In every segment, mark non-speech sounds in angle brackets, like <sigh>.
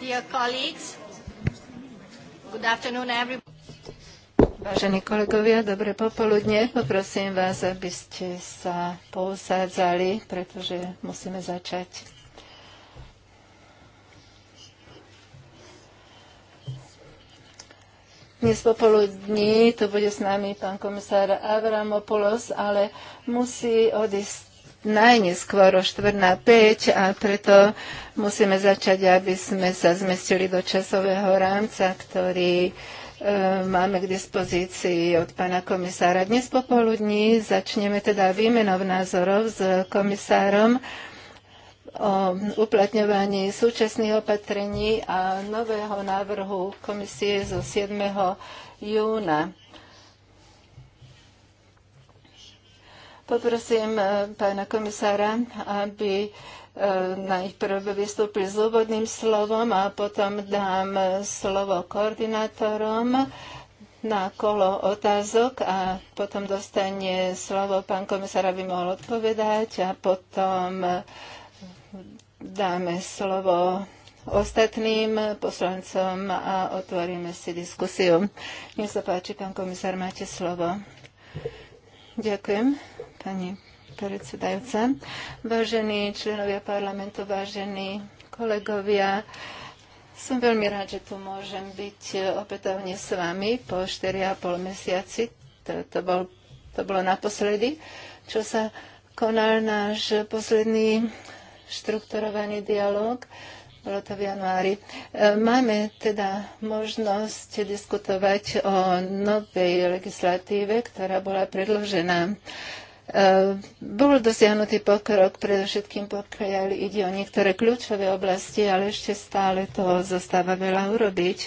Dear colleagues, good afternoon everybody. Vážení kolegovia, dobré popoludne. Poprosím vás, aby ste sa pousádzali, pretože musíme začať. Dnes popoludní tu bude s nami pán komisár Avramopoulos, ale musí odísť najneskôr o 4 na a preto musíme začať, aby sme sa zmestili do časového rámca, ktorý e, máme k dispozícii od pána komisára. Dnes popoludní začneme teda výmenov názorov s komisárom o uplatňovaní súčasných opatrení a nového návrhu komisie zo 7. júna. Poprosím e, pána komisára, aby e, najprv vystúpil s úvodným slovom a potom dám e, slovo koordinátorom na kolo otázok a potom dostane slovo pán komisár, aby mohol odpovedať a potom dáme slovo ostatným poslancom a otvoríme si diskusiu. Nech sa páči, pán komisár, máte slovo. Ďakujem, pani predsedajúca. Vážení členovia parlamentu, vážení kolegovia, som veľmi rád, že tu môžem byť opätovne s vami po 4,5 mesiaci. To, to, bol, to bolo naposledy, čo sa konal náš posledný štrukturovaný dialog bolo to v januári. E, máme teda možnosť diskutovať o novej legislatíve, ktorá bola predložená. E, bol dosiahnutý pokrok, predovšetkým pokiaľ ide o niektoré kľúčové oblasti, ale ešte stále to zostáva veľa urobiť.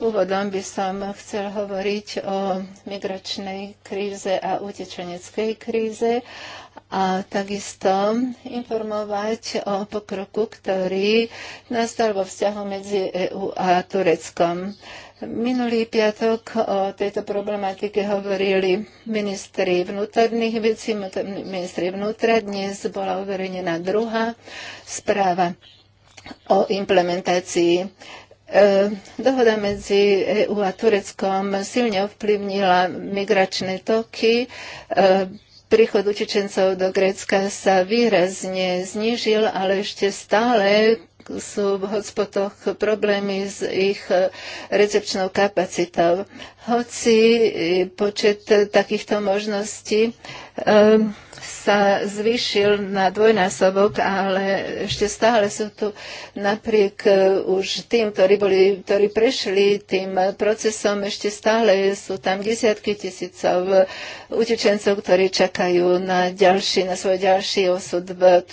Úvodom by som chcel hovoriť o migračnej kríze a utečeneckej kríze a takisto informovať o pokroku, ktorý nastal vo vzťahu medzi EU a Tureckom. Minulý piatok o tejto problematike hovorili ministri vnútorných vecí, ministri vnútra. Dnes bola uverejnená druhá správa o implementácii e, Dohoda medzi EU a Tureckom silne ovplyvnila migračné toky, e, príchod utečencov do Grécka sa výrazne znížil, ale ešte stále sú v hotspotoch problémy s ich e, recepčnou kapacitou. Hoci e, počet takýchto možností Ehm, sa zvýšil na dvojnásobok, ale ešte stále sú tu napriek e, už tým, ktorí, boli, ktorí prešli tým procesom, ešte stále sú tam desiatky tisícov e, utečencov, ktorí čakajú na, ďalší, na svoj ďalší osud v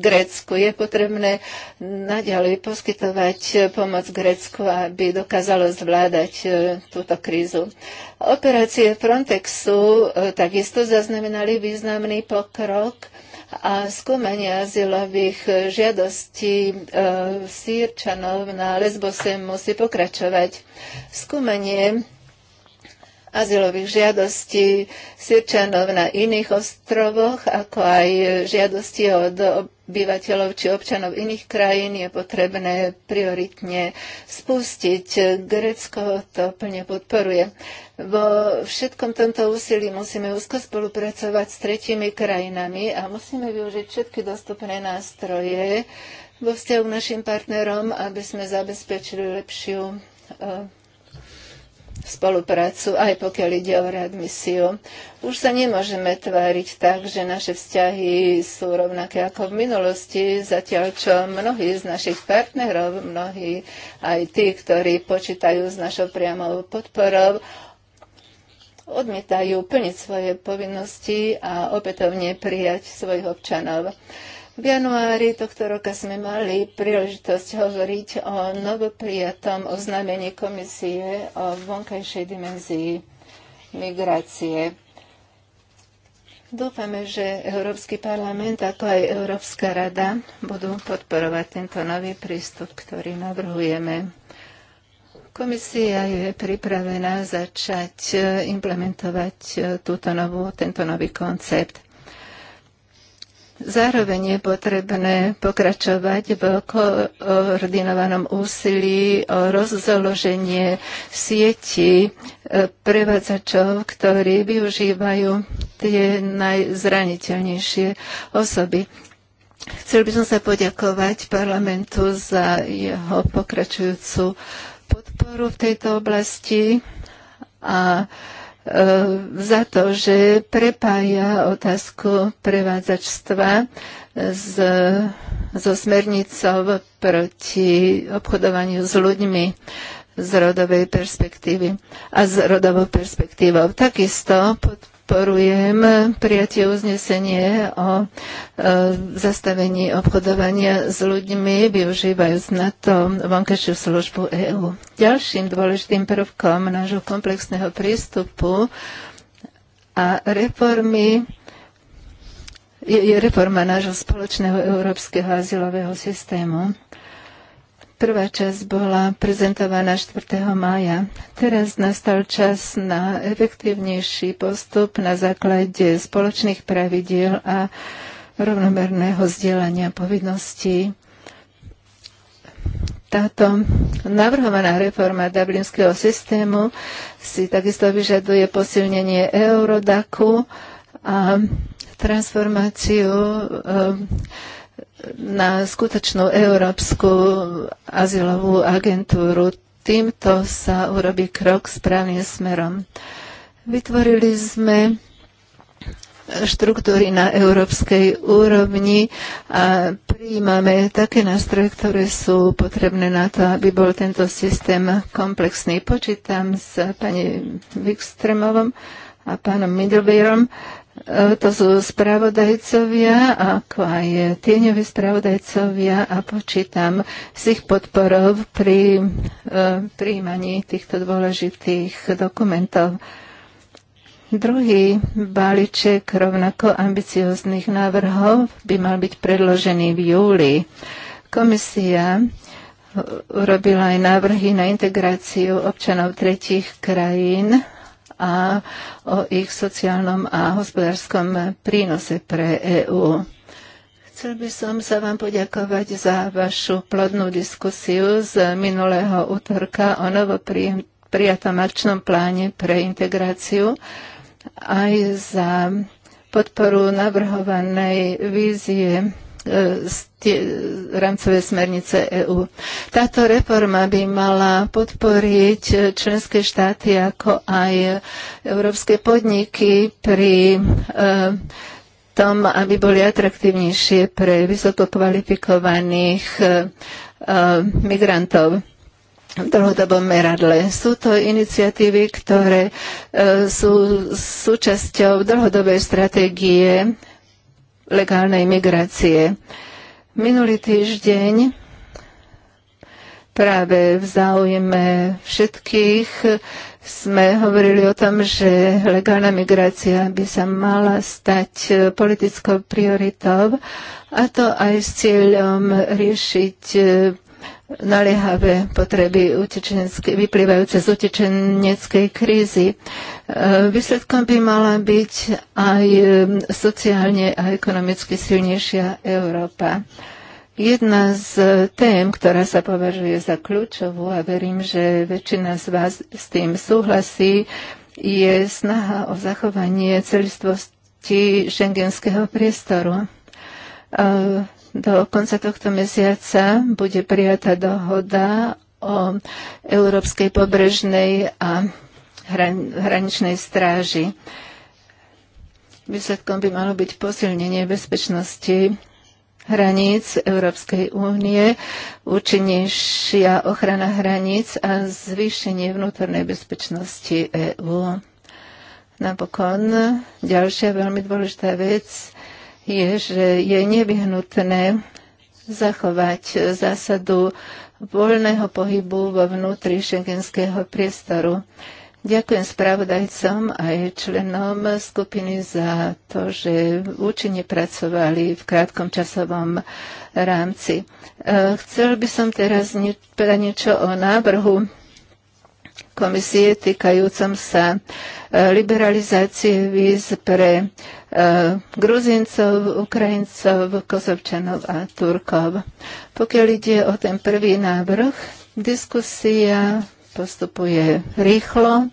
Grécku. Je potrebné naďalej poskytovať pomoc Grécku, aby dokázalo zvládať e, túto krízu. Operácie Frontexu takisto zaznamenali zaznamenali významný pokrok a skúmanie azylových žiadostí e, sírčanov na Lesbose musí pokračovať. Skúmanie azylových žiadostí sírčanov na iných ostrovoch, ako aj žiadosti od obyvateľov či občanov iných krajín je potrebné prioritne spustiť. Grécko to plne podporuje. Vo všetkom tomto úsilí musíme úzko spolupracovať s tretími krajinami a musíme využiť všetky dostupné nástroje vo vzťahu k našim partnerom, aby sme zabezpečili lepšiu eh, spoluprácu, aj pokiaľ ide o readmisiu. Už sa nemôžeme tváriť tak, že naše vzťahy sú rovnaké ako v minulosti, zatiaľ čo mnohí z našich partnerov, mnohí aj tí, ktorí počítajú s našou priamou podporou, odmietajú plniť svoje povinnosti a opätovne prijať svojich občanov. V januári tohto roka sme mali príležitosť hovoriť o novoprijatom oznámení komisie o vonkajšej dimenzii migrácie. Dúfame, že Európsky parlament ako aj Európska rada budú podporovať tento nový prístup, ktorý navrhujeme. Komisia je pripravená začať implementovať e, túto novú, tento nový koncept. Zároveň je potrebné pokračovať v koordinovanom úsilí o rozzoloženie sieti e, prevádzačov, ktorí využívajú tie najzraniteľnejšie osoby. Chcel by som sa poďakovať parlamentu za jeho pokračujúcu podporu v tejto oblasti a E, za to, že prepája otázku prevádzačstva z so smernicou proti obchodovaniu s ľuďmi z rodovej perspektívy a z rodovou perspektívou. Takisto pod, podporujem prijatie uznesenie o e, zastavení obchodovania s ľuďmi, využívajúc na to vonkajšiu službu EÚ. Ďalším dôležitým prvkom nášho komplexného prístupu a reformy je, je reforma nášho spoločného európskeho azylového systému. Prvá časť bola prezentovaná 4. mája. Teraz nastal čas na efektívnejší postup na základe spoločných pravidiel a rovnomerného zdieľania povinností. Táto navrhovaná reforma dublinského systému si takisto vyžaduje posilnenie Eurodaku a transformáciu e, na skutočnú európsku azylovú agentúru. Týmto sa urobí krok správnym smerom. Vytvorili sme štruktúry na európskej úrovni a prijímame také nástroje, ktoré sú potrebné na to, aby bol tento systém komplexný. Počítam s pani Wikstremovom a pánom Middlebeerom E, to sú spravodajcovia, ako aj tieňoví spravodajcovia a počítam z ich podporov pri e, príjmaní týchto dôležitých dokumentov. Druhý balíček rovnako ambicióznych návrhov by mal byť predložený v júli. Komisia urobila aj návrhy na integráciu občanov tretich krajín a o ich sociálnom a hospodárskom prínose pre EÚ. Chcel by som sa vám poďakovať za vašu plodnú diskusiu z minulého útorka o novoprijatom akčnom pláne pre integráciu aj za podporu navrhovanej vízie E, rámcové smernice EÚ. Táto reforma by mala podporiť členské štáty ako aj európske podniky pri e, tom, aby boli atraktívnejšie pre vysoko kvalifikovaných e, migrantov v dlhodobom meradle. Sú to iniciatívy, ktoré sú súčasťou dlhodobej stratégie legálnej migrácie. Minulý týždeň práve v záujme všetkých sme hovorili o tom, že legálna migrácia by sa mala stať politickou prioritou a to aj s cieľom riešiť naliehavé potreby vyplývajúce z utečeneckej krízy. E, výsledkom by mala byť aj e, sociálne a ekonomicky silnejšia Európa. Jedna z tém, ktorá sa považuje za kľúčovú a verím, že väčšina z vás s tým súhlasí, je snaha o zachovanie celistvosti šengenského priestoru. E, do konca tohto mesiaca bude prijatá dohoda o Európskej pobrežnej a hraničnej stráži. Výsledkom by malo byť posilnenie bezpečnosti hraníc Európskej únie, účinnejšia ochrana hraníc a zvýšenie vnútornej bezpečnosti EÚ. Napokon ďalšia veľmi dôležitá vec je, že je nevyhnutné zachovať zásadu voľného pohybu vo vnútri šengenského priestoru. Ďakujem spravodajcom aj členom skupiny za to, že účinne pracovali v krátkom časovom rámci. E, chcel by som teraz povedať niečo o návrhu komisie týkajúcom sa e, liberalizácie víz pre E, Gruzincov, Ukrajincov, Kozovčanov a Turkov. Pokiaľ ide o ten prvý návrh, diskusia postupuje rýchlo.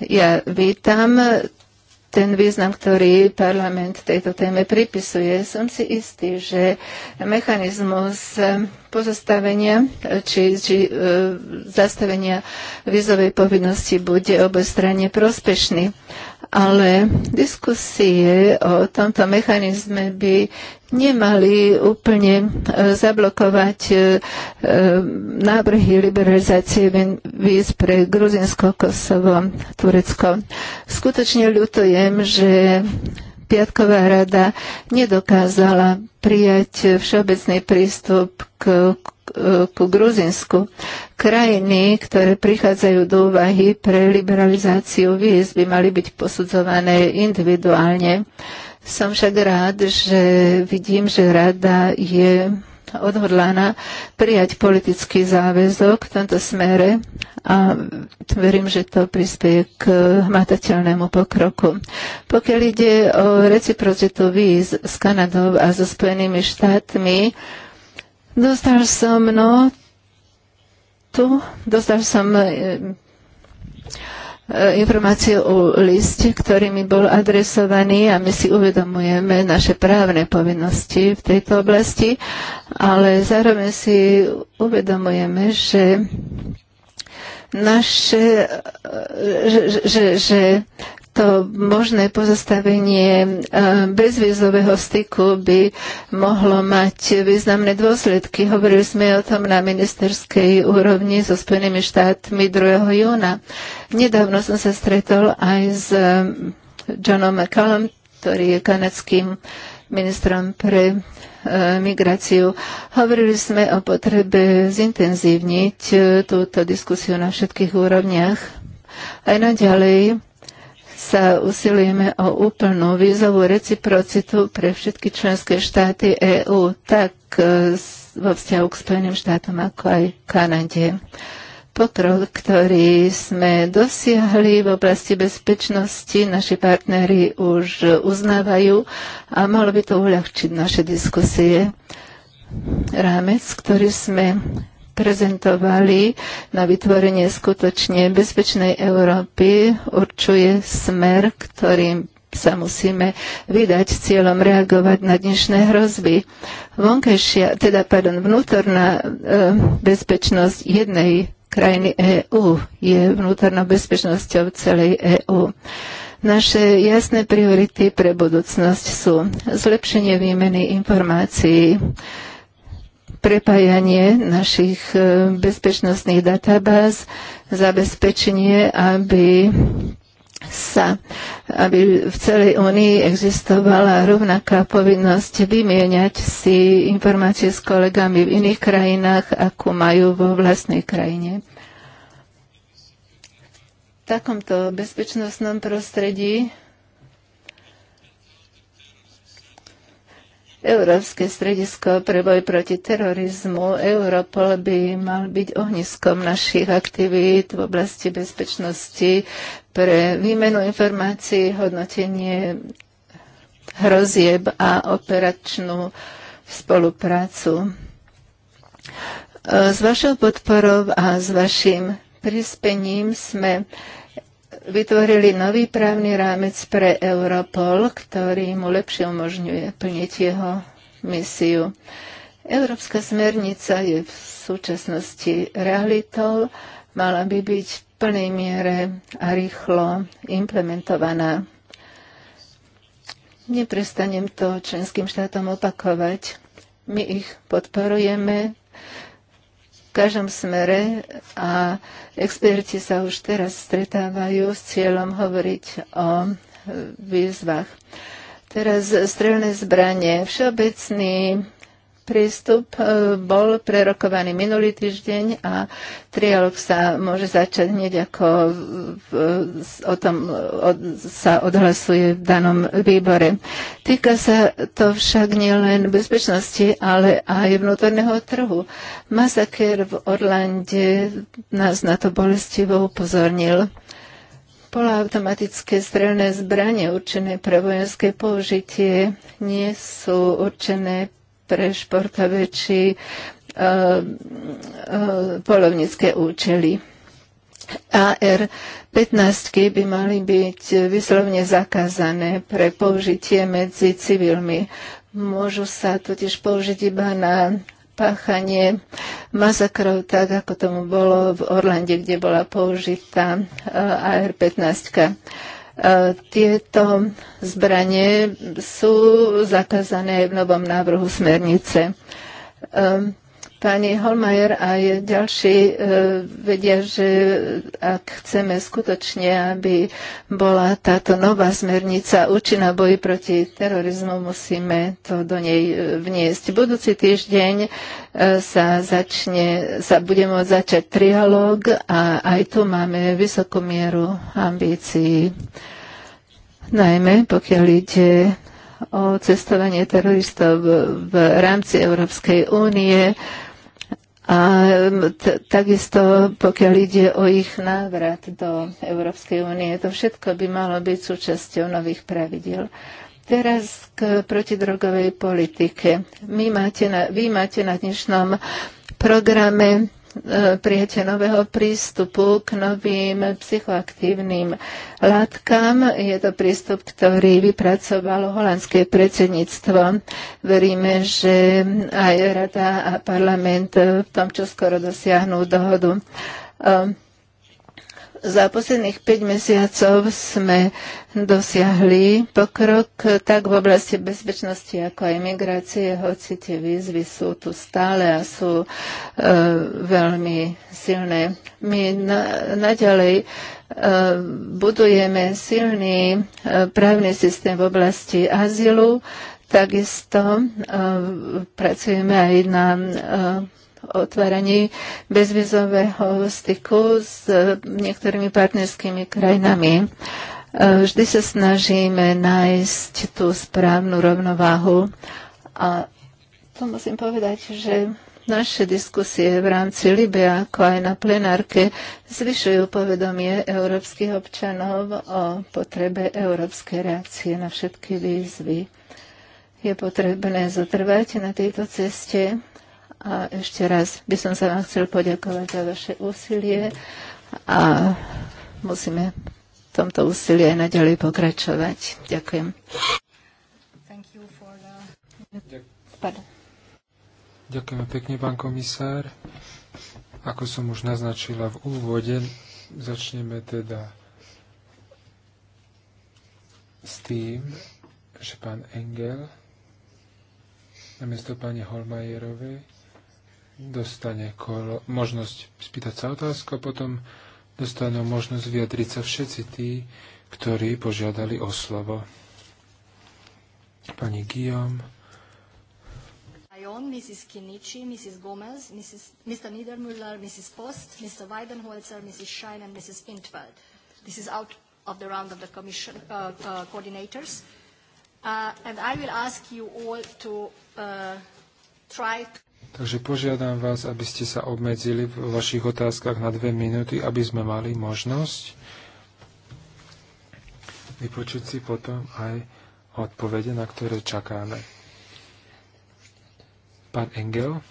Ja vítam ten význam, ktorý parlament tejto téme pripisuje. Som si istý, že mechanizmus pozastavenia či, či e, zastavenia vízovej povinnosti bude obostranne prospešný ale diskusie o tomto mechanizme by nemali úplne e, zablokovať e, e, návrhy liberalizácie víz pre Gruzinsko, Kosovo, Turecko. Skutočne ľutujem, že Piatková rada nedokázala prijať všeobecný prístup k ku Gruzinsku. Krajiny, ktoré prichádzajú do úvahy pre liberalizáciu víz, by mali byť posudzované individuálne. Som však rád, že vidím, že rada je odhodlána prijať politický záväzok v tomto smere a verím, že to prispieje k hmatateľnému pokroku. Pokiaľ ide o reciprocitu víz s Kanadou a so Spojenými štátmi, Dostal som no tu, dostal som e, e informáciu o liste, ktorý mi bol adresovaný a my si uvedomujeme naše právne povinnosti v tejto oblasti, ale zároveň si uvedomujeme, že naše, e, že, že, že to možné pozastavenie e, bezvizového styku by mohlo mať významné dôsledky. Hovorili sme o tom na ministerskej úrovni so Spojenými štátmi 2. júna. Nedávno som sa stretol aj s e, Johnom McCallum, ktorý je kanadským ministrom pre e, migráciu. Hovorili sme o potrebe zintenzívniť túto diskusiu na všetkých úrovniach. Aj naďalej sa usilujeme o úplnú vízovú reciprocitu pre všetky členské štáty EÚ, tak e, vo vzťahu k Spojeným štátom ako aj Kanade pokrok, ktorý sme dosiahli v oblasti bezpečnosti, naši partnery už uznávajú a malo by to uľahčiť naše diskusie. Rámec, ktorý sme prezentovali na vytvorenie skutočne bezpečnej Európy, určuje smer, ktorým sa musíme vydať s cieľom reagovať na dnešné hrozby. Vonkajšia, teda pardon, vnútorná e, bezpečnosť jednej krajiny EÚ je vnútornou bezpečnosťou celej EÚ. Naše jasné priority pre budúcnosť sú zlepšenie výmeny informácií, prepájanie našich e, bezpečnostných databáz, zabezpečenie, aby sa, aby v celej Únii existovala rovnaká povinnosť vymieňať si informácie s kolegami v iných krajinách, ako majú vo vlastnej krajine. V takomto bezpečnostnom prostredí Európske stredisko pre boj proti terorizmu. Europol by mal byť ohniskom našich aktivít v oblasti bezpečnosti pre výmenu informácií, hodnotenie hrozieb a operačnú spoluprácu. E, s vašou podporou a s vašim prispením sme vytvorili nový právny rámec pre Europol, ktorý mu lepšie umožňuje plniť jeho misiu. Európska smernica je v súčasnosti realitou, mala by byť v plnej miere a rýchlo implementovaná. Neprestanem to členským štátom opakovať. My ich podporujeme, každom smere a experti sa už teraz stretávajú s cieľom hovoriť o výzvach. Teraz strelné zbranie. Všeobecný prístup e, bol prerokovaný minulý týždeň a trialog sa môže začať hneď ako o tom sa odhlasuje v danom výbore. Týka sa to však nielen bezpečnosti, ale aj vnútorného trhu. Masaker v Orlande nás na to bolestivo upozornil poloautomatické strelné zbranie určené pre vojenské použitie nie sú určené pre športové či e, e, polovnícke účely. AR-15 by mali byť vyslovne zakázané pre použitie medzi civilmi. Môžu sa totiž použiť iba na páchanie masakrov, tak ako tomu bolo v Orlande, kde bola použitá e, AR-15. Tieto zbranie sú zakázané v novom návrhu smernice. Ehm, Pani Holmajer aj ďalší e, vedia, že ak chceme skutočne, aby bola táto nová smernica účinná boji proti terorizmu, musíme to do nej e, vniesť. Budúci týždeň e, sa, začne, sa bude môcť začať trialóg a aj tu máme vysokú mieru ambícií. Najmä pokiaľ ide o cestovanie teroristov v rámci Európskej únie, a takisto, pokiaľ ide o ich návrat do Európskej únie, to všetko by malo byť súčasťou nových pravidel. Teraz k protidrogovej politike. My máte na, vy máte na dnešnom programe Eh, prijatie nového prístupu k novým psychoaktívnym látkam. Je to prístup, ktorý vypracovalo holandské predsedníctvo. Veríme, že aj Rada a parlament v tom čo skoro dosiahnú dohodu. Ehm, za posledných 5 mesiacov sme dosiahli pokrok tak v oblasti bezpečnosti, ako aj migrácie, hoci tie výzvy sú tu stále a sú e, veľmi silné. My na, naďalej e, budujeme silný e, právny systém v oblasti azylu, takisto e, pracujeme aj na e, otváraní bezvizového styku s e, niektorými partnerskými krajinami. E, vždy sa snažíme nájsť tú správnu rovnováhu a to musím povedať, že naše diskusie v rámci Libia, ako aj na plenárke, zvyšujú povedomie európskych občanov o potrebe európskej reakcie na všetky výzvy. Je potrebné zotrvať na tejto ceste a ešte raz by som sa vám chcel poďakovať za vaše úsilie a musíme v tomto úsilí aj naďalej pokračovať. Ďakujem. The... Ďakujeme pekne, pán komisár. Ako som už naznačila v úvode, začneme teda s tým, že pán Engel namiesto pani Holmajerovej dostane kolo, možnosť spýtať sa otázku a potom dostanú možnosť vyjadriť sa všetci tí, ktorí požiadali o slovo. Pani Guillaume. Fajon, Mrs. Kinichi, Mrs. Gomez, Mrs. Mr. Niedermüller, Mrs. Post, Mr. Weidenholzer, Mrs. Schein and Mrs. Pintveld. This is out of the round of the commission uh, uh, coordinators. Uh, and I will ask you all to uh, try to Takže požiadam vás, aby ste sa obmedzili v vašich otázkach na dve minúty, aby sme mali možnosť vypočuť si potom aj odpovede, na ktoré čakáme. Pán Engel.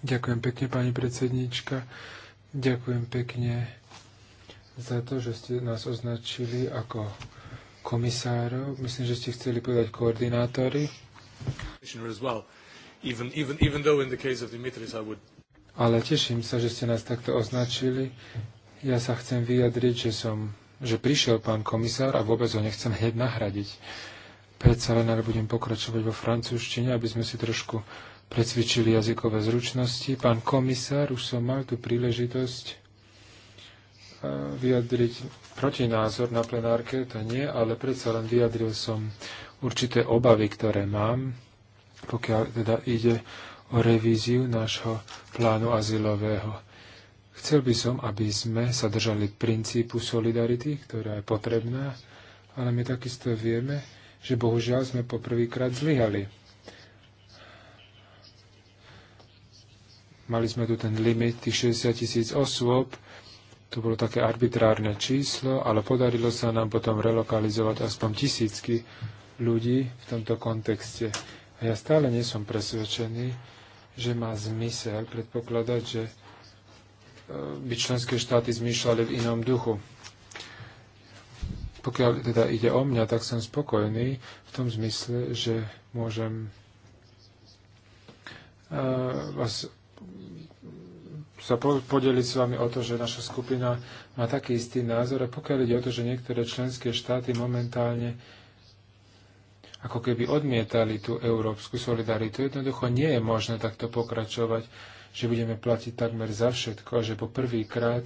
Ďakujem pekne, pani predsednička. Ďakujem pekne za to, že ste nás označili ako komisárov. Myslím, že ste chceli povedať koordinátori. well even, even, even though in the case of Dimitris I would... Ale teším sa, že ste nás takto označili. Ja sa chcem vyjadriť, že som že prišiel pán komisár a vôbec ho nechcem hneď nahradiť. Predsa len ale budem pokračovať vo francúzštine, aby sme si trošku precvičili jazykové zručnosti. Pán komisár, už som mal tú príležitosť eh, vyjadriť protinázor na plenárke, to nie, ale predsa len vyjadril som určité obavy, ktoré mám pokiaľ teda ide o revíziu nášho plánu azylového. Chcel by som, aby sme sa držali princípu solidarity, ktorá je potrebná, ale my takisto vieme, že bohužiaľ sme poprvýkrát zlyhali. Mali sme tu ten limit tých 60 tisíc osôb, to bolo také arbitrárne číslo, ale podarilo sa nám potom relokalizovať aspoň tisícky ľudí v tomto kontexte. A ja stále nie som presvedčený, že má zmysel predpokladať, že e, by členské štáty zmýšľali v inom duchu. Pokiaľ teda ide o mňa, tak som spokojný v tom zmysle, že môžem e, vás sa podeliť s vami o to, že naša skupina má taký istý názor a pokiaľ ide o to, že niektoré členské štáty momentálne ako keby odmietali tú európsku solidaritu. Jednoducho nie je možné takto pokračovať, že budeme platiť takmer za všetko že po prvýkrát,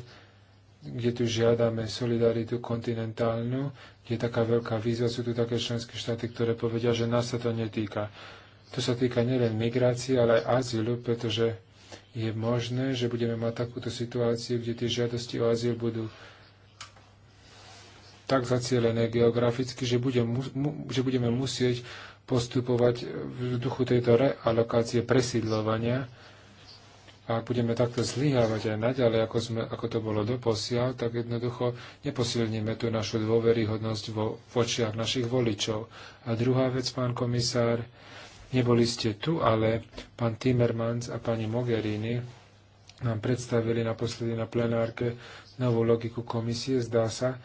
kde tu žiadame solidaritu kontinentálnu, kde je taká veľká víza, sú tu také členské štáty, ktoré povedia, že nás sa to netýka. To sa týka nielen migrácie, ale aj azylu, pretože je možné, že budeme mať takúto situáciu, kde tie žiadosti o azyl budú tak zacielené geograficky, že, budem, že budeme musieť postupovať v duchu tejto realokácie presídľovania A ak budeme takto zlyhávať aj naďalej, ako, sme, ako to bolo doposiaľ, tak jednoducho neposilníme tú našu dôveryhodnosť vo, v očiach našich voličov. A druhá vec, pán komisár, neboli ste tu, ale pán Timmermans a pani Mogherini nám predstavili naposledy na plenárke novú logiku komisie. Zdá sa,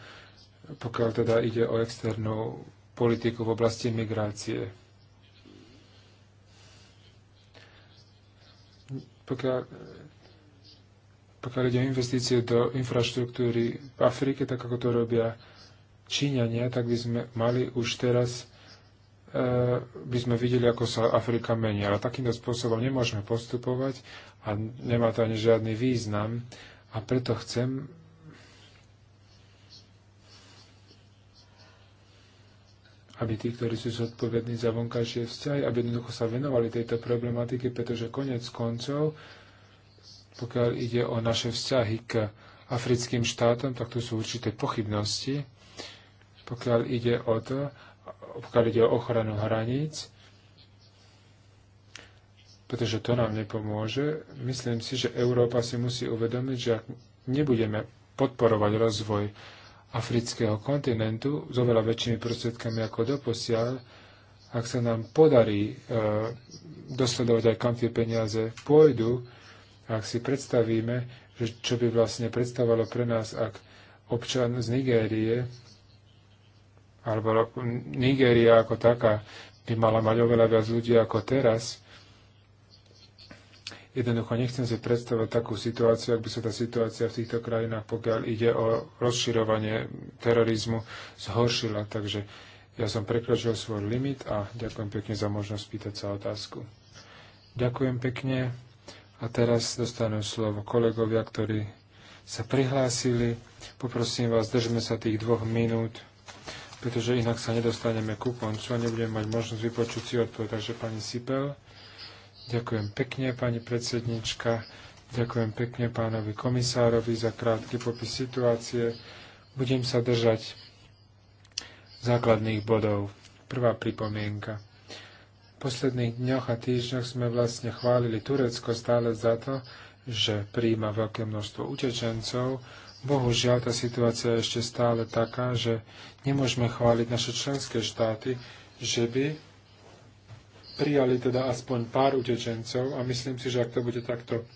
pokiaľ teda ide o externú politiku v oblasti migrácie. Pokiaľ, pokiaľ ide o investície do infraštruktúry v Afrike, tak ako to robia Číňania, tak by sme mali už teraz e, by sme videli, ako sa Afrika mení. Ale takýmto spôsobom nemôžeme postupovať a nemá to ani žiadny význam. A preto chcem aby tí, ktorí sú zodpovední za vonkajšie vzťahy, aby jednoducho sa venovali tejto problematike, pretože konec koncov, pokiaľ ide o naše vzťahy k africkým štátom, tak tu sú určité pochybnosti, pokiaľ ide o to, pokiaľ ide o ochranu hraníc, pretože to nám nepomôže. Myslím si, že Európa si musí uvedomiť, že ak nebudeme podporovať rozvoj afrického kontinentu s oveľa väčšími prostriedkami ako doposiaľ, ak sa nám podarí e, dosledovať aj kam tie peniaze pôjdu, ak si predstavíme, že čo by vlastne predstavovalo pre nás, ak občan z Nigérie alebo Nigéria ako taká by mala mať oveľa viac ľudí ako teraz, Jednoducho nechcem si predstavať takú situáciu, ak by sa tá situácia v týchto krajinách, pokiaľ ide o rozširovanie terorizmu, zhoršila. Takže ja som prekročil svoj limit a ďakujem pekne za možnosť pýtať sa otázku. Ďakujem pekne a teraz dostanú slovo kolegovia, ktorí sa prihlásili. Poprosím vás, držme sa tých dvoch minút, pretože inak sa nedostaneme ku koncu a nebudeme mať možnosť vypočuť si odpoveď. Takže pani Sipel. Ďakujem pekne, pani predsednička. Ďakujem pekne pánovi komisárovi za krátky popis situácie. Budem sa držať základných bodov. Prvá pripomienka. V posledných dňoch a týždňoch sme vlastne chválili Turecko stále za to, že príjma veľké množstvo utečencov. Bohužiaľ, tá situácia je ešte stále taká, že nemôžeme chváliť naše členské štáty, že by prijali teda aspoň pár utečencov a myslím si, že ak to bude takto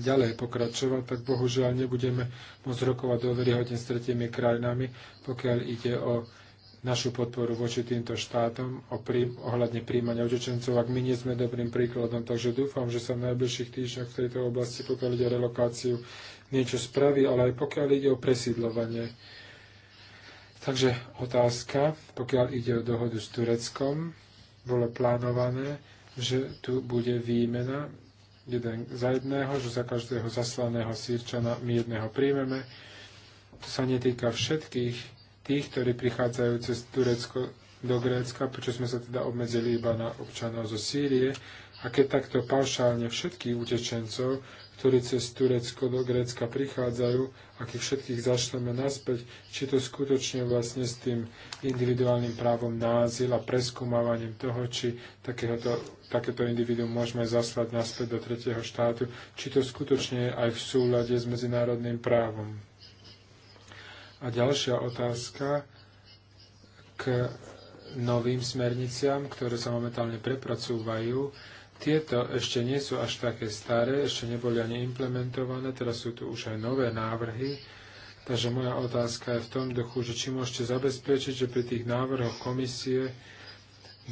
ďalej pokračovať, tak bohužiaľ nebudeme môcť rokovať dôveryhodne s tretiemi krajinami, pokiaľ ide o našu podporu voči týmto štátom o prí, ohľadne príjmania utečencov, ak my nie sme dobrým príkladom. Takže dúfam, že sa v najbližších týždňoch v tejto oblasti, pokiaľ ide o relokáciu, niečo spraví, ale aj pokiaľ ide o presídlovanie. Takže otázka, pokiaľ ide o dohodu s Tureckom, bolo plánované, že tu bude výmena jeden za jedného, že za každého zaslaného sírčana my jedného príjmeme. To sa netýka všetkých tých, ktorí prichádzajú cez Turecko do Grécka, prečo sme sa teda obmedzili iba na občanov zo Sýrie. A keď takto paušálne všetkých utečencov ktorí cez Turecko do Grécka prichádzajú, akých všetkých zašleme naspäť, či to skutočne vlastne s tým individuálnym právom na azyl a preskúmavaním toho, či takéhoto, takéto individuum môžeme zaslať naspäť do tretieho štátu, či to skutočne je aj v súlade s medzinárodným právom. A ďalšia otázka k novým smerniciam, ktoré sa momentálne prepracúvajú tieto ešte nie sú až také staré, ešte neboli ani implementované, teraz sú tu už aj nové návrhy. Takže moja otázka je v tom duchu, že či môžete zabezpečiť, že pri tých návrhoch komisie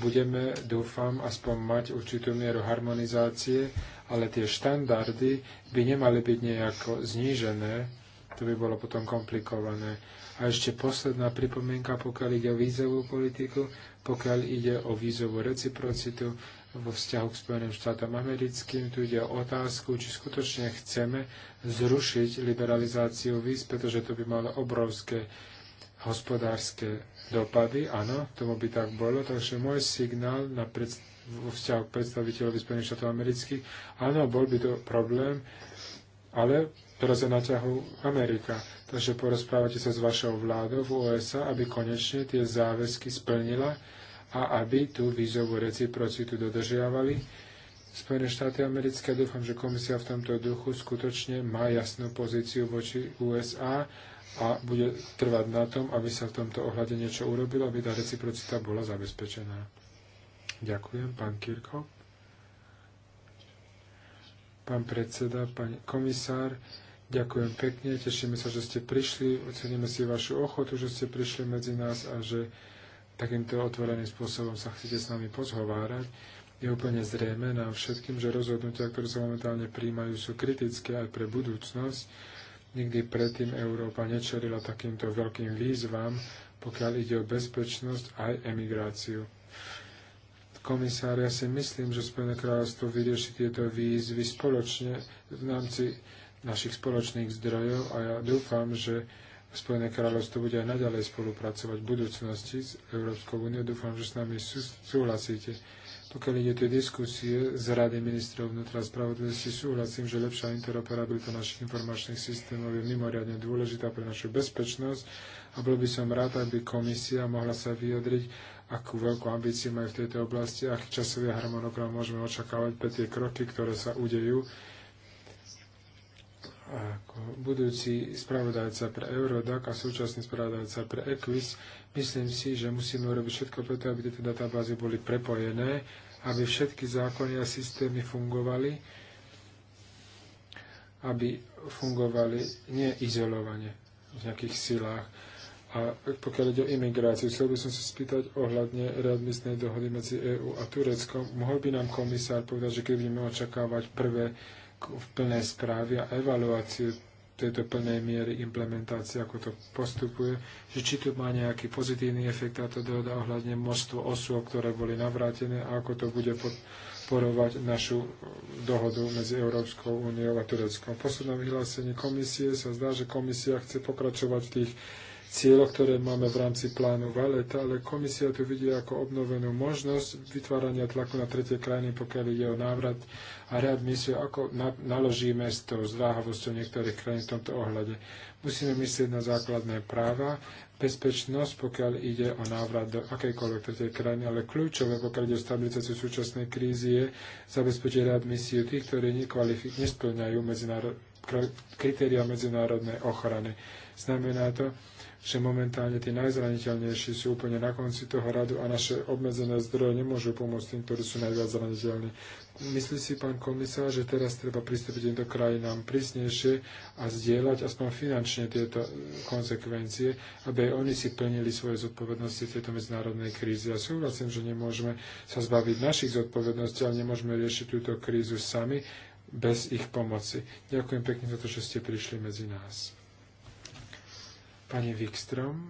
budeme, dúfam, aspoň mať určitú mieru harmonizácie, ale tie štandardy by nemali byť nejako znížené, to by bolo potom komplikované. A ešte posledná pripomienka, pokiaľ ide o vízovú politiku, pokiaľ ide o vízovú reciprocitu, vo vzťahu k Spojeným štátom americkým. Tu ide o otázku, či skutočne chceme zrušiť liberalizáciu víz, pretože to by malo obrovské hospodárske dopady. Áno, tomu by tak bolo. Takže môj signál na predst- vo vzťahu k predstaviteľovi Spojených štátov amerických, áno, bol by to problém, ale teraz je na ťahu Amerika. Takže porozprávate sa s vašou vládou v USA, aby konečne tie záväzky splnila a aby tú vízovú reciprocitu dodržiavali. Spojené štáty americké, dúfam, že komisia v tomto duchu skutočne má jasnú pozíciu voči USA a bude trvať na tom, aby sa v tomto ohľade niečo urobilo, aby tá reciprocita bola zabezpečená. Ďakujem, pán Kirko. Pán predseda, pán komisár, ďakujem pekne, tešíme sa, že ste prišli, oceníme si vašu ochotu, že ste prišli medzi nás a že takýmto otvoreným spôsobom sa chcete s nami pozhovárať, je úplne zrejme nám všetkým, že rozhodnutia, ktoré sa momentálne príjmajú, sú kritické aj pre budúcnosť. Nikdy predtým Európa nečelila takýmto veľkým výzvam, pokiaľ ide o bezpečnosť aj emigráciu. Komisár, ja si myslím, že Spojené kráľovstvo vyrieši tieto výzvy spoločne v rámci našich spoločných zdrojov a ja dúfam, že Spojené kráľovstvo bude aj naďalej spolupracovať v budúcnosti s Európskou úniou. Dúfam, že s nami súhlasíte. Pokiaľ ide tie diskusie z Rady ministrov vnútra a spravodlivosti, súhlasím, že lepšia interoperabilita našich informačných systémov je mimoriadne dôležitá pre našu bezpečnosť a bol by som rád, aby komisia mohla sa vyjadriť, akú veľkú ambíciu majú v tejto oblasti, aký časový harmonogram môžeme očakávať pre tie kroky, ktoré sa udejú ako budúci spravodajca pre Eurodac a súčasný spravodajca pre Equis, myslím si, že musíme urobiť všetko preto, aby tieto databázy boli prepojené, aby všetky zákony a systémy fungovali, aby fungovali neizolovane v nejakých silách. A pokiaľ ide o imigráciu, chcel by som sa spýtať ohľadne readmisnej dohody medzi EÚ a Tureckom. Mohol by nám komisár povedať, že keď budeme očakávať prvé v plnej správe a evaluáciu tejto plnej miery implementácie, ako to postupuje, že či tu má nejaký pozitívny efekt táto dohoda ohľadne množstvo osôb, ktoré boli navrátené a ako to bude podporovať našu dohodu medzi Európskou úniou a Tureckom. V poslednom vyhlásení komisie sa zdá, že komisia chce pokračovať v tých cieľoch, ktoré máme v rámci plánu Valeta, ale komisia tu vidí ako obnovenú možnosť vytvárania tlaku na tretie krajiny, pokiaľ ide o návrat a myslí, ako na, naložíme s tou zdráhavosťou niektorých krajín v tomto ohľade. Musíme myslieť na základné práva, bezpečnosť, pokiaľ ide o návrat do akejkoľvek tretej krajiny, ale kľúčové, pokiaľ ide o stabilizáciu súčasnej krízy, je zabezpečiť misiu tých, ktorí nesplňajú medzinárod- kritéria medzinárodnej ochrany. Znamená to, že momentálne tí najzraniteľnejší sú úplne na konci toho radu a naše obmedzené zdroje nemôžu pomôcť tým, ktorí sú najviac zraniteľní. Myslí si pán komisár, že teraz treba pristúpiť týmto krajinám prísnejšie a zdieľať aspoň finančne tieto e, konsekvencie, aby aj oni si plnili svoje zodpovednosti v tejto medzinárodnej kríze. Ja súhlasím, že nemôžeme sa zbaviť našich zodpovedností, ale nemôžeme riešiť túto krízu sami bez ich pomoci. Ďakujem pekne za to, že ste prišli medzi nás. Pani Wikström,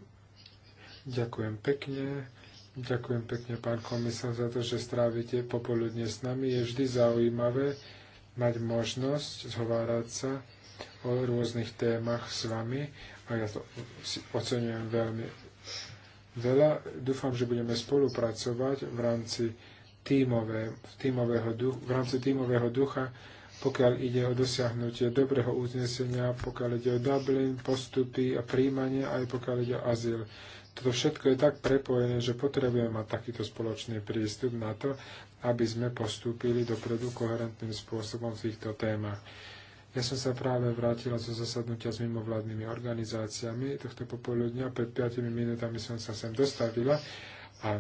ďakujem pekne. Ďakujem pekne, pán komisár, za to, že strávite popoludne s nami. Je vždy zaujímavé mať možnosť zhovárať sa o rôznych témach s vami a ja to ocenujem veľmi veľa. Dúfam, že budeme spolupracovať v rámci tímové, tímového v rámci tímového ducha pokiaľ ide o dosiahnutie dobrého uznesenia, pokiaľ ide o Dublin, postupy a príjmanie, aj pokiaľ ide o azyl. Toto všetko je tak prepojené, že potrebujeme mať takýto spoločný prístup na to, aby sme postúpili dopredu koherentným spôsobom v týchto témach. Ja som sa práve vrátila zo zasadnutia s mimovládnymi organizáciami tohto popoludňa. Pred 5 minútami som sa sem dostavila a,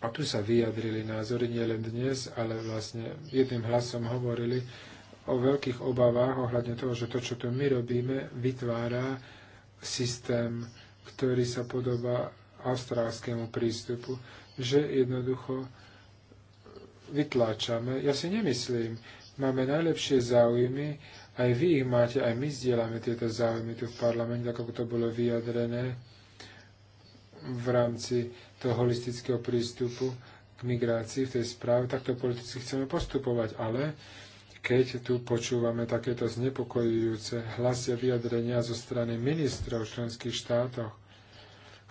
a tu sa vyjadrili názory nielen dnes, ale vlastne jedným hlasom hovorili, o veľkých obavách ohľadne toho, že to, čo tu my robíme, vytvára systém, ktorý sa podobá austrálskému prístupu, že jednoducho vytláčame. Ja si nemyslím, máme najlepšie záujmy, aj vy ich máte, aj my zdieľame tieto záujmy tu v parlamente, ako to bolo vyjadrené v rámci toho holistického prístupu k migrácii v tej správe, takto politicky chceme postupovať, ale keď tu počúvame takéto znepokojujúce hlasy vyjadrenia zo strany ministrov členských štátov,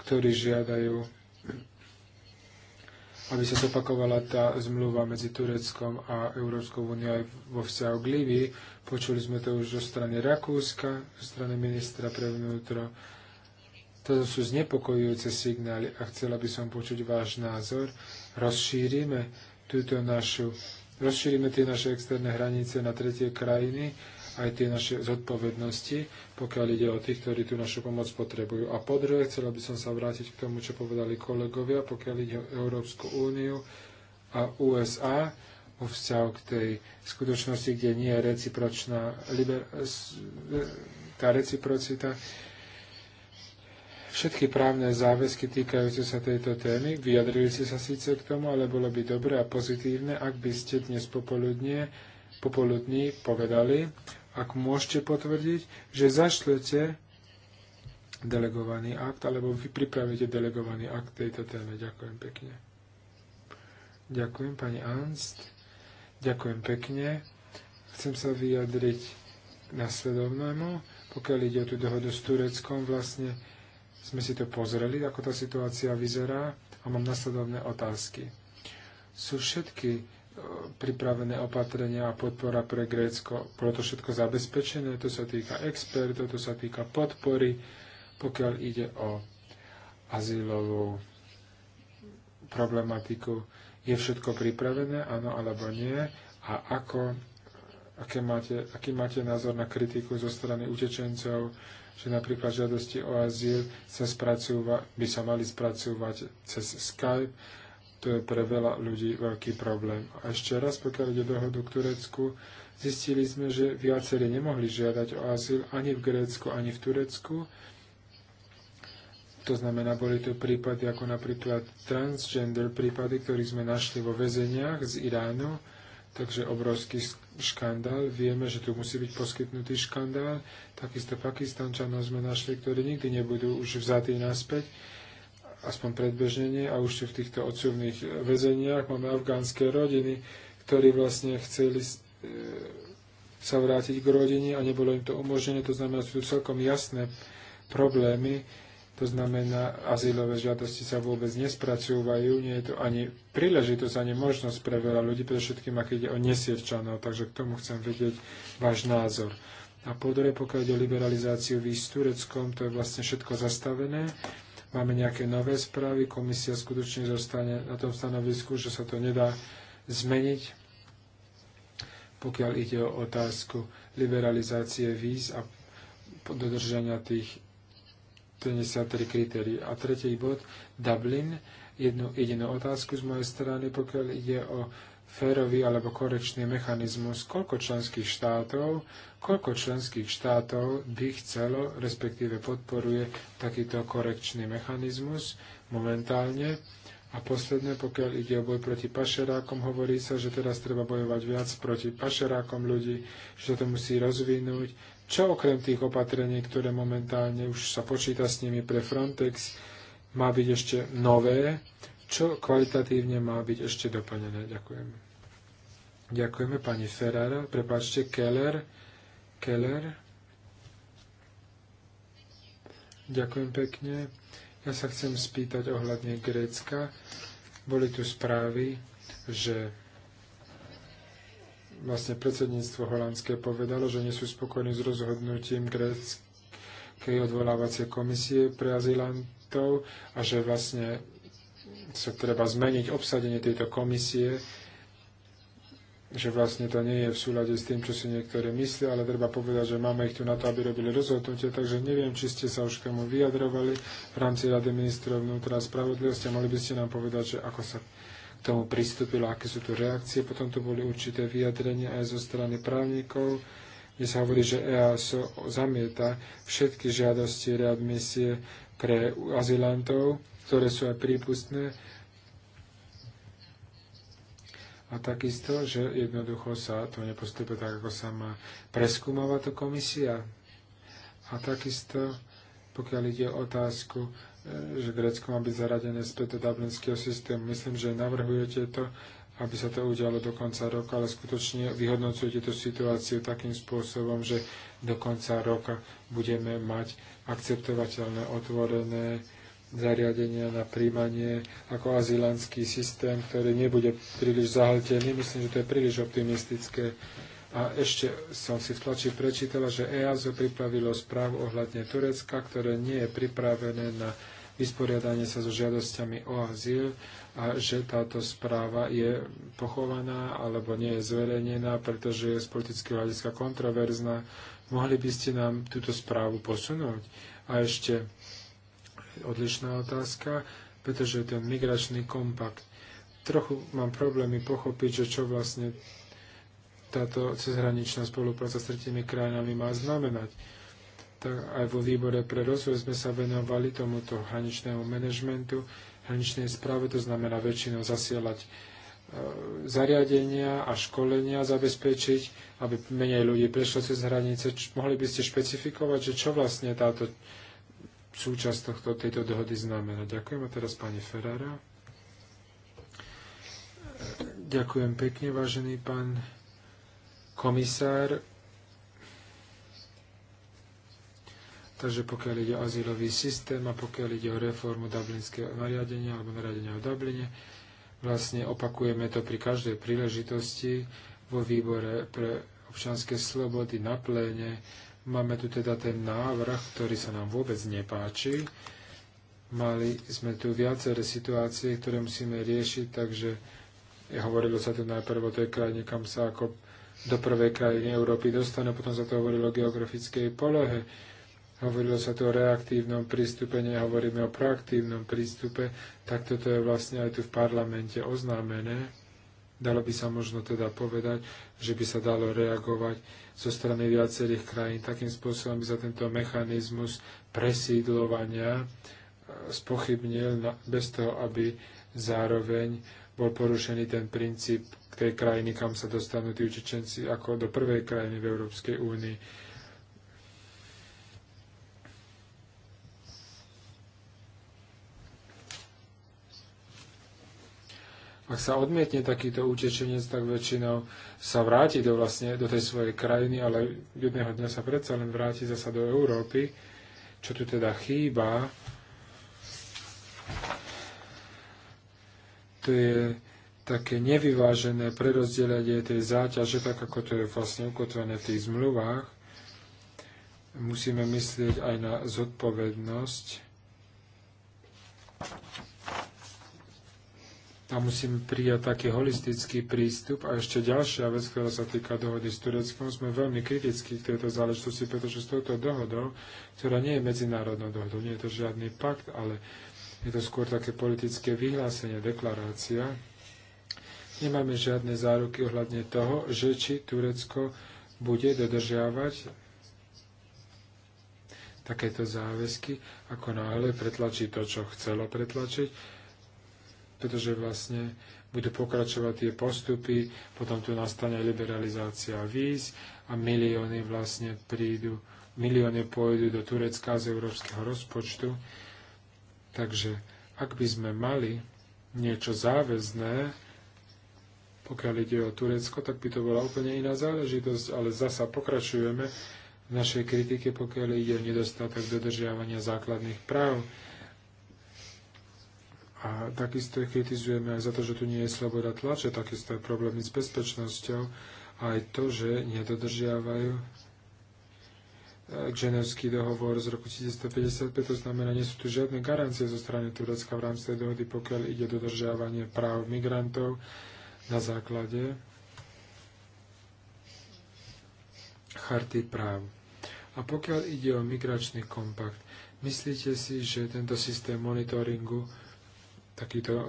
ktorí žiadajú, aby sa zopakovala tá zmluva medzi Tureckom a Európskou úniou aj vo vzťahu k Líbii. Počuli sme to už zo strany Rakúska, zo strany ministra pre vnútro. To sú znepokojujúce signály a chcela by som počuť váš názor. Rozšírime túto našu rozšírime tie naše externé hranice na tretie krajiny, aj tie naše zodpovednosti, pokiaľ ide o tých, ktorí tú našu pomoc potrebujú. A po druhé, chcela by som sa vrátiť k tomu, čo povedali kolegovia, pokiaľ ide o Európsku úniu a USA vo vzťahu k tej skutočnosti, kde nie je recipročná, liber, e, tá reciprocita, všetky právne záväzky týkajúce sa tejto témy. Vyjadrili ste sa síce k tomu, ale bolo by dobré a pozitívne, ak by ste dnes popoludní povedali, ak môžete potvrdiť, že zašlete delegovaný akt, alebo vy pripravíte delegovaný akt tejto téme. Ďakujem pekne. Ďakujem, pani Anst. Ďakujem pekne. Chcem sa vyjadriť nasledovnému, pokiaľ ide o tú dohodu s Tureckom, vlastne sme si to pozreli, ako tá situácia vyzerá a mám nasledovné otázky. Sú všetky e, pripravené opatrenia a podpora pre Grécko, bolo to všetko zabezpečené, to sa týka expertov, to sa týka podpory, pokiaľ ide o azylovú problematiku. Je všetko pripravené, áno alebo nie? A ako aké máte, aký máte názor na kritiku zo strany utečencov, že napríklad žiadosti o azyl sa spracúva, by sa mali spracúvať cez Skype. To je pre veľa ľudí veľký problém. A ešte raz, pokiaľ ide dohodu k Turecku, zistili sme, že viacerí nemohli žiadať o azyl ani v Grécku, ani v Turecku. To znamená, boli to prípady ako napríklad transgender prípady, ktorých sme našli vo väzeniach z Iránu Takže obrovský škandál. Vieme, že tu musí byť poskytnutý škandál. Takisto Pakistančanov sme našli, ktorí nikdy nebudú už vzatí naspäť aspoň predbežnenie, a už sú v týchto odsúvnych väzeniach. Máme afgánske rodiny, ktorí vlastne chceli e, sa vrátiť k rodine a nebolo im to umožnené. To znamená, že sú tu celkom jasné problémy to znamená, azylové žiadosti sa vôbec nespracúvajú, nie je to ani príležitosť, ani možnosť pre veľa ľudí, predovšetkým ak ide o nesievčanov, takže k tomu chcem vedieť váš názor. A po druhé, pokiaľ ide o liberalizáciu víz s Tureckom, to je vlastne všetko zastavené. Máme nejaké nové správy, komisia skutočne zostane na tom stanovisku, že sa to nedá zmeniť, pokiaľ ide o otázku liberalizácie víz a dodržania tých 73 kritérií. A tretí bod, Dublin, jednu jedinú otázku z mojej strany, pokiaľ ide o férový alebo korekčný mechanizmus, koľko členských štátov, koľko členských štátov by chcelo, respektíve podporuje takýto korekčný mechanizmus momentálne. A posledné, pokiaľ ide o boj proti pašerákom, hovorí sa, že teraz treba bojovať viac proti pašerákom ľudí, že to musí rozvinúť, čo okrem tých opatrení, ktoré momentálne už sa počíta s nimi pre Frontex, má byť ešte nové? Čo kvalitatívne má byť ešte doplnené? Ďakujem. Ďakujeme pani Ferrara, prepáčte Keller. Keller. Ďakujem pekne. Ja sa chcem spýtať ohľadne Grécka. Boli tu správy, že vlastne predsedníctvo holandské povedalo, že nie sú spokojní s rozhodnutím gréckej odvolávacie komisie pre azylantov a že vlastne sa treba zmeniť obsadenie tejto komisie, že vlastne to nie je v súlade s tým, čo si niektoré myslia, ale treba povedať, že máme ich tu na to, aby robili rozhodnutie, takže neviem, či ste sa už k tomu vyjadrovali v rámci Rady ministrov vnútra a spravodlivosti a mohli by ste nám povedať, že ako sa k tomu pristúpilo, aké sú tu reakcie. Potom tu boli určité vyjadrenia aj zo strany právnikov, kde sa hovorí, že EASO zamieta všetky žiadosti readmisie pre azylantov, ktoré sú aj prípustné. A takisto, že jednoducho sa to nepostupuje tak, ako sa má. Preskúmava to komisia. A takisto, pokiaľ ide o otázku E, že Grécko má byť zaradené späť do dublinského systému. Myslím, že navrhujete to, aby sa to udialo do konca roka, ale skutočne vyhodnocujete tú situáciu takým spôsobom, že do konca roka budeme mať akceptovateľné, otvorené zariadenia na príjmanie ako azylantský systém, ktorý nebude príliš zahltený. Myslím, že to je príliš optimistické. A ešte som si v tlači prečítala, že EASO pripravilo správu ohľadne Turecka, ktoré nie je pripravené na vysporiadanie sa so žiadosťami o azyl a že táto správa je pochovaná alebo nie je zverejnená, pretože je z politického hľadiska kontroverzná. Mohli by ste nám túto správu posunúť? A ešte odlišná otázka, pretože ten migračný kompakt. Trochu mám problémy pochopiť, že čo vlastne táto cezhraničná spolupráca s tretími krajinami má znamenať tak aj vo výbore pre rozvoj sme sa venovali tomuto hraničnému manažmentu, hraničnej správe, to znamená väčšinou zasielať e, zariadenia a školenia zabezpečiť, aby menej ľudí prešlo cez hranice. Č mohli by ste špecifikovať, že čo vlastne táto súčasť tohto, tejto dohody znamená? Ďakujem a teraz pani Ferrara. Ďakujem pekne, vážený pán komisár. Takže pokiaľ ide o azylový systém a pokiaľ ide o reformu dublinského nariadenia alebo nariadenia o Dubline, vlastne opakujeme to pri každej príležitosti vo výbore pre občanské slobody na pléne. Máme tu teda ten návrh, ktorý sa nám vôbec nepáči. Mali sme tu viaceré situácie, ktoré musíme riešiť, takže hovorilo sa tu najprv o tej krajine, kam sa ako do prvej krajiny Európy dostane, potom sa to hovorilo o geografickej polohe Hovorilo sa tu o reaktívnom prístupe, nehovoríme o proaktívnom prístupe, tak toto je vlastne aj tu v parlamente oznámené. Dalo by sa možno teda povedať, že by sa dalo reagovať zo strany viacerých krajín. Takým spôsobom by sa tento mechanizmus presídlovania eh, spochybnil bez toho, aby zároveň bol porušený ten princíp tej krajiny, kam sa dostanú tí učečenci ako do prvej krajiny v Európskej únii. Ak sa odmietne takýto utečenec, tak väčšinou sa vráti do, vlastne, do tej svojej krajiny, ale jedného dňa sa predsa len vráti zasa do Európy, čo tu teda chýba. To je také nevyvážené prerozdelenie tej záťaže, tak ako to je vlastne ukotvené v tých zmluvách. Musíme myslieť aj na zodpovednosť tam musíme prijať taký holistický prístup. A ešte ďalšia vec, ktorá sa týka dohody s Tureckom, sme veľmi kritickí k tejto záležitosti, pretože s touto dohodou, ktorá nie je medzinárodnou dohodou, nie je to žiadny pakt, ale je to skôr také politické vyhlásenie, deklarácia, nemáme žiadne záruky ohľadne toho, že či Turecko bude dodržiavať takéto záväzky, ako náhle pretlačí to, čo chcelo pretlačiť, pretože vlastne budú pokračovať tie postupy, potom tu nastane liberalizácia víz a milióny vlastne prídu, milióny pôjdu do Turecka z európskeho rozpočtu. Takže ak by sme mali niečo záväzné, pokiaľ ide o Turecko, tak by to bola úplne iná záležitosť, ale zasa pokračujeme v našej kritike, pokiaľ ide o nedostatok dodržiavania základných práv. A takisto kritizujeme aj za to, že tu nie je sloboda tlače, takisto aj problémy s bezpečnosťou, aj to, že nedodržiavajú e, Ženevský dohovor z roku 1955, to znamená, nie sú tu žiadne garancie zo strany Turecka v rámci tej dohody, pokiaľ ide dodržiavanie práv migrantov na základe charty práv. A pokiaľ ide o migračný kompakt, myslíte si, že tento systém monitoringu takýto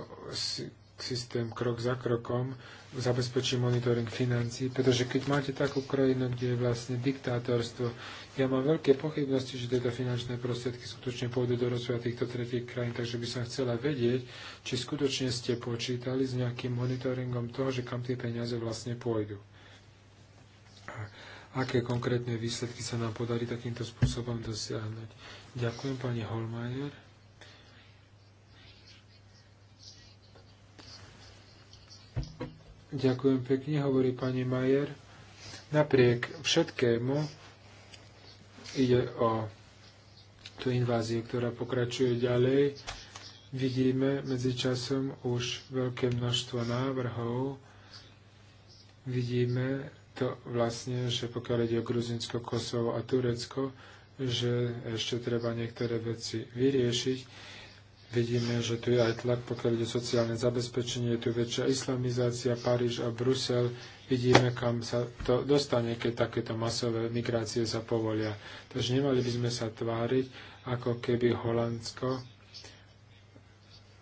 systém krok za krokom zabezpečí monitoring financií, pretože keď máte takú krajinu, kde je vlastne diktátorstvo, ja mám veľké pochybnosti, že tieto finančné prostriedky skutočne pôjdu do rozvoja týchto tretich krajín, takže by som chcela vedieť, či skutočne ste počítali s nejakým monitoringom toho, že kam tie peniaze vlastne pôjdu. A aké konkrétne výsledky sa nám podarí takýmto spôsobom dosiahnuť. Ďakujem pani Holmajer. Ďakujem pekne, hovorí pani Majer. Napriek všetkému ide o tú inváziu, ktorá pokračuje ďalej. Vidíme medzičasom už veľké množstvo návrhov. Vidíme to vlastne, že pokiaľ ide o Gruzinsko, Kosovo a Turecko, že ešte treba niektoré veci vyriešiť. Vidíme, že tu je aj tlak, pokiaľ ide sociálne zabezpečenie, je tu väčšia islamizácia, Paríž a Brusel. Vidíme, kam sa to dostane, keď takéto masové migrácie sa povolia. Takže nemali by sme sa tváriť, ako keby Holandsko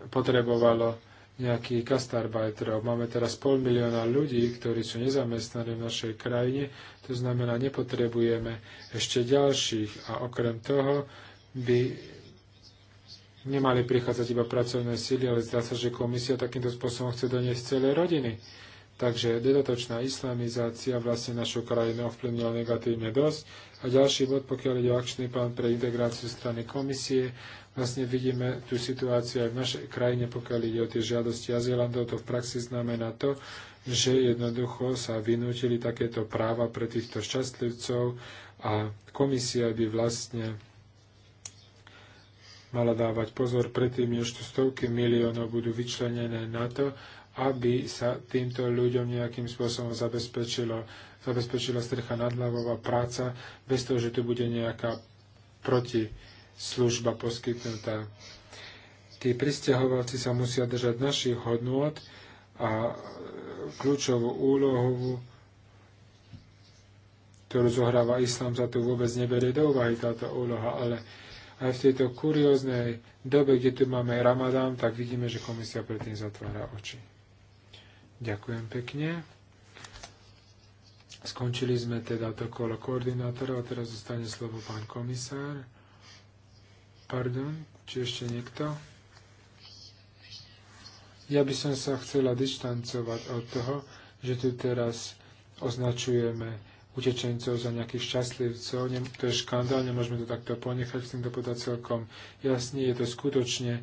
potrebovalo nejakých gastarbajterov. Máme teraz pol milióna ľudí, ktorí sú nezamestnaní v našej krajine, to znamená, nepotrebujeme ešte ďalších. A okrem toho by nemali prichádzať iba pracovné síly, ale zdá sa, že komisia takýmto spôsobom chce doniesť celé rodiny. Takže dodatočná islamizácia vlastne našu krajinu ovplyvnila negatívne dosť. A ďalší bod, pokiaľ ide o akčný plán pre integráciu strany komisie, vlastne vidíme tú situáciu aj v našej krajine, pokiaľ ide o tie žiadosti azylantov, to v praxi znamená to, že jednoducho sa vynútili takéto práva pre týchto šťastlivcov a komisia by vlastne mala dávať pozor predtým, než tu stovky miliónov budú vyčlenené na to, aby sa týmto ľuďom nejakým spôsobom zabezpečilo, zabezpečila strecha nad hlavou a práca, bez toho, že tu bude nejaká protislužba poskytnutá. Tí pristahovalci sa musia držať našich hodnôt a kľúčovú úlohu, ktorú zohráva islám, sa tu vôbec neberie do úvahy táto úloha, ale aj v tejto kurióznej dobe, kde tu máme Ramadán, tak vidíme, že komisia predtým zatvára oči. Ďakujem pekne. Skončili sme teda to kolo koordinátorov a teraz zostane slovo pán komisár. Pardon, či ešte niekto? Ja by som sa chcela dištancovať od toho, že tu teraz označujeme utečencov za nejakých šťastlivcov. To je škandál, nemôžeme to takto ponechať, chcem to povedať celkom jasne. Je to skutočne e,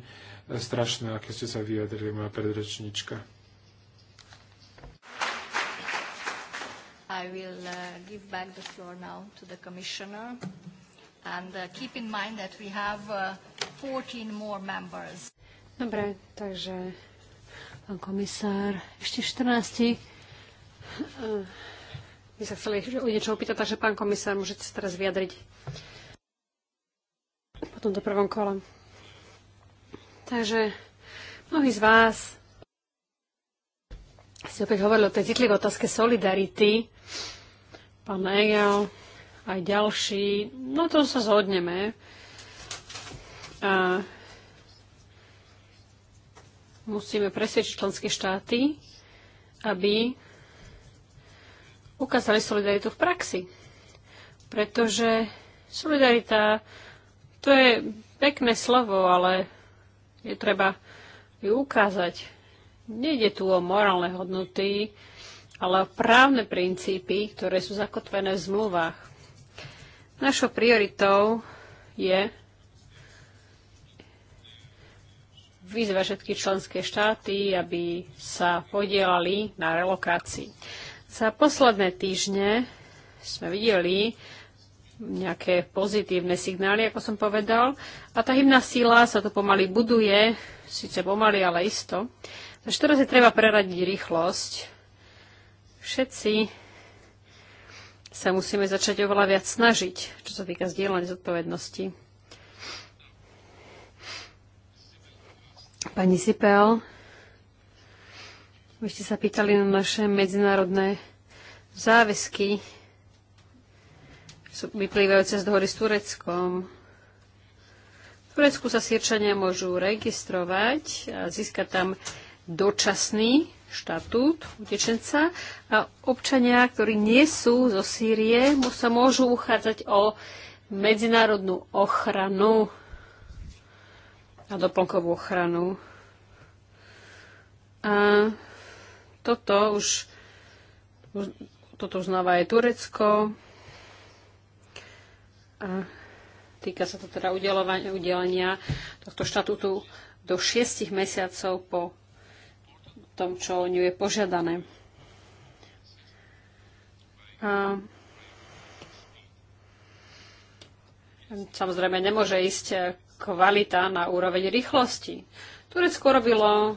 strašné, aké ste sa vyjadrili, moja predrečníčka. I will uh, give back the floor now to the commissioner. And uh, keep in mind that we have uh, 14 more members. Dobre, takže pán komisár, ešte 14 uh, by sa chceli niečo opýtať, takže pán komisár, môžete sa teraz vyjadriť po tomto prvom kole. Takže mnohí z vás ste opäť hovorili o tej citlivej otázke solidarity. Pán Egel, aj ďalší. No to sa zhodneme. A musíme presvedčiť členské štáty, aby ukázali solidaritu v praxi. Pretože solidarita, to je pekné slovo, ale je treba ju ukázať. Nejde tu o morálne hodnoty, ale o právne princípy, ktoré sú zakotvené v zmluvách. Našou prioritou je vyzvať všetky členské štáty, aby sa podielali na relokácii. Za posledné týždne sme videli nejaké pozitívne signály, ako som povedal. A tá hymná síla sa tu pomaly buduje, síce pomaly, ale isto. Takže teraz je treba preradiť rýchlosť. Všetci sa musíme začať oveľa viac snažiť, čo sa týka zdieľania zodpovednosti. Pani Sipel vy ste sa pýtali na naše medzinárodné záväzky vyplývajúce z dohody s Tureckom. V Turecku sa Sýrčania môžu registrovať a získať tam dočasný štatút utečenca a občania, ktorí nie sú zo Sýrie, sa môžu uchádzať o medzinárodnú ochranu a doplnkovú ochranu. A toto už, toto uznáva aj Turecko. A týka sa to teda udelenia tohto štatútu do 6 mesiacov po tom, čo o ňu je požiadané. A samozrejme nemôže ísť kvalita na úroveň rýchlosti. Turecko robilo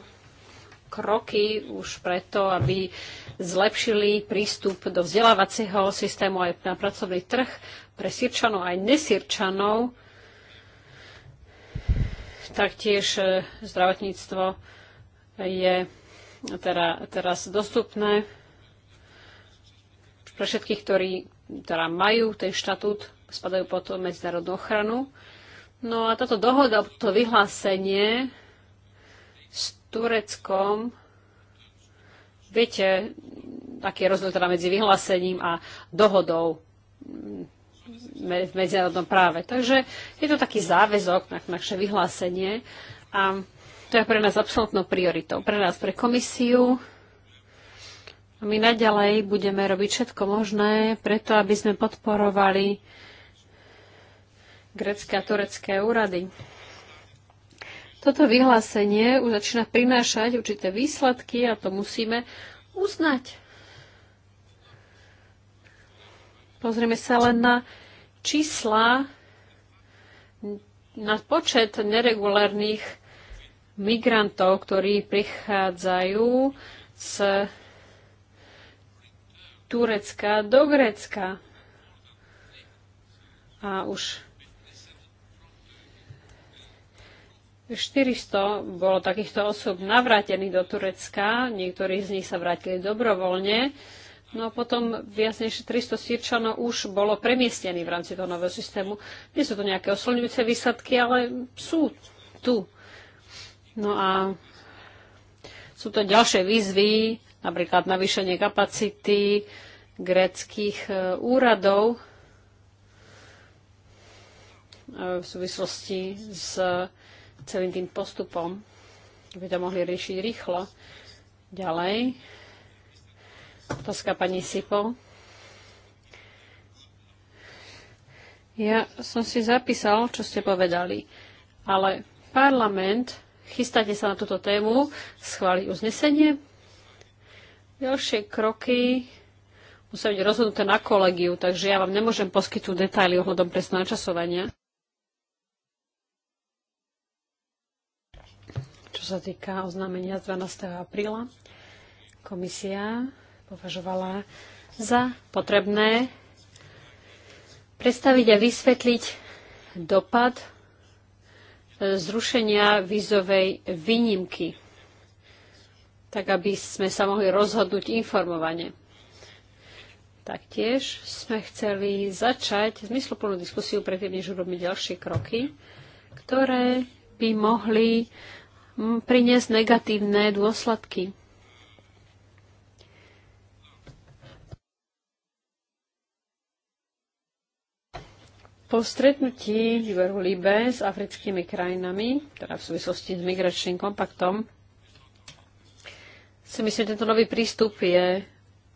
kroky už preto, aby zlepšili prístup do vzdelávacieho systému aj na pracovný trh pre sírčanov aj nesírčanov. Taktiež e, zdravotníctvo je teda, teraz dostupné pre všetkých, ktorí teda majú ten štatút, spadajú pod medzinárodnú ochranu. No a táto dohoda, to vyhlásenie Tureckom. Viete, aký je rozdiel teda medzi vyhlásením a dohodou v medzinárodnom práve. Takže je to taký záväzok na naše vyhlásenie a to je pre nás absolútnou prioritou. Pre nás, pre komisiu. A my naďalej budeme robiť všetko možné preto, aby sme podporovali grecké a turecké úrady. Toto vyhlásenie už začína prinášať určité výsledky a to musíme uznať. Pozrieme sa len na čísla, na počet neregulárnych migrantov, ktorí prichádzajú z Turecka do Grécka. A už 400 bolo takýchto osôb navrátených do Turecka, niektorí z nich sa vrátili dobrovoľne, no a potom viac než 300 sírčanov už bolo premiestnených v rámci toho nového systému. Nie sú to nejaké oslňujúce výsledky, ale sú tu. No a sú to ďalšie výzvy, napríklad navýšenie kapacity gréckých e, úradov e, v súvislosti s celým tým postupom, aby to mohli riešiť rýchlo. Ďalej, otázka pani Sipo. Ja som si zapísal, čo ste povedali, ale parlament, chystáte sa na túto tému, schváli uznesenie. Ďalšie kroky musia byť rozhodnuté na kolegiu, takže ja vám nemôžem poskytnúť detaily ohľadom presného časovania. sa týka oznámenia 12. apríla, komisia považovala za potrebné predstaviť a vysvetliť dopad e, zrušenia vízovej výnimky, tak aby sme sa mohli rozhodnúť informovane. Taktiež sme chceli začať zmysluplnú diskusiu predtým, než urobíme ďalšie kroky, ktoré by mohli priniesť negatívne dôsledky. Po stretnutí v Rulíbe s africkými krajinami, teda v súvislosti s migračným kompaktom, si myslím, že tento nový prístup je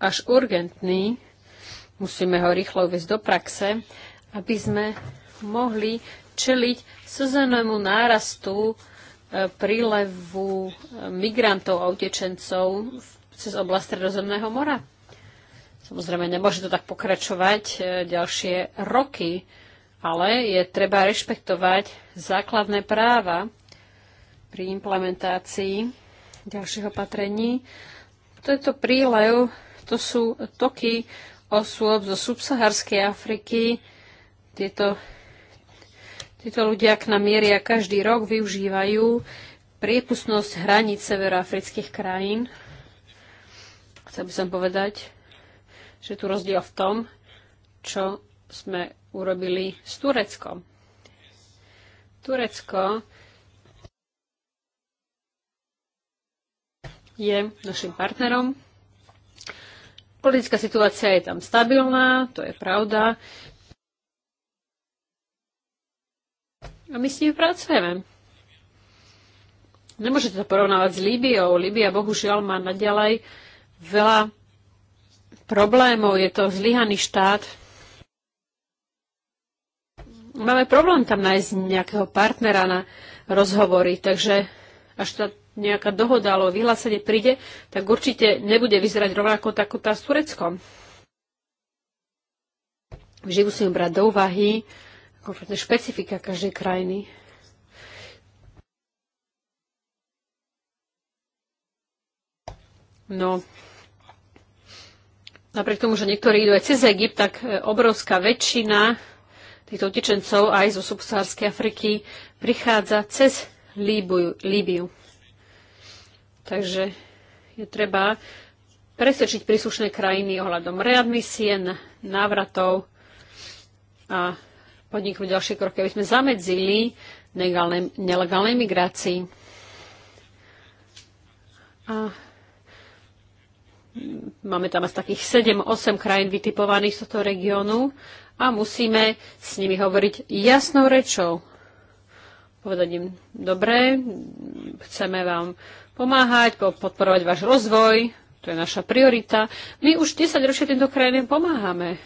až urgentný. Musíme ho rýchlo uvieť do praxe, aby sme mohli čeliť sezónnemu nárastu prílevu migrantov a utečencov cez oblast Stredozemného mora. Samozrejme, nemôže to tak pokračovať e, ďalšie roky, ale je treba rešpektovať základné práva pri implementácii ďalších opatrení. Tento prílev to sú toky osôb zo subsaharskej Afriky. Tieto Títo ľudia k nám mieria každý rok, využívajú priepustnosť hraníc severoafrických krajín. Chcel by som povedať, že tu rozdiel v tom, čo sme urobili s Tureckom. Turecko je našim partnerom. Politická situácia je tam stabilná, to je pravda. A my s nimi pracujeme. Nemôžete to porovnávať s Líbiou. Líbia bohužiaľ má naďalej veľa problémov. Je to zlyhaný štát. Máme problém tam nájsť nejakého partnera na rozhovory, takže až tá nejaká dohoda alebo vyhlásenie príde, tak určite nebude vyzerať rovnako takú tá s Tureckom. Vždy musíme brať do úvahy, konkrétne špecifika každej krajiny. No, napriek tomu, že niektorí idú aj cez Egypt, tak e, obrovská väčšina týchto utečencov aj zo subsárskej Afriky prichádza cez Líbiu. Líbiu. Takže je treba presvedčiť príslušné krajiny ohľadom readmisie, návratov a podniknúť ďalšie kroky, aby sme zamedzili nelegálnej, nelegálnej migrácii. A máme tam asi takých 7-8 krajín vytipovaných z tohto regiónu a musíme s nimi hovoriť jasnou rečou. Povedať im, dobre, chceme vám pomáhať, podporovať váš rozvoj, to je naša priorita. My už 10 ročia týmto krajinám pomáhame.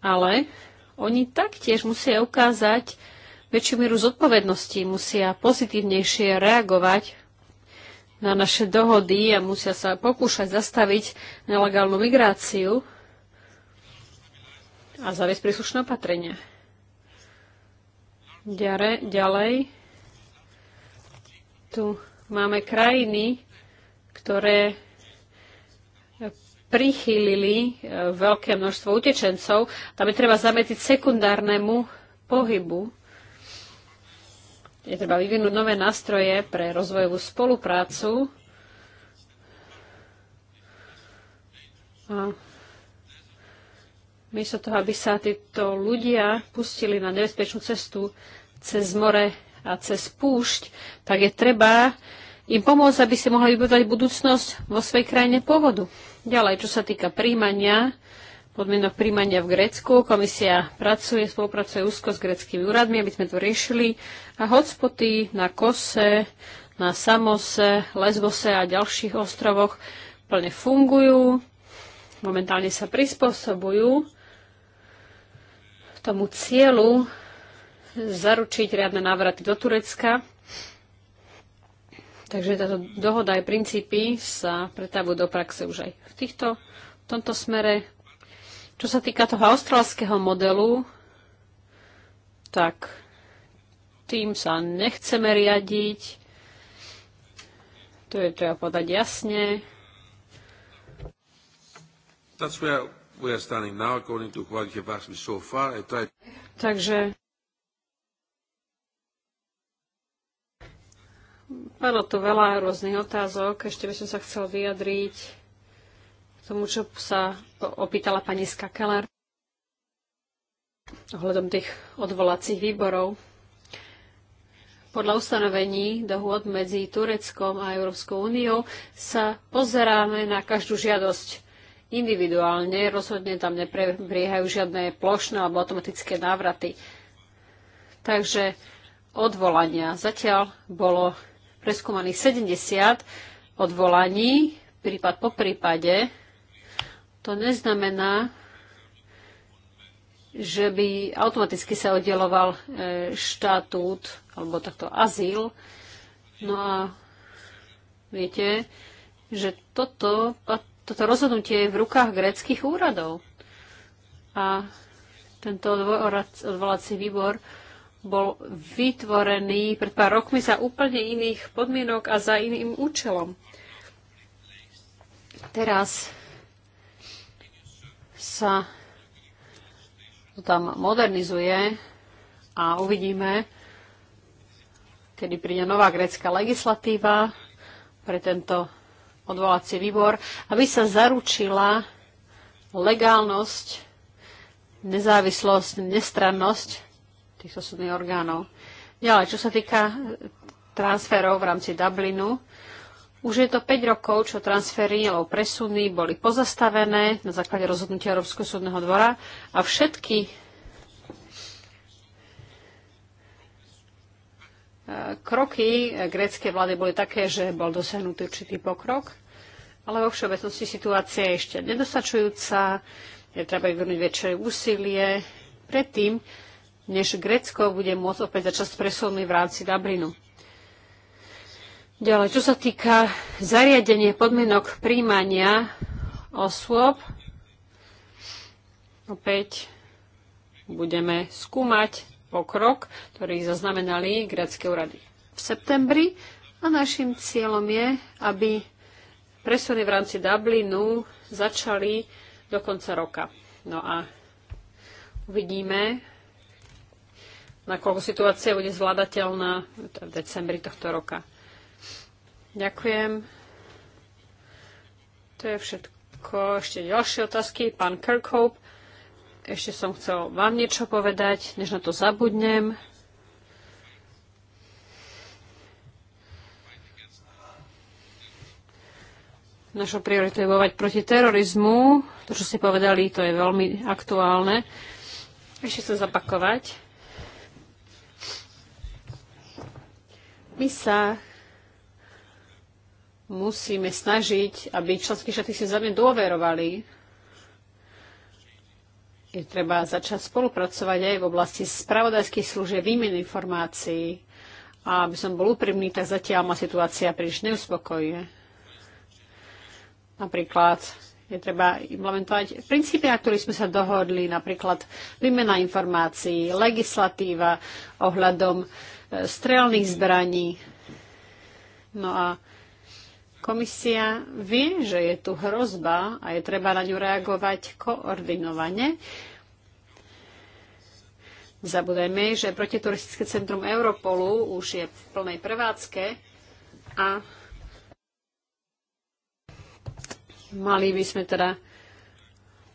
Ale oni taktiež musia ukázať väčšiu mieru zodpovednosti, musia pozitívnejšie reagovať na naše dohody a musia sa pokúšať zastaviť nelegálnu migráciu a zaviesť príslušné opatrenia. Ďare, ďalej, tu máme krajiny, ktoré prichýlili e, veľké množstvo utečencov. Tam je treba zametiť sekundárnemu pohybu. Je treba vyvinúť nové nástroje pre rozvojovú spoluprácu. A miesto toho, aby sa títo ľudia pustili na nebezpečnú cestu cez more a cez púšť, tak je treba im pomôcť, aby si mohli vybudovať budúcnosť vo svojej krajine pôvodu. Ďalej, čo sa týka príjmania, podmienok príjmania v Grécku. Komisia pracuje, spolupracuje úzko s gréckými úradmi, aby sme to riešili. A hotspoty na Kose, na Samose, Lesbose a ďalších ostrovoch plne fungujú. Momentálne sa prispôsobujú tomu cieľu zaručiť riadne návraty do Turecka Takže táto dohoda aj princípy sa pretávajú do praxe už aj v, týchto, v tomto smere. Čo sa týka toho australského modelu, tak tým sa nechceme riadiť. To je treba povedať jasne. That's where we are standing now, according to what you've asked me so far. I tried... Takže Padlo tu veľa rôznych otázok. Ešte by som sa chcel vyjadriť k tomu, čo sa opýtala pani Skakeler ohľadom tých odvolacích výborov. Podľa ustanovení dohôd medzi Tureckom a Európskou úniou sa pozeráme na každú žiadosť individuálne. Rozhodne tam neprebiehajú žiadne plošné alebo automatické návraty. Takže odvolania. Zatiaľ bolo preskúmaných 70 odvolaní, prípad po prípade. To neznamená, že by automaticky sa oddeloval e, štatút alebo takto azyl. No a viete, že toto, toto rozhodnutie je v rukách gréckých úradov. A tento odvolací výbor bol vytvorený pred pár rokmi za úplne iných podmienok a za iným účelom. Teraz sa to tam modernizuje a uvidíme, kedy príde nová grécka legislatíva pre tento odvolací výbor, aby sa zaručila legálnosť, nezávislosť, nestrannosť tých súdnych orgánov. Ďalej, čo sa týka e, transferov v rámci Dublinu, už je to 5 rokov, čo transfery alebo presuny boli pozastavené na základe rozhodnutia Európskeho súdneho dvora a všetky e, kroky grécké vlády boli také, že bol dosiahnutý určitý pokrok, ale vo všeobecnosti situácia je ešte nedostačujúca, je treba vyvinúť väčšie úsilie. Predtým, než Grécko bude môcť opäť začať presuny v rámci Dublinu. Ďalej, čo sa týka zariadenie podmienok príjmania osôb, opäť budeme skúmať pokrok, ktorý zaznamenali grecké úrady v septembri a našim cieľom je, aby presuny v rámci Dublinu začali do konca roka. No a uvidíme, nakoľko situácia bude zvládateľná v decembri tohto roka. Ďakujem. To je všetko. Ešte ďalšie otázky. Pán Kirkhope, ešte som chcel vám niečo povedať, než na to zabudnem. Našou prioritou je bojovať proti terorizmu. To, čo ste povedali, to je veľmi aktuálne. Ešte chcem zapakovať My sa musíme snažiť, aby členské štáty si zájemne dôverovali. Je treba začať spolupracovať aj v oblasti spravodajských služieb, výmeny informácií. A aby som bol úprimný, tak zatiaľ ma situácia príliš neuspokojuje. Napríklad je treba implementovať princípy, na ktorých sme sa dohodli, napríklad výmena informácií, legislatíva ohľadom strelných zbraní. No a komisia vie, že je tu hrozba a je treba na ňu reagovať koordinovane. Zabudajme, že protituristické centrum Europolu už je v plnej prevádzke a mali by sme teda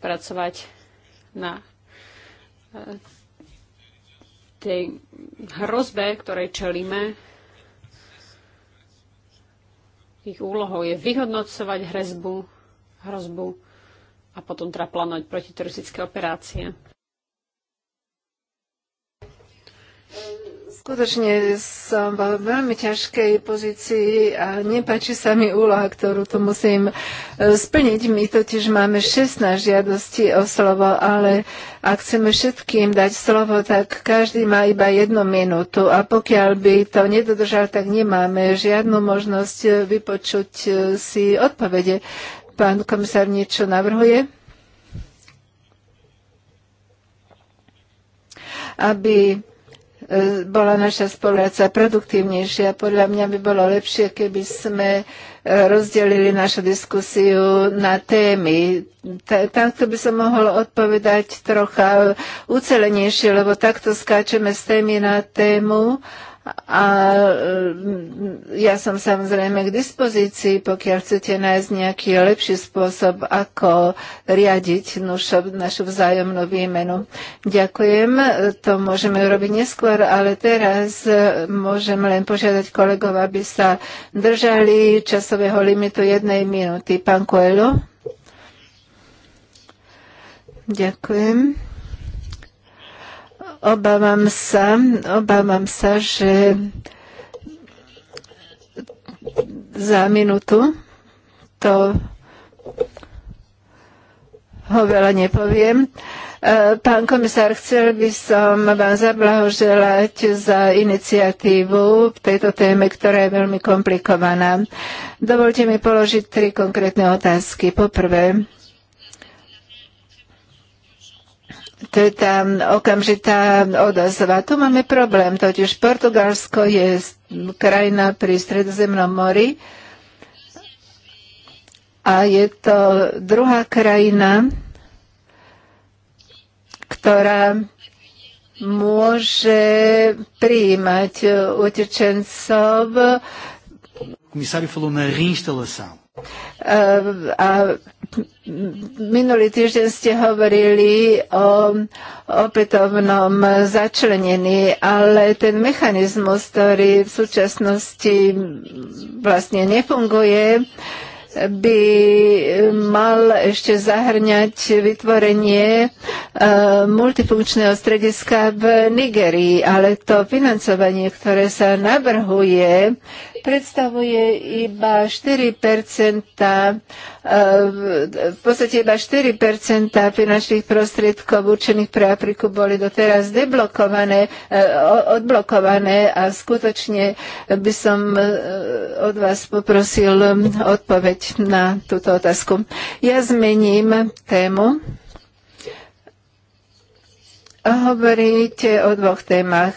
pracovať na tej hrozbe, ktorej čelíme, ich úlohou je vyhodnocovať hrezbu, hrozbu a potom teda plánovať protiteroristické operácie. Skutočne som vo veľmi ťažkej pozícii a nepáči sa mi úloha, ktorú tu musím e, splniť. My totiž máme 16 žiadostí o slovo, ale ak chceme všetkým dať slovo, tak každý má iba jednu minútu a pokiaľ by to nedodržal, tak nemáme žiadnu možnosť e, vypočuť e, si odpovede. Pán komisár niečo navrhuje? Aby E, bola naša spolupráca produktívnejšia. Podľa mňa by bolo lepšie, keby sme e, rozdelili našu diskusiu na témy. takto by som mohol odpovedať trocha ucelenejšie, lebo takto skáčeme z témy na tému a e, ja som samozrejme k dispozícii, pokiaľ chcete nájsť nejaký lepší spôsob, ako riadiť našu vzájomnú výmenu. Ďakujem, to môžeme urobiť neskôr, ale teraz e, môžem len požiadať kolegov, aby sa držali časového limitu jednej minúty. Pán Coelho. Ďakujem. Obávam sa, obávam sa, že za minutu to ho veľa nepoviem. E, pán komisár, chcel by som vám zablahoželať za iniciatívu v tejto téme, ktorá je veľmi komplikovaná. Dovolte mi položiť tri konkrétne otázky. Poprvé, to je tá okamžitá odozva. Tu máme problém, totiž Portugalsko je krajina pri Stredozemnom mori a je to druhá krajina, ktorá môže prijímať utečencov. Komisário falou na reinstalação. A Minulý týždeň ste hovorili o opätovnom začlenení, ale ten mechanizmus, ktorý v súčasnosti vlastne nefunguje, by mal ešte zahrňať vytvorenie e, multifunkčného strediska v Nigerii, ale to financovanie, ktoré sa navrhuje, predstavuje iba 4 eh, v podstate iba 4 finančných prostriedkov určených pre Afriku boli doteraz deblokované, eh, odblokované a skutočne by som eh, od vás poprosil odpoveď na túto otázku. Ja zmením tému. Hovoríte o dvoch témach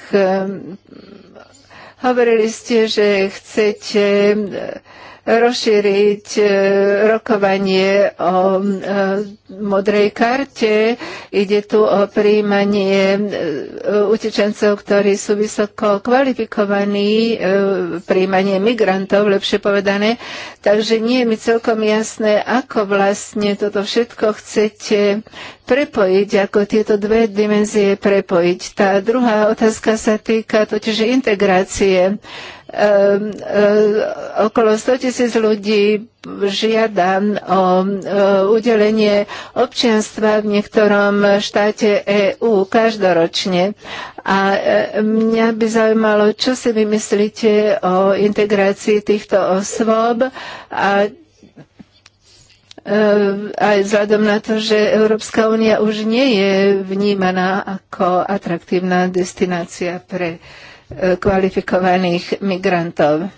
Hovorili ste, že chcete rozšíriť e, rokovanie o e, modrej karte. Ide tu o príjmanie e, utečencov, ktorí sú vysoko kvalifikovaní, príjmanie migrantov, lepšie povedané. Takže nie je mi celkom jasné, ako vlastne toto všetko chcete prepojiť, ako tieto dve dimenzie prepojiť. Tá druhá otázka sa týka totiž integrácie Ehm, ehm, okolo 100 tisíc ľudí žiada o udelenie občianstva v niektorom štáte EÚ každoročne. A e, mňa by zaujímalo, čo si vymyslíte o integrácii týchto osôb a e, aj vzhľadom na to, že Európska únia už nie je vnímaná ako atraktívna destinácia pre uh, E, kvalifikovaných migrantov.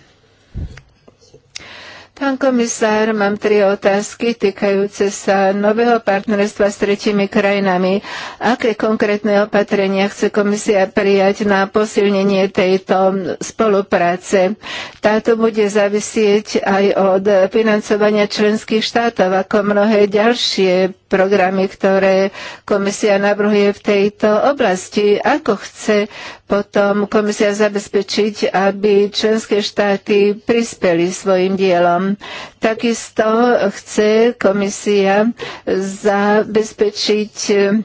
Pán komisár, mám tri otázky týkajúce sa nového partnerstva s tretimi krajinami. Aké konkrétne opatrenia chce komisia prijať na posilnenie tejto spolupráce? Táto bude závisieť aj od financovania členských štátov, ako mnohé ďalšie programy, ktoré komisia navrhuje v tejto oblasti. Ako chce potom komisia zabezpečiť, aby členské štáty prispeli svojim dielom. Takisto chce komisia zabezpečiť eh,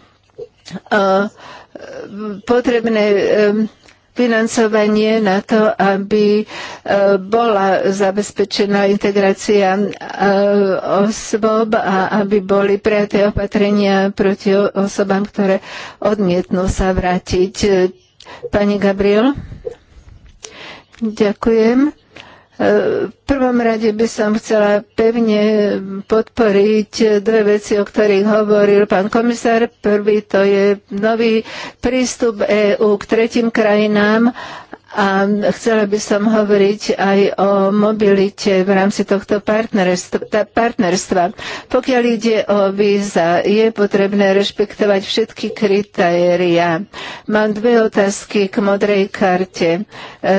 potrebné eh, financovanie na to, aby e, bola zabezpečená integrácia e, osôb a aby boli prijaté opatrenia proti osobám, ktoré odmietnú sa vrátiť. E, pani Gabriel? Ďakujem. E, v prvom rade by som chcela pevne podporiť dve veci, o ktorých hovoril pán komisár. Prvý to je nový prístup EÚ k tretím krajinám a chcela by som hovoriť aj o mobilite v rámci tohto partnerstva. Pokiaľ ide o víza, je potrebné rešpektovať všetky kritéria. Mám dve otázky k modrej karte. E,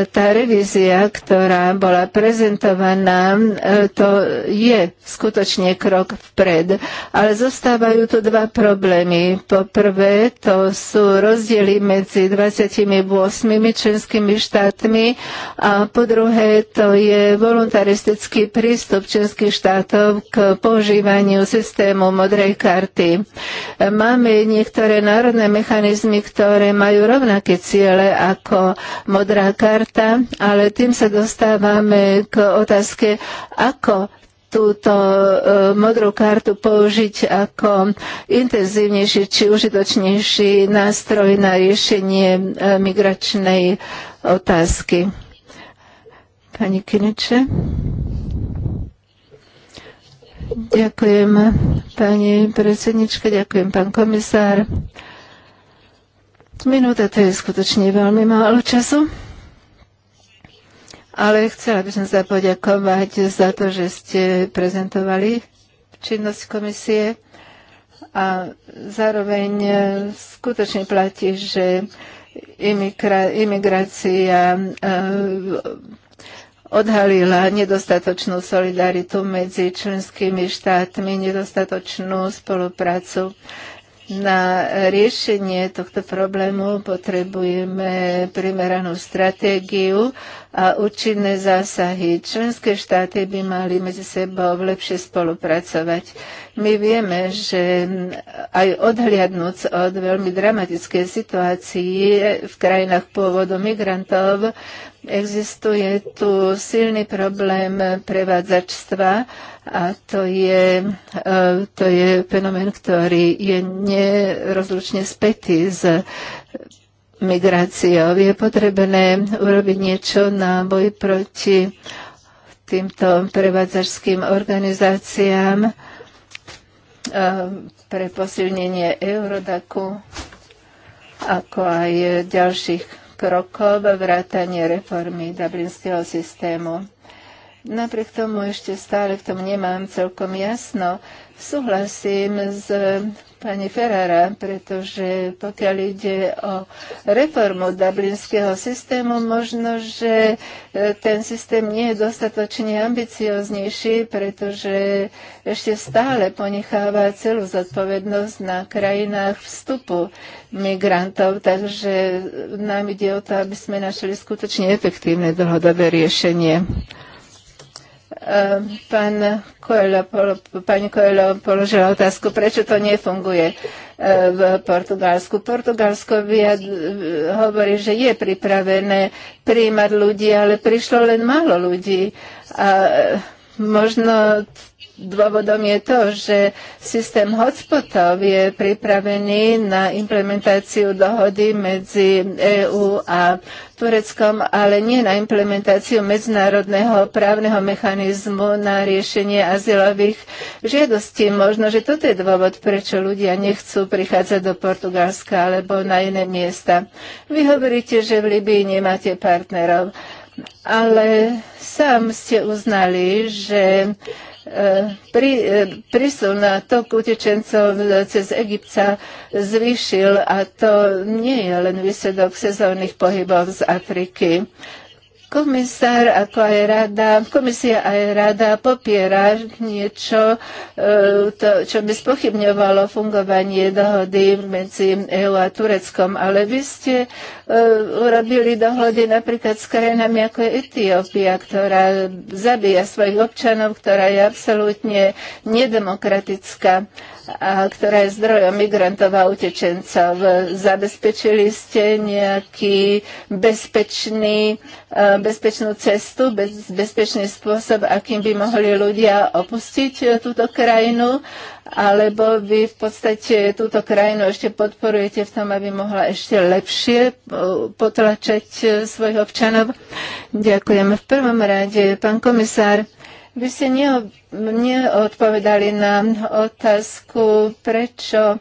tá revízia, ktorá bola prezentovaná, e, to je skutočne krok vpred. Ale zostávajú tu dva problémy. Po prvé, to sú rozdiely medzi 28 členskými štátmi a po druhé to je voluntaristický prístup členských štátov k používaniu systému modrej karty. Máme niektoré národné mechanizmy, ktoré majú rovnaké ciele ako modrá karta, ale tým sa dostávame k otázke, ako túto e, modrú kartu použiť ako intenzívnejší či užitočnejší nástroj na riešenie e, migračnej otázky. Pani Kineče. Ďakujem, pani predsednička, ďakujem, pán komisár. Minúta to je skutočne veľmi málo času ale chcela by som sa poďakovať za to, že ste prezentovali činnosť komisie a zároveň e, skutočne platí, že imigrácia e, odhalila nedostatočnú solidaritu medzi členskými štátmi, nedostatočnú spoluprácu na riešenie tohto problému potrebujeme primeranú stratégiu a účinné zásahy. Členské štáty by mali medzi sebou lepšie spolupracovať. My vieme, že aj odhliadnúc od veľmi dramatickej situácii v krajinách pôvodu migrantov, Existuje tu silný problém prevádzačstva a to je, e, to je fenomén, ktorý je nerozlučne spätý s migráciou. Je potrebné urobiť niečo na boj proti týmto prevádzačským organizáciám e, pre posilnenie Eurodaku ako aj ďalších krokov vrátanie reformy dublinského systému. Napriek tomu ešte stále v tom nemám celkom jasno. Súhlasím s pani Ferrara, pretože pokiaľ ide o reformu dublinského systému, možno, že e, ten systém nie je dostatočne ambicioznejší, pretože ešte stále ponecháva celú zodpovednosť na krajinách vstupu migrantov, takže nám ide o to, aby sme našli skutočne efektívne dlhodobé riešenie. Ehm, pán Coelho, pani Coelho položila otázku, prečo to nefunguje ehm, v Portugalsku. Portugalsko viad, hovorí, že je pripravené príjmať ľudí, ale prišlo len málo ľudí. A e, možno Dôvodom je to, že systém hotspotov je pripravený na implementáciu dohody medzi EÚ a Tureckom, ale nie na implementáciu medzinárodného právneho mechanizmu na riešenie azylových žiadostí. Možno, že toto je dôvod, prečo ľudia nechcú prichádzať do Portugalska alebo na iné miesta. Vy hovoríte, že v Libii nemáte partnerov, ale sám ste uznali, že E, pri, e, prísun na tok utečencov cez Egypt zvýšil a to nie je len výsledok sezónnych pohybov z Afriky. Komisár ako aj rada, komisia aj rada popiera niečo, e, to, čo by spochybňovalo fungovanie dohody medzi EU a Tureckom, ale vy ste e, urobili dohody napríklad s krajinami ako je Etiópia, ktorá zabíja svojich občanov, ktorá je absolútne nedemokratická ktorá je zdrojom migrantov a utečencov. Zabezpečili ste nejaký bezpečný, e, bezpečnú cestu, bez, bezpečný spôsob, akým by mohli ľudia opustiť e, túto krajinu, alebo vy v podstate túto krajinu ešte podporujete v tom, aby mohla ešte lepšie e, potlačať svojich občanov. Ďakujem v prvom rade, pán komisár. Vy ste neodpovedali na otázku, prečo e,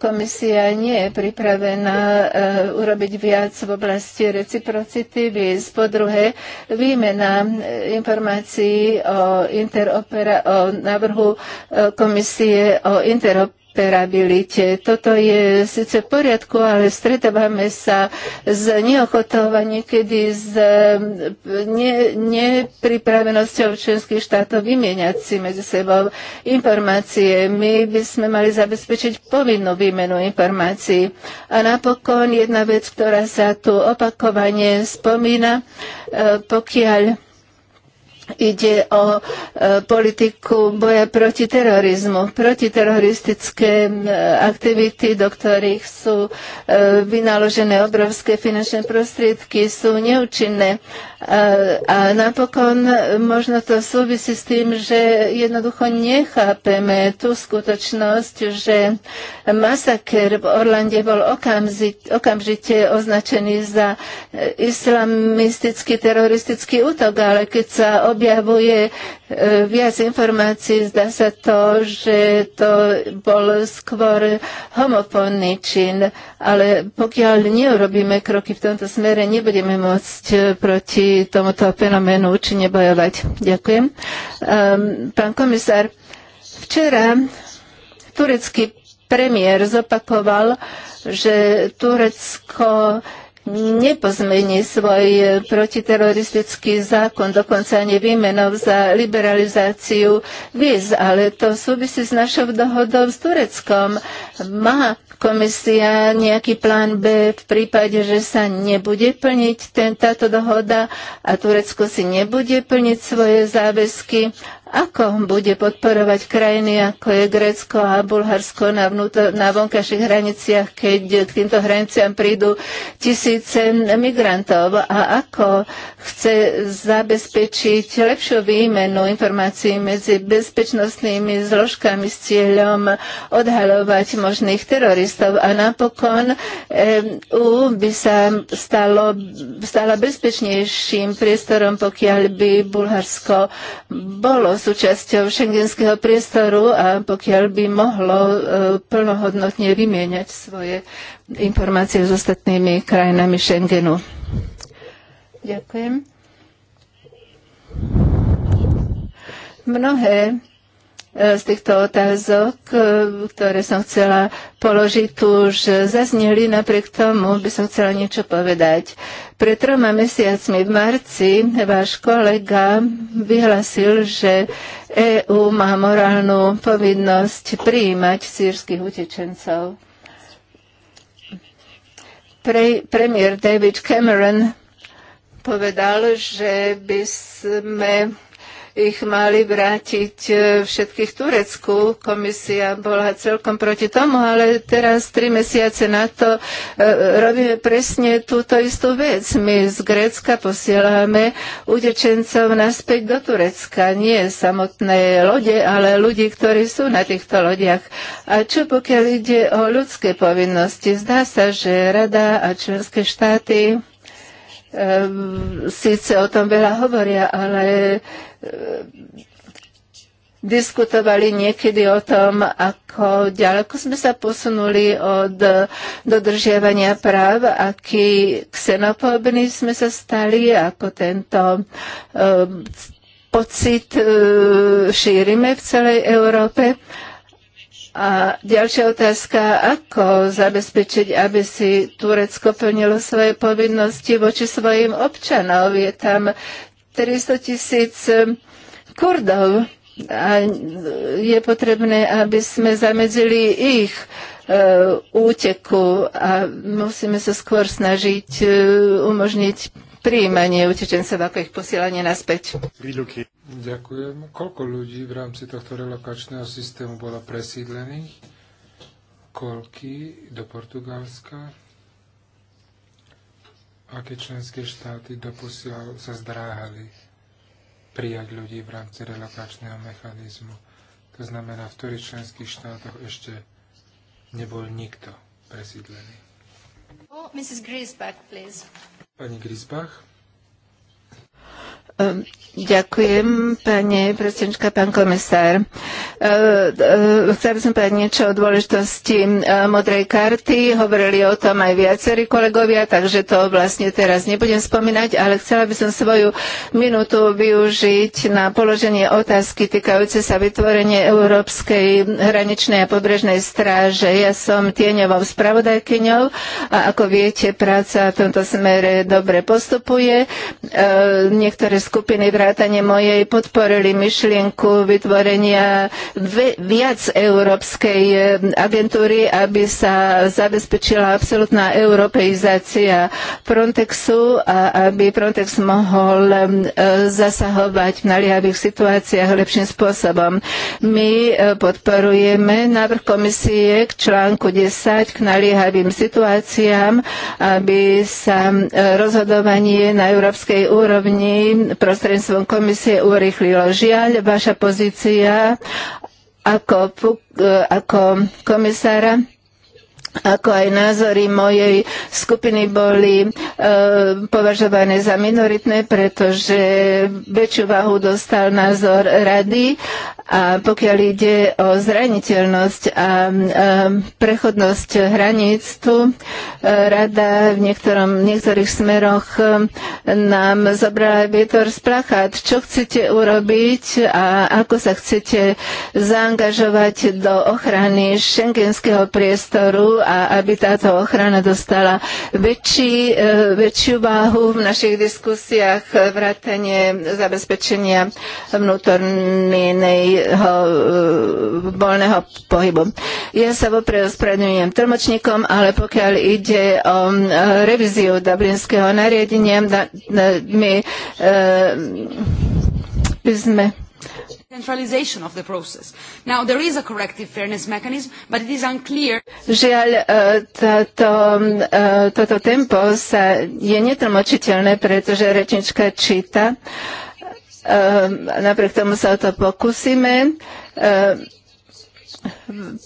komisia nie je pripravená e, urobiť viac v oblasti reciprocity výz. Po druhé, výmena informácií o, o návrhu e, komisie o interoperabilite interoperabilite. Toto je síce v poriadku, ale stretávame sa s neochotou a niekedy s eh, ne, nepripravenosťou členských štátov vymieňať si medzi sebou informácie. My by sme mali zabezpečiť povinnú výmenu informácií. A napokon jedna vec, ktorá sa tu opakovane spomína, eh, pokiaľ Ide o e, politiku boja proti terorizmu, protiteroristické e, aktivity, do ktorých sú e, vynaložené obrovské finančné prostriedky, sú neúčinné. A napokon e, možno to súvisí s tým, že jednoducho nechápeme tú skutočnosť, že masaker v Orlande bol okamžite, okamžite označený za e, islamistický teroristický útok, ale keď sa objavuje E, viac informácií. Zdá sa to, že to bol skôr homofónny čin, ale pokiaľ neurobíme kroky v tomto smere, nebudeme môcť e, proti tomuto fenoménu účinne bojovať. Ďakujem. E, pán komisár, včera turecký premiér zopakoval, že Turecko nepozmení svoj protiteroristický zákon, dokonca ani výmenov za liberalizáciu víz, ale to súvisí s našou dohodou s Tureckom. Má komisia nejaký plán B v prípade, že sa nebude plniť ten, táto dohoda a Turecko si nebude plniť svoje záväzky ako bude podporovať krajiny ako je Grécko a Bulharsko na, vnúto, na vonkajších hraniciach, keď k týmto hraniciam prídu tisíce migrantov a ako chce zabezpečiť lepšiu výmenu informácií medzi bezpečnostnými zložkami s cieľom odhalovať možných teroristov a napokon EU eh, by sa stalo, stala bezpečnejším priestorom, pokiaľ by Bulharsko bolo súčasťou šengenského priestoru a pokiaľ by mohlo e, plnohodnotne vymieňať svoje informácie s ostatnými krajinami Schengenu. Ďakujem. Mnohé E, z týchto otázok, e, ktoré som chcela položiť, tu už zazneli. Napriek tomu by som chcela niečo povedať. Pre troma mesiacmi v marci váš kolega vyhlasil, že EÚ má morálnu povinnosť prijímať sírskych utečencov. Pre, premiér David Cameron povedal, že by sme ich mali vrátiť e, všetkých Turecku. Komisia bola celkom proti tomu, ale teraz tri mesiace na to e, robíme presne túto istú vec. My z Grécka posielame utečencov naspäť do Turecka. Nie samotné lode, ale ľudí, ktorí sú na týchto lodiach. A čo pokiaľ ide o ľudské povinnosti? Zdá sa, že Rada a členské štáty e, síce o tom veľa hovoria, ale E, diskutovali niekedy o tom, ako ďaleko sme sa posunuli od dodržiavania práv, aký ksenofóbny sme sa stali, ako tento e, pocit e, šírime v celej Európe. A ďalšia otázka, ako zabezpečiť, aby si Turecko plnilo svoje povinnosti voči svojim občanov. Je tam 300 tisíc eh, Kurdov a eh, je potrebné, aby sme zamedzili ich eh, úteku a musíme sa skôr snažiť umožniť príjmanie utečencov ako ich posielanie naspäť. Ďakujem. Koľko ľudí v rámci tohto relokačného systému bolo presídlených? Koľky do Portugalska? aké členské štáty doposiaľ sa zdráhali prijať ľudí v rámci relokačného mechanizmu. To znamená, v ktorých členských štátoch ešte nebol nikto presídlený. Oh, Mrs. Griesbach, please. Pani Griesbach. Ehm, ďakujem, pani predsednička, pán komisár. Ehm, e, chcela by som povedať niečo o dôležitosti ehm, modrej karty. Hovorili o tom aj viacerí kolegovia, takže to vlastne teraz nebudem spomínať, ale chcela by som svoju minútu využiť na položenie otázky týkajúce sa vytvorenie Európskej hraničnej a pobrežnej stráže. Ja som tieňovou spravodajkyňou a ako viete, práca v tomto smere dobre postupuje. Niektoré skupiny vrátane mojej podporili myšlienku vytvorenia viac európskej eh, agentúry, aby sa zabezpečila absolútna europeizácia Frontexu a aby Frontex mohol eh, zasahovať v naliehavých situáciách lepším spôsobom. My eh, podporujeme návrh komisie k článku 10 k naliehavým situáciám, aby sa rozhodovanie na európskej úrovni prostredníctvom komisie urychlilo. Žiaľ, vaša pozícia ako, e, ako komisára ako aj názory mojej skupiny boli e, považované za minoritné, pretože väčšiu váhu dostal názor rady a pokiaľ ide o zraniteľnosť a e, prechodnosť hraníc, tu e, rada v niektorom, niektorých smeroch e, nám zobrala vietor z plachát. Čo chcete urobiť a ako sa chcete zaangažovať do ochrany šengenského priestoru a aby táto ochrana dostala väčší, e, väčšiu váhu v našich diskusiách vrátane zabezpečenia vnútorného e, voľného pohybu. Ja sa vopred ospravedlňujem tlmočníkom, ale pokiaľ ide o e, revíziu dublinského nariadenia, my by sme centralization of the process. Now, there is a corrective fairness mechanism, but it is unclear. Žiaľ, e, toto, e, toto tempo sa je netlmočiteľné, pretože rečnička číta. E, napriek tomu sa o to pokúsime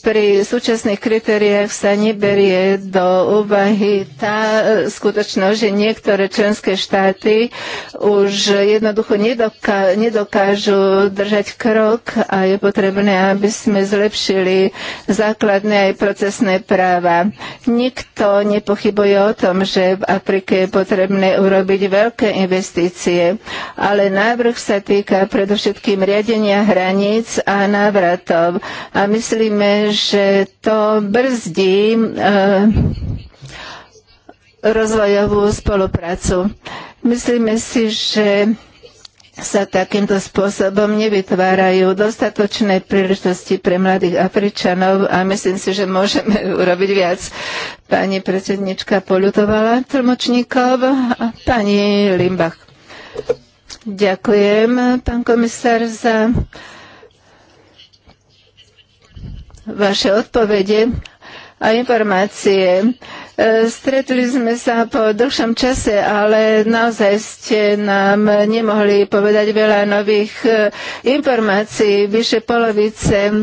pri súčasných kritériách sa neberie do úvahy tá skutočnosť, že niektoré členské štáty už jednoducho nedoká, nedokážu držať krok a je potrebné, aby sme zlepšili základné aj procesné práva. Nikto nepochybuje o tom, že v Afrike je potrebné urobiť veľké investície, ale návrh sa týka predovšetkým riadenia hraníc a návratov. A my myslíme, že to brzdí eh, rozvojovú spoluprácu. Myslíme si, že sa takýmto spôsobom nevytvárajú dostatočné príležitosti pre mladých Afričanov a myslím si, že môžeme <laughs> urobiť viac. Pani predsednička poľutovala tlmočníkov a pani Limbach. Ďakujem, pán komisár, za vaše odpovede a informácie. E, stretli sme sa po dlhšom čase, ale naozaj ste nám nemohli povedať veľa nových e, informácií. Vyše polovice e,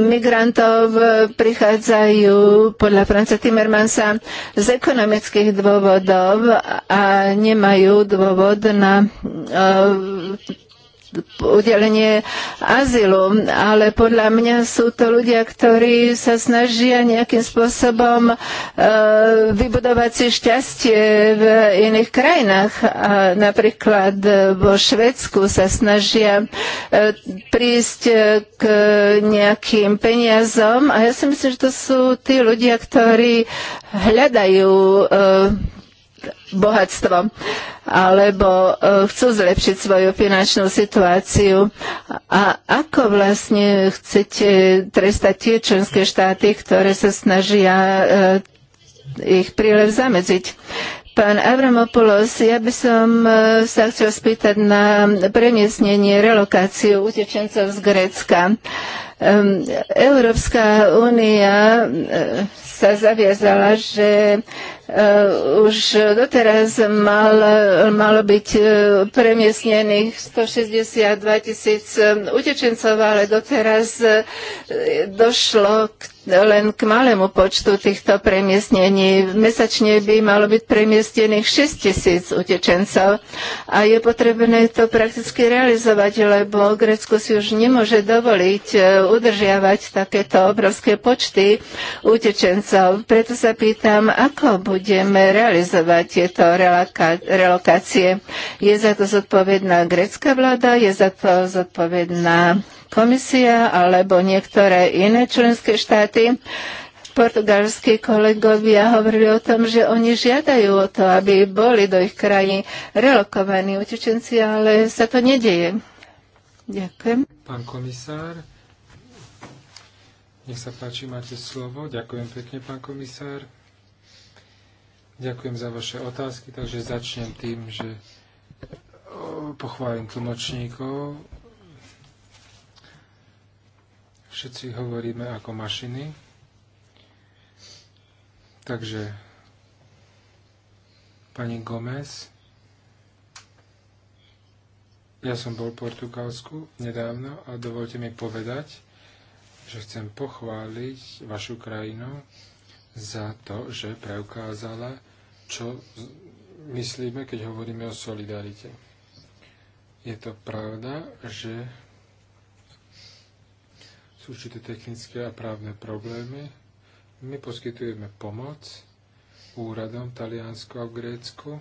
migrantov prichádzajú podľa Franca Timmermansa z ekonomických dôvodov a nemajú dôvod na udelenie azylu, ale podľa mňa sú to ľudia, ktorí sa snažia nejakým spôsobom e, vybudovať si šťastie v iných krajinách. A napríklad e, vo Švedsku sa snažia e, prísť e, k nejakým peniazom a ja si myslím, že to sú tí ľudia, ktorí hľadajú e, bohatstvo alebo e, chcú zlepšiť svoju finančnú situáciu. A ako vlastne chcete trestať tie členské štáty, ktoré sa snažia e, ich prílev zamedziť? Pán Avramopoulos, ja by som e, sa chcel spýtať na premiesnenie, relokáciu utečencov z Grécka. Európska únia eh, sa zaviazala, že eh, už doteraz mal, malo byť eh, premiesnených 162 tisíc utečencov, ale doteraz došlo k len k malému počtu týchto premiestnení. Mesačne by malo byť premiestnených 6 tisíc utečencov a je potrebné to prakticky realizovať, lebo Grécko si už nemôže dovoliť udržiavať takéto obrovské počty utečencov. Preto sa pýtam, ako budeme realizovať tieto relokácie. Je za to zodpovedná grecká vláda, je za to zodpovedná komisia alebo niektoré iné členské štáty portugalskí kolegovia hovorili o tom, že oni žiadajú o to, aby boli do ich krají relokovaní utečenci, ale sa to nedieje. Ďakujem. Pán komisár, nech sa páči, máte slovo. Ďakujem pekne, pán komisár. Ďakujem za vaše otázky, takže začnem tým, že pochválim tlmočníkov. Všetci hovoríme ako mašiny. Takže pani Gomez, ja som bol v Portugalsku nedávno a dovolte mi povedať, že chcem pochváliť vašu krajinu za to, že preukázala, čo myslíme, keď hovoríme o solidarite. Je to pravda, že sú určité technické a právne problémy. My poskytujeme pomoc úradom v Taliansku a v Grécku,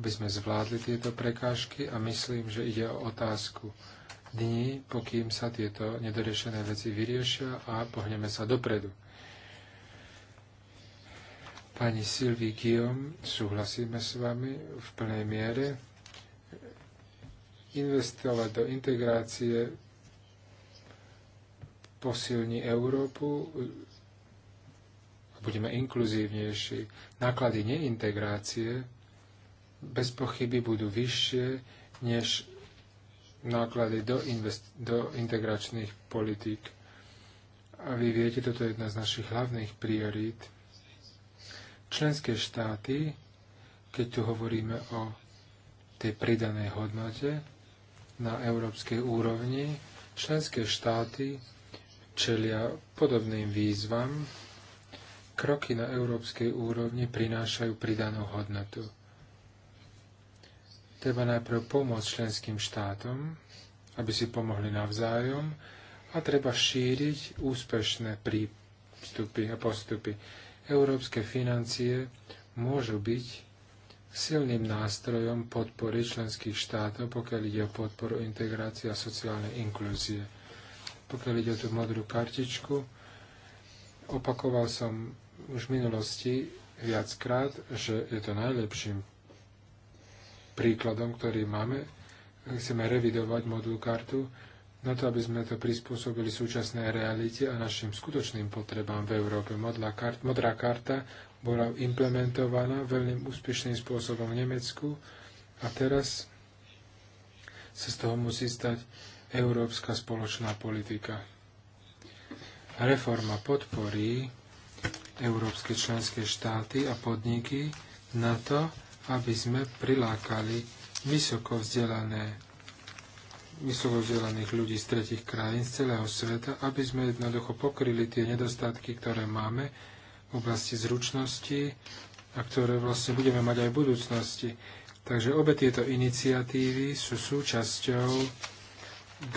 aby sme zvládli tieto prekážky a myslím, že ide o otázku dní, pokým sa tieto nedorešené veci vyriešia a pohneme sa dopredu. Pani Sylvie Guillaume, súhlasíme s vami v plnej miere. Investovať do integrácie posilní Európu, budeme inkluzívnejší. Náklady neintegrácie bez pochyby budú vyššie než náklady do, invest- do integračných politík. A vy viete, toto je jedna z našich hlavných priorít. Členské štáty, keď tu hovoríme o tej pridanej hodnote na európskej úrovni, členské štáty čelia podobným výzvam. Kroky na európskej úrovni prinášajú pridanú hodnotu. Treba najprv pomôcť členským štátom, aby si pomohli navzájom a treba šíriť úspešné prístupy a postupy. Európske financie môžu byť silným nástrojom podpory členských štátov, pokiaľ ide o podporu integrácie a sociálnej inklúzie. Pokiaľ ide o tú modrú kartičku, opakoval som už v minulosti viackrát, že je to najlepším príkladom, ktorý máme. Chceme revidovať modul kartu na to, aby sme to prispôsobili súčasnej realite a našim skutočným potrebám v Európe. kart, modrá karta bola implementovaná veľmi úspešným spôsobom v Nemecku a teraz sa z toho musí stať európska spoločná politika. Reforma podporí európske členské štáty a podniky na to, aby sme prilákali vysoko vzdelané vysoko vzdelaných ľudí z tretich krajín, z celého sveta, aby sme jednoducho pokryli tie nedostatky, ktoré máme v oblasti zručnosti a ktoré vlastne budeme mať aj v budúcnosti. Takže obe tieto iniciatívy sú súčasťou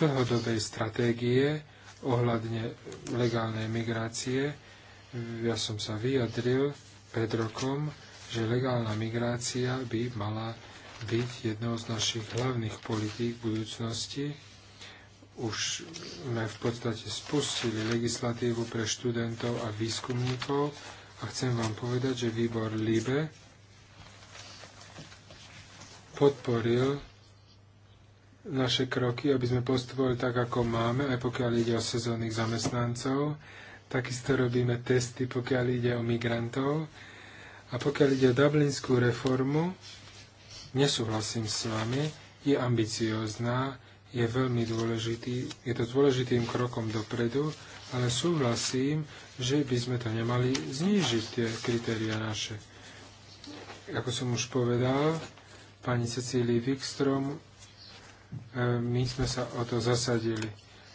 dlhodobej stratégie ohľadne legálnej migrácie. Ja som sa vyjadril pred rokom že legálna migrácia by mala byť jednou z našich hlavných politík budúcnosti. Už sme v podstate spustili legislatívu pre študentov a výskumníkov a chcem vám povedať, že výbor LIBE podporil naše kroky, aby sme postupovali tak, ako máme, aj pokiaľ ide o sezónnych zamestnancov. Takisto robíme testy, pokiaľ ide o migrantov a pokiaľ ide o dublinskú reformu, nesúhlasím s vami, je ambiciózná, je veľmi dôležitý, je to dôležitým krokom dopredu, ale súhlasím, že by sme to nemali znížiť, tie kritéria naše. Ako som už povedal, pani Cecílii Wikstrom, e, my sme sa o to zasadili.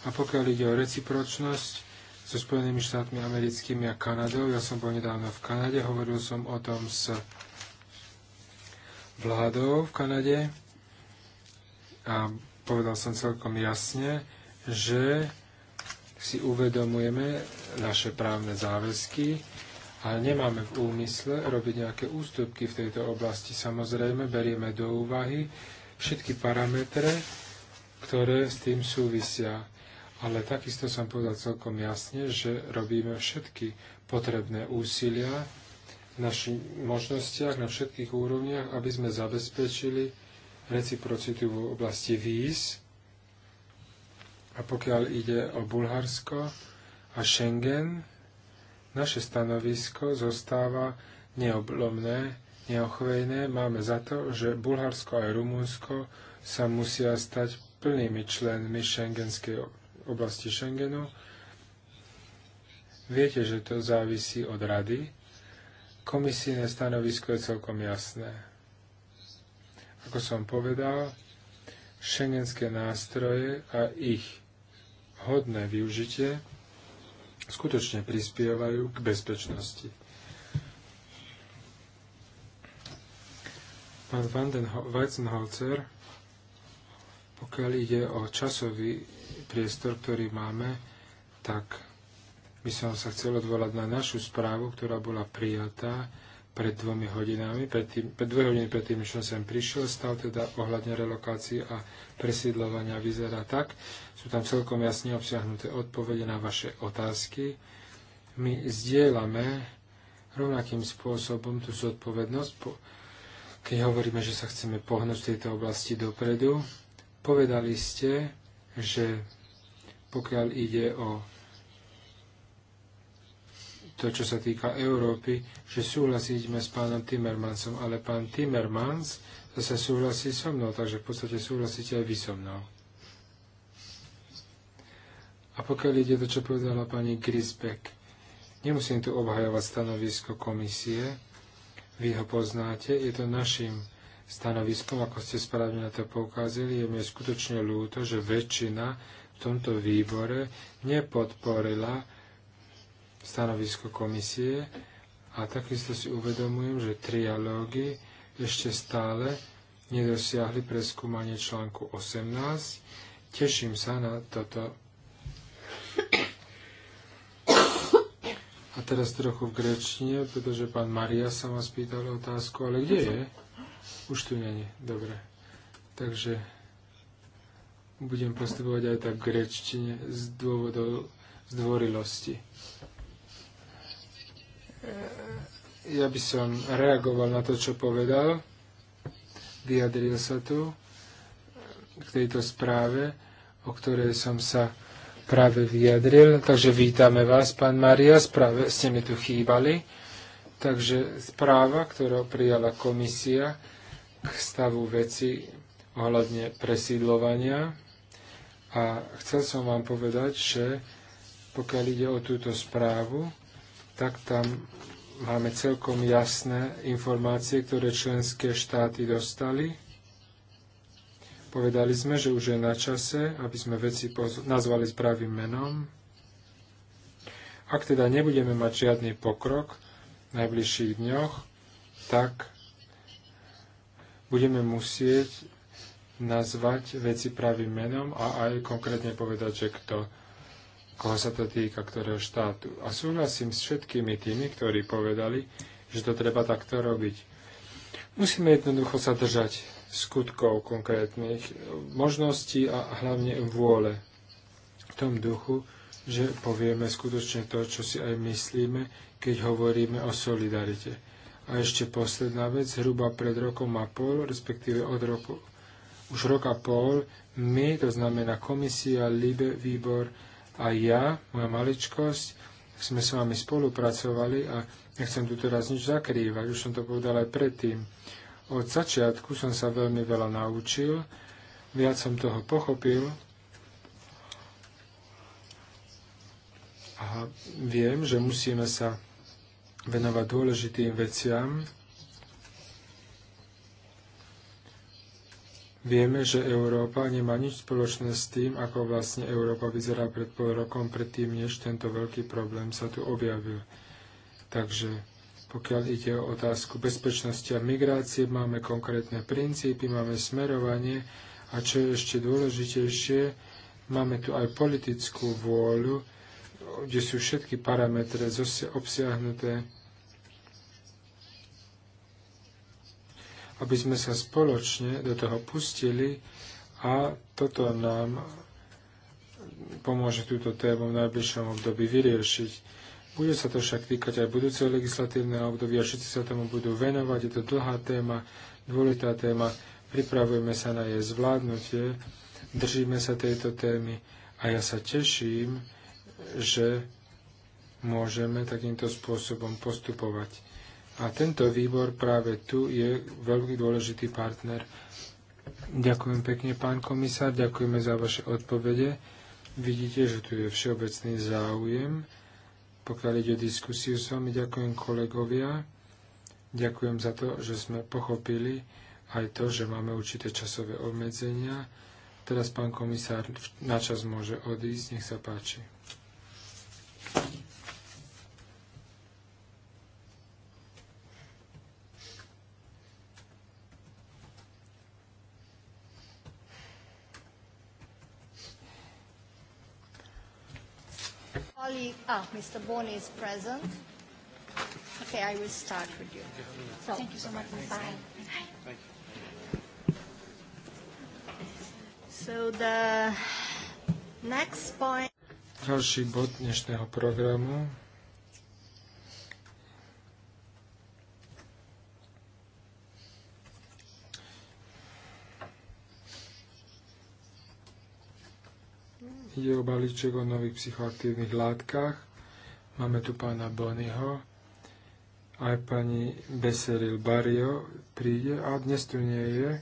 A pokiaľ ide o recipročnosť, so Spojenými štátmi americkými a Kanadou. Ja som bol nedávno v Kanade, hovoril som o tom s vládou v Kanade a povedal som celkom jasne, že si uvedomujeme naše právne záväzky a nemáme v úmysle robiť nejaké ústupky v tejto oblasti. Samozrejme, berieme do úvahy všetky parametre, ktoré s tým súvisia ale takisto som povedal celkom jasne, že robíme všetky potrebné úsilia v našich možnostiach na všetkých úrovniach, aby sme zabezpečili reciprocitu v oblasti víz. A pokiaľ ide o Bulharsko a Schengen, naše stanovisko zostáva neoblomné, neochvejné. Máme za to, že Bulharsko a Rumunsko sa musia stať plnými členmi šengenskej oblasti Schengenu. Viete, že to závisí od rady. Komisijné stanovisko je celkom jasné. Ako som povedal, šengenské nástroje a ich hodné využitie skutočne prispievajú k bezpečnosti. Pán Weizenholzer, pokiaľ ide o časový priestor, ktorý máme, tak by som sa chcel odvolať na našu správu, ktorá bola prijatá pred dvomi hodinami, pred, tým, pred dve hodiny pred tým, čo som prišiel, stav teda ohľadne relokácií a presídľovania vyzerá tak. Sú tam celkom jasne obsiahnuté odpovede na vaše otázky. My zdieľame rovnakým spôsobom tú zodpovednosť, keď hovoríme, že sa chceme pohnúť v tejto oblasti dopredu. Povedali ste, že pokiaľ ide o to, čo sa týka Európy, že súhlasíme s pánom Timmermansom, ale pán Timmermans zase súhlasí so mnou, takže v podstate súhlasíte aj vy so mnou. A pokiaľ ide to, čo povedala pani Grisbeck, nemusím tu obhajovať stanovisko komisie, vy ho poznáte, je to našim stanoviskom, ako ste správne na to poukázali, je mi skutočne ľúto, že väčšina tomto výbore nepodporila stanovisko komisie a takisto si uvedomujem, že trialógy ešte stále nedosiahli preskúmanie článku 18. Teším sa na toto. A teraz trochu v grečtine, pretože pán Maria sa ma spýtal otázku, ale kde je? Už tu není. Dobre. Takže budem postupovať aj tak v grečtine z dôvodov zdvorilosti. E, ja by som reagoval na to, čo povedal. Vyjadril sa tu k tejto správe, o ktorej som sa práve vyjadril. Takže vítame vás, pán Maria. správe ste mi tu chýbali. Takže správa, ktorú prijala komisia k stavu veci ohľadne presídlovania a chcel som vám povedať, že pokiaľ ide o túto správu, tak tam máme celkom jasné informácie, ktoré členské štáty dostali. Povedali sme, že už je na čase, aby sme veci nazvali s pravým menom. Ak teda nebudeme mať žiadny pokrok v najbližších dňoch, tak budeme musieť nazvať veci pravým menom a aj konkrétne povedať, že kto, koho sa to týka, ktorého štátu. A súhlasím s všetkými tými, ktorí povedali, že to treba takto robiť. Musíme jednoducho sa držať skutkov konkrétnych možností a hlavne vôle. V tom duchu, že povieme skutočne to, čo si aj myslíme, keď hovoríme o solidarite. A ešte posledná vec, zhruba pred rokom a pol, respektíve od roku, už a pol my, to znamená komisia, LIBE, výbor a ja, moja maličkosť, sme s vami spolupracovali a nechcem tu teraz nič zakrývať, už som to povedal aj predtým. Od začiatku som sa veľmi veľa naučil, viac som toho pochopil a viem, že musíme sa venovať dôležitým veciam, Vieme, že Európa nemá nič spoločné s tým, ako vlastne Európa vyzerá pred pol rokom, predtým, než tento veľký problém sa tu objavil. Takže pokiaľ ide o otázku bezpečnosti a migrácie, máme konkrétne princípy, máme smerovanie a čo je ešte dôležitejšie, máme tu aj politickú vôľu, kde sú všetky parametre obsiahnuté aby sme sa spoločne do toho pustili a toto nám pomôže túto tému v najbližšom období vyriešiť. Bude sa to však týkať aj budúceho legislatívneho obdobia, všetci sa tomu budú venovať, je to dlhá téma, dôležitá téma, pripravujeme sa na jej zvládnutie, držíme sa tejto témy a ja sa teším, že môžeme takýmto spôsobom postupovať. A tento výbor práve tu je veľmi dôležitý partner. Ďakujem pekne, pán komisár, ďakujeme za vaše odpovede. Vidíte, že tu je všeobecný záujem. Pokiaľ ide o diskusiu s vami, ďakujem kolegovia. Ďakujem za to, že sme pochopili aj to, že máme určité časové obmedzenia. Teraz pán komisár na čas môže odísť. Nech sa páči. Colleague, ah, Mr. Boni is present. Okay, I will start with you. So, thank you so much. Bye. Bye. So the next point. Ďalší bod dnešného programu Ide o balíček o nových psychoaktívnych látkach. Máme tu pána Bonyho, aj pani Beseril Barrio príde a dnes tu nie je.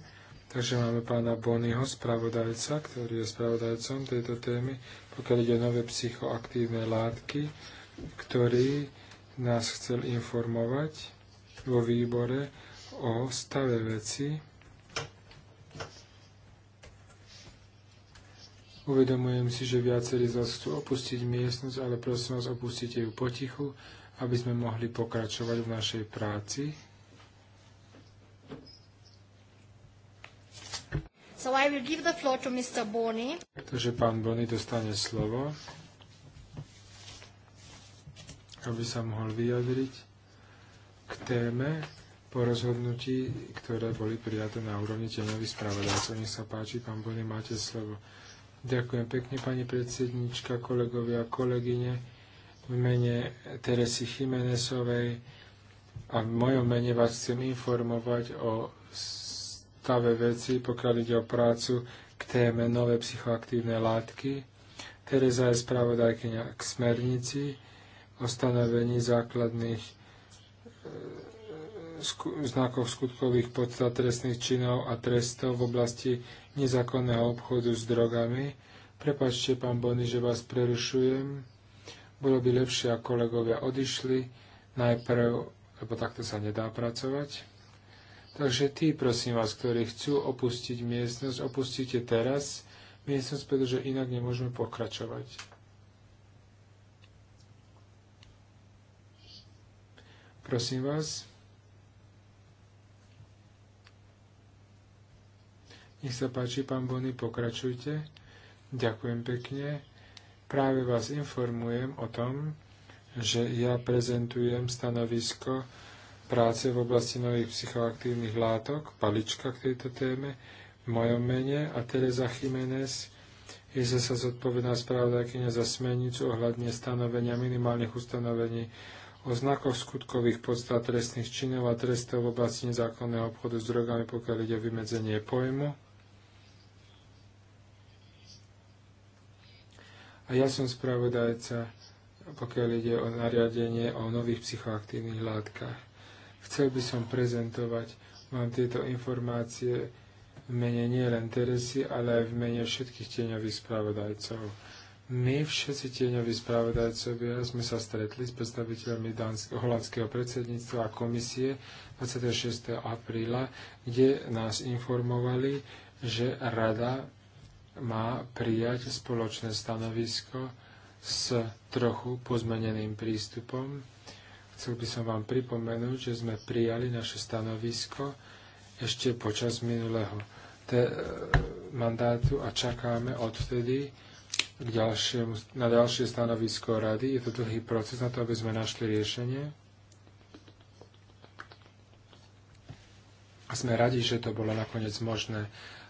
Takže máme pána Bonyho, spravodajca, ktorý je spravodajcom tejto témy, pokiaľ ide o nové psychoaktívne látky, ktorý nás chcel informovať vo výbore o stave veci Uvedomujem si, že viacerí z vás chcú opustiť miestnosť, ale prosím vás, opustite ju potichu, aby sme mohli pokračovať v našej práci. So I will give the floor to Mr. Boni. Takže pán Boni dostane slovo, aby sa mohol vyjadriť k téme po rozhodnutí, ktoré boli prijaté na úrovni tenových spravodajcov. Nech sa páči, pán Boni, máte slovo. Ďakujem pekne, pani predsednička, kolegovia a kolegyne. V mene Teresy Chimenesovej a v mojom mene vás chcem informovať o stave veci, pokiaľ ide o prácu k téme nové psychoaktívne látky. Teresa je spravodajkynia k smernici o stanovení základných e, znakov skutkových podstat trestných činov a trestov v oblasti nezákonného obchodu s drogami. Prepačte, pán Bony, že vás prerušujem. Bolo by lepšie, ak kolegovia odišli najprv, lebo takto sa nedá pracovať. Takže tí, prosím vás, ktorí chcú opustiť miestnosť, opustite teraz miestnosť, pretože inak nemôžeme pokračovať. Prosím vás. Nech sa páči, pán Bony, pokračujte. Ďakujem pekne. Práve vás informujem o tom, že ja prezentujem stanovisko práce v oblasti nových psychoaktívnych látok, palička k tejto téme, v mojom mene a Teresa Jiménez je zase zodpovedná spravodajkynia za smernicu ohľadne stanovenia minimálnych ustanovení o znakoch skutkových podstat trestných činov a trestov v oblasti nezákonného obchodu s drogami, pokiaľ ide o vymedzenie pojmu A ja som spravodajca, pokiaľ ide o nariadenie o nových psychoaktívnych látkach. Chcel by som prezentovať vám tieto informácie v mene nielen Teresy, ale aj v mene všetkých tieňových spravodajcov. My všetci tieňoví spravodajcovia sme sa stretli s predstaviteľmi holandského predsedníctva a komisie 26. apríla, kde nás informovali, že rada má prijať spoločné stanovisko s trochu pozmeneným prístupom. Chcel by som vám pripomenúť, že sme prijali naše stanovisko ešte počas minulého mandátu a čakáme odvtedy k ďalšiemu, na ďalšie stanovisko rady. Je to dlhý proces na to, aby sme našli riešenie. A sme radi, že to bolo nakoniec možné.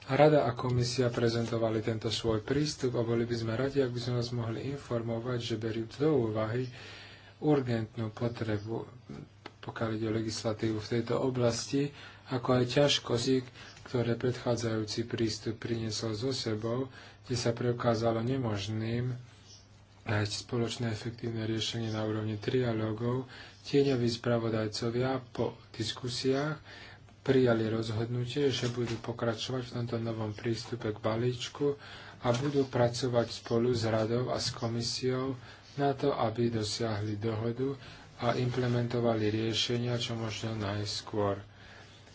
Rada a komisia prezentovali tento svoj prístup a boli by sme radi, ak by sme vás mohli informovať, že berú do úvahy urgentnú potrebu, pokiaľ ide o legislatívu v tejto oblasti, ako aj ťažkosti, ktoré predchádzajúci prístup priniesol so sebou, kde sa preukázalo nemožným nájsť spoločné efektívne riešenie na úrovni trialógov, tieňoví spravodajcovia po diskusiách prijali rozhodnutie, že budú pokračovať v tomto novom prístupe k balíčku a budú pracovať spolu s radou a s komisiou na to, aby dosiahli dohodu a implementovali riešenia čo možno najskôr.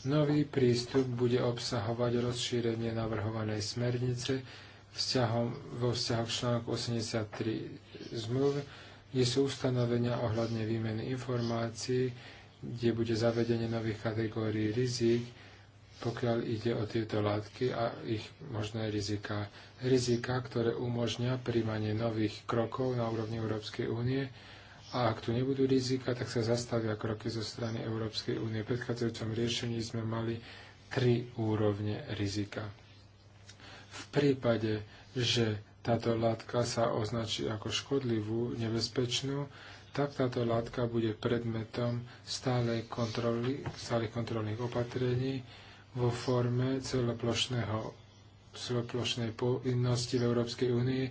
Nový prístup bude obsahovať rozšírenie navrhovanej smernice vzťahom, vo vzťahu článku 83 zmluv, kde sú ustanovenia ohľadne výmeny informácií, kde bude zavedenie nových kategórií rizik, pokiaľ ide o tieto látky a ich možné rizika. Rizika, ktoré umožňa príjmanie nových krokov na úrovni Európskej únie a ak tu nebudú rizika, tak sa zastavia kroky zo strany Európskej únie. V predchádzajúcom riešení sme mali tri úrovne rizika. V prípade, že táto látka sa označí ako škodlivú, nebezpečnú, tak táto látka bude predmetom stálej kontroly, stálych kontrolných opatrení vo forme celoplošného, celoplošnej povinnosti v Európskej únii,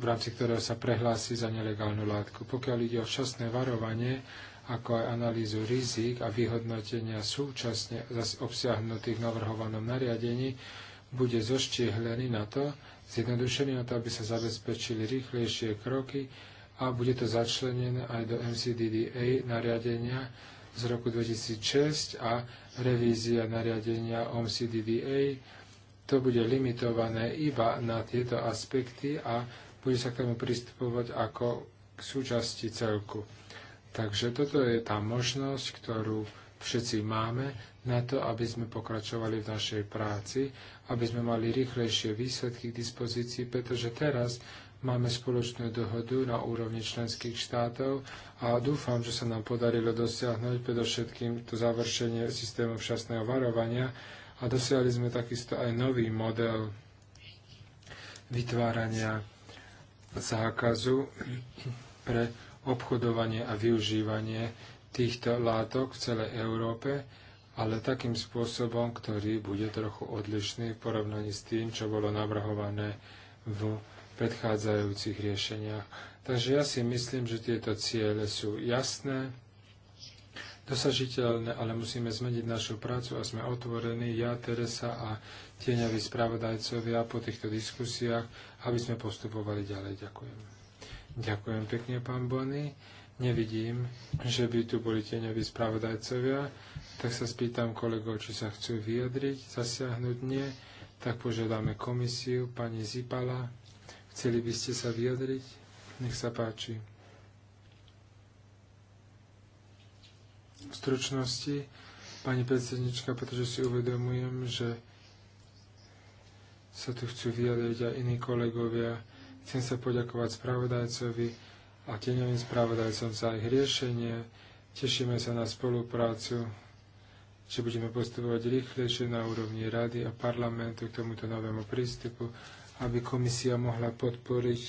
v rámci ktorého sa prehlási za nelegálnu látku. Pokiaľ ide o včasné varovanie, ako aj analýzu rizik a vyhodnotenia súčasne obsiahnutých v navrhovanom nariadení, bude zoštiehlený na to, zjednodušený na to, aby sa zabezpečili rýchlejšie kroky a bude to začlenené aj do MCDDA nariadenia z roku 2006 a revízia nariadenia MCDDA. To bude limitované iba na tieto aspekty a bude sa k tomu pristupovať ako k súčasti celku. Takže toto je tá možnosť, ktorú všetci máme na to, aby sme pokračovali v našej práci, aby sme mali rýchlejšie výsledky k dispozícii, pretože teraz Máme spoločnú dohodu na úrovni členských štátov a dúfam, že sa nám podarilo dosiahnuť predovšetkým to završenie systému včasného varovania a dosiahli sme takisto aj nový model vytvárania zákazu pre obchodovanie a využívanie týchto látok v celej Európe, ale takým spôsobom, ktorý bude trochu odlišný v porovnaní s tým, čo bolo navrhované v predchádzajúcich riešeniach. Takže ja si myslím, že tieto ciele sú jasné, dosažiteľné, ale musíme zmeniť našu prácu a sme otvorení, ja, Teresa a tieňaví spravodajcovia po týchto diskusiách, aby sme postupovali ďalej. Ďakujem. Ďakujem pekne, pán Bony. Nevidím, že by tu boli tieňaví spravodajcovia, tak sa spýtam kolegov, či sa chcú vyjadriť, zasiahnuť nie, tak požiadame komisiu, pani Zipala. Chceli by ste sa vyjadriť? Nech sa páči. V stručnosti, pani predsednička, pretože si uvedomujem, že sa tu chcú vyjadriť aj iní kolegovia. Chcem sa poďakovať spravodajcovi a teňovým spravodajcom za ich riešenie. Tešíme sa na spoluprácu, že budeme postupovať rýchlejšie na úrovni rady a parlamentu k tomuto novému prístupu aby komisia mohla podporiť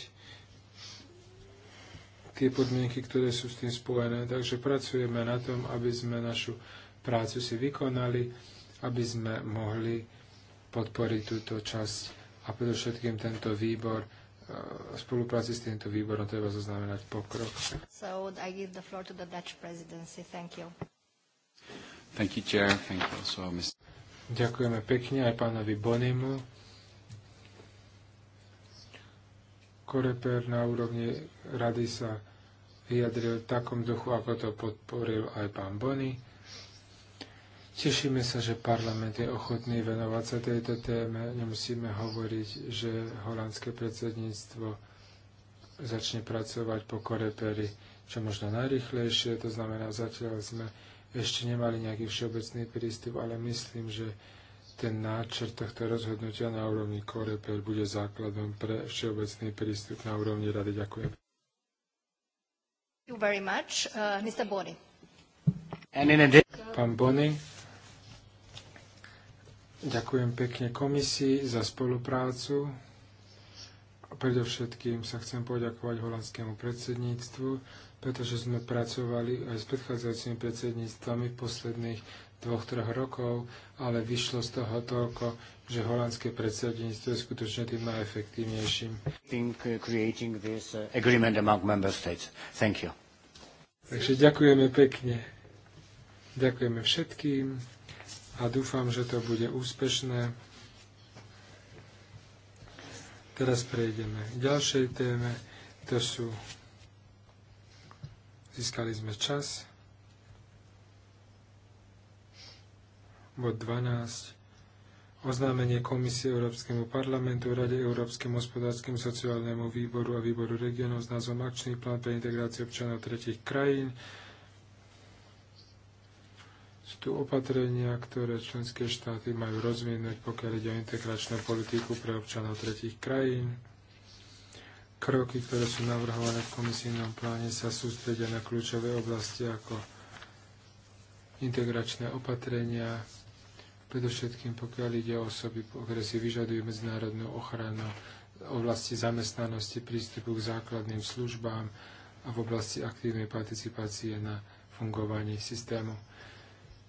tie podmienky, ktoré sú s tým spojené. Takže pracujeme na tom, aby sme našu prácu si vykonali, aby sme mohli podporiť túto časť a predovšetkým tento výbor v eh, spolupráci s týmto výborom treba zaznamenať pokrok. So I give the floor to the Dutch presidency. Thank you. Thank you, Chair. Thank you also, Mr. Ďakujeme pekne aj pánovi Bonimu. Koreper na úrovni rady sa vyjadril v takom duchu, ako to podporil aj pán Bony. Tešíme sa, že parlament je ochotný venovať sa tejto téme. Nemusíme hovoriť, že holandské predsedníctvo začne pracovať po Koreperi čo možno najrychlejšie. To znamená, zatiaľ sme ešte nemali nejaký všeobecný prístup, ale myslím, že ten náčrt tohto rozhodnutia na úrovni Koreper bude základom pre všeobecný prístup na úrovni rady. Ďakujem. Uh, Pán Bony, ďakujem pekne komisii za spoluprácu. predovšetkým sa chcem poďakovať holandskému predsedníctvu, pretože sme pracovali aj s predchádzajúcimi predsedníctvami v posledných dvoch, troch rokov, ale vyšlo z toho toľko, že holandské predsedníctvo je skutočne tým najefektívnejším. Uh, uh, Takže ďakujeme pekne. Ďakujeme všetkým a dúfam, že to bude úspešné. Teraz prejdeme k ďalšej téme. To sú... Získali sme čas. Bod 12. Oznámenie Komisie Európskemu parlamentu, Rade Európskemu hospodárskemu sociálnemu výboru a výboru regionov s názvom Akčný plán pre integráciu občanov tretich krajín. Sú tu opatrenia, ktoré členské štáty majú rozvinúť, pokiaľ ide o integračnú politiku pre občanov tretich krajín. Kroky, ktoré sú navrhované v komisijnom pláne, sa sústredia na kľúčové oblasti ako integračné opatrenia, predovšetkým pokiaľ ide o osoby, ktoré si vyžadujú medzinárodnú ochranu v oblasti zamestnanosti, prístupu k základným službám a v oblasti aktívnej participácie na fungovaní systému.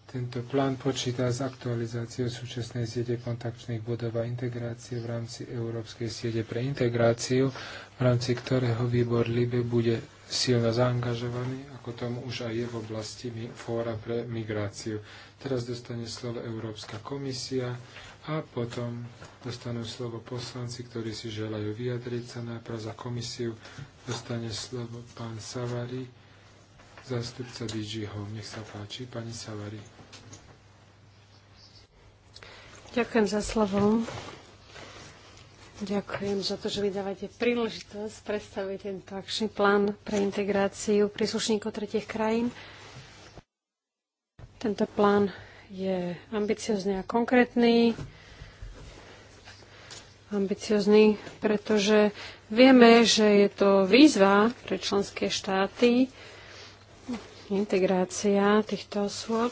Tento plán počíta s aktualizáciou súčasnej siete kontaktných bodov a integrácie v rámci Európskej siete pre integráciu, v rámci ktorého výbor LIBE bude silno zaangažovaný ako tomu už aj je v oblasti Fóra pre migráciu. Teraz dostane slovo Európska komisia a potom dostanú slovo poslanci, ktorí si želajú vyjadriť sa. Najprv za komisiu dostane slovo pán Savary, zástupca DG Home. Nech sa páči, pani Savary. Ďakujem za slovo. Ďakujem za to, že mi dávate príležitosť predstaviť tento akčný plán pre integráciu príslušníkov tretich krajín. Tento plán je ambiciozný a konkrétny. Ambiciozný, pretože vieme, že je to výzva pre členské štáty integrácia týchto osôb,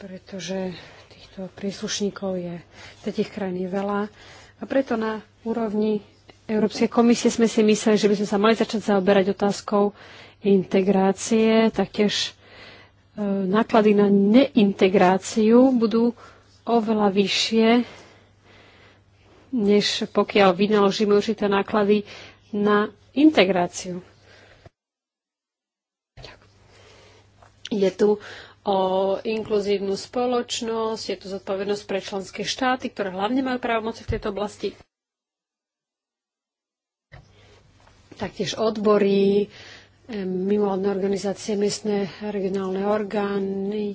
pretože týchto príslušníkov je tretich krajín veľa a preto na úrovni Európskej komisie sme si mysleli, že by sme sa mali začať zaoberať otázkou integrácie, taktiež e, náklady na neintegráciu budú oveľa vyššie, než pokiaľ vynaložíme určité náklady na integráciu. Je tu o inkluzívnu spoločnosť, je to zodpovednosť pre členské štáty, ktoré hlavne majú právomoci v tejto oblasti. Taktiež odbory, mimovládne organizácie, miestne regionálne orgány,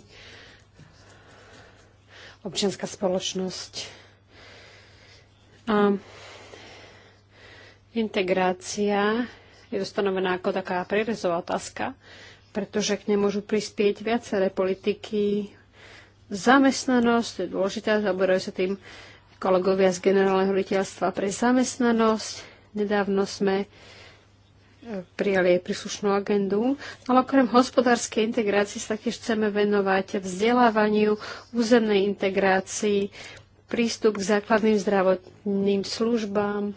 občianská spoločnosť. A integrácia je ustanovená ako taká prierezová otázka pretože k nemôžu prispieť viaceré politiky. Zamestnanosť, to je dôležité, zaoberajú sa tým kolegovia z Generálneho riteľstva pre zamestnanosť. Nedávno sme e, prijali aj príslušnú agendu. Ale okrem hospodárskej integrácie sa taktiež chceme venovať vzdelávaniu, územnej integrácii, prístup k základným zdravotným službám.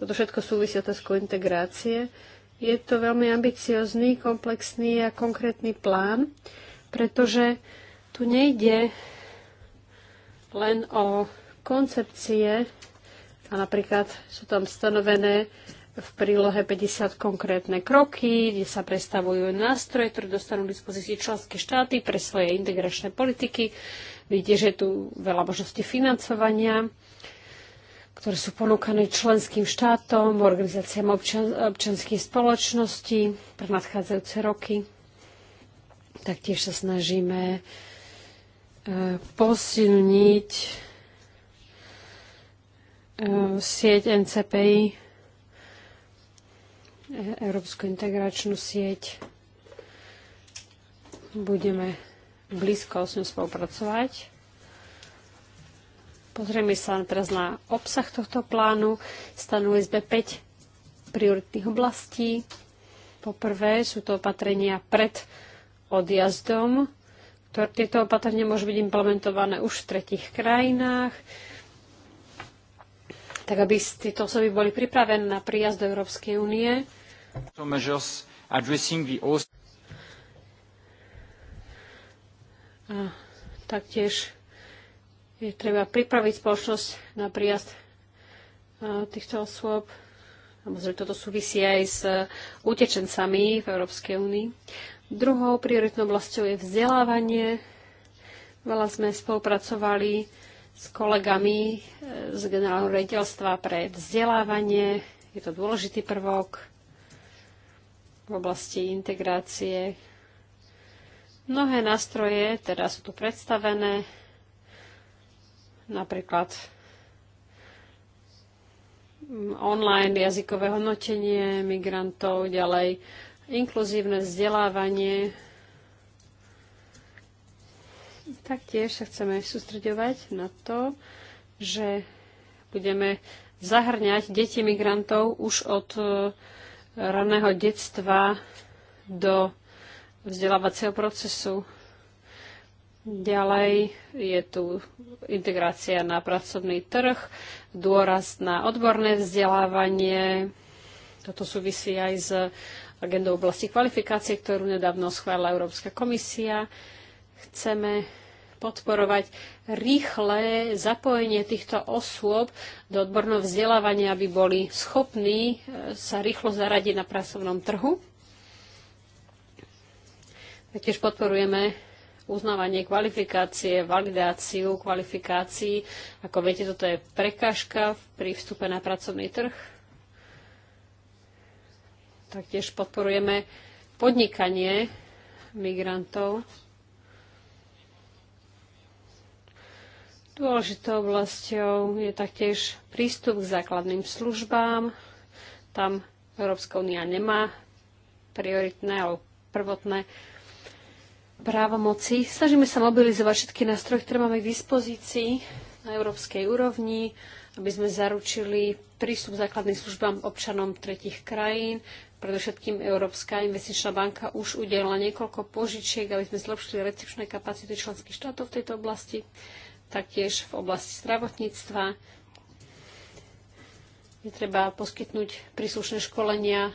Toto všetko súvisí otázkou integrácie. Je to veľmi ambiciozný, komplexný a konkrétny plán, pretože tu nejde len o koncepcie a napríklad sú tam stanovené v prílohe 50 konkrétne kroky, kde sa predstavujú nástroje, ktoré dostanú k dispozícii členské štáty pre svoje integračné politiky. Vidíte, že je tu veľa možností financovania ktoré sú ponúkané členským štátom, organizáciám občan- občanských spoločností pre nadchádzajúce roky. Taktiež sa snažíme e, posilniť e, sieť NCPI, e, Európsku integračnú sieť. Budeme blízko s ňou spolupracovať. Pozrieme sa teraz na obsah tohto plánu. Stanuli sme 5 prioritných oblastí. Poprvé sú to opatrenia pred odjazdom. tieto opatrenia môžu byť implementované už v tretich krajinách, tak aby tieto osoby boli pripravené na príjazd do Európskej únie. taktiež je treba pripraviť spoločnosť na príjazd týchto osôb. Samozrejme, toto súvisí aj s e, utečencami v Európskej únii. Druhou prioritnou oblasťou je vzdelávanie. Veľa sme spolupracovali s kolegami e, z generálneho rediteľstva pre vzdelávanie. Je to dôležitý prvok v oblasti integrácie. Mnohé nástroje teda sú tu predstavené, napríklad mm, online jazykové hodnotenie migrantov, ďalej inkluzívne vzdelávanie. Taktiež sa chceme sústredovať na to, že budeme zahrňať deti migrantov už od e, raného detstva do vzdelávacieho procesu. Ďalej je tu integrácia na pracovný trh, dôraz na odborné vzdelávanie. Toto súvisí aj s agendou oblasti kvalifikácie, ktorú nedávno schválila Európska komisia. Chceme podporovať rýchle zapojenie týchto osôb do odborného vzdelávania, aby boli schopní e, sa rýchlo zaradiť na pracovnom trhu. Taktiež podporujeme uznávanie kvalifikácie, validáciu kvalifikácií. Ako viete, toto je prekážka pri vstupe na pracovný trh. Taktiež podporujeme podnikanie migrantov. Dôležitou oblasťou je taktiež prístup k základným službám. Tam Európska únia nemá prioritné alebo prvotné právomoci. Snažíme sa mobilizovať všetky nástroje, ktoré máme k dispozícii na európskej úrovni, aby sme zaručili prístup základným službám občanom tretich krajín. Predovšetkým Európska investičná banka už udelila niekoľko požičiek, aby sme zlepšili recepčné kapacity členských štátov v tejto oblasti, taktiež v oblasti zdravotníctva. Je treba poskytnúť príslušné školenia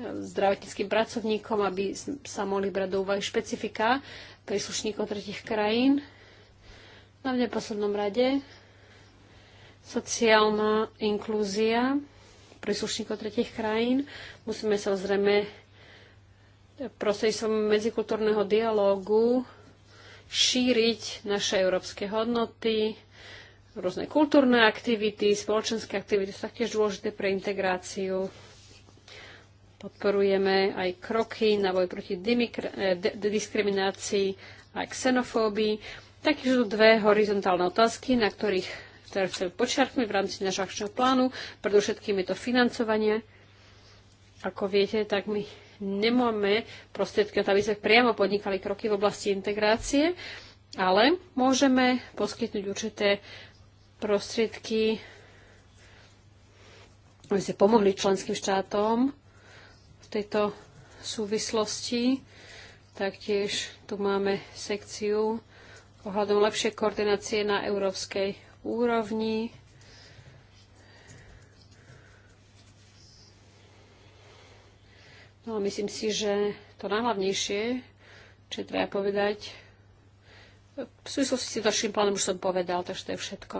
zdravotníckým pracovníkom, aby sa mohli brať do úvahy špecifika príslušníkov tretich krajín. Na v neposlednom rade sociálna inklúzia príslušníkov tretich krajín. Musíme sa zrejme prostredníctvom medzikultúrneho dialógu šíriť naše európske hodnoty, rôzne kultúrne aktivity, spoločenské aktivity sú taktiež dôležité pre integráciu Podporujeme aj kroky na boj proti eh, diskriminácii a xenofóbii. Také sú dve horizontálne otázky, na ktorých ktoré chcem počiarknúť v rámci nášho akčného plánu. Predovšetkým je to financovanie. Ako viete, tak my nemáme prostriedky, aby sme priamo podnikali kroky v oblasti integrácie, ale môžeme poskytnúť určité prostriedky aby sme pomohli členským štátom tejto súvislosti. Taktiež tu máme sekciu ohľadom lepšej koordinácie na európskej úrovni. No a myslím si, že to najhlavnejšie, čo treba povedať, v súvislosti s ďalším plánom už som povedal, takže to je všetko.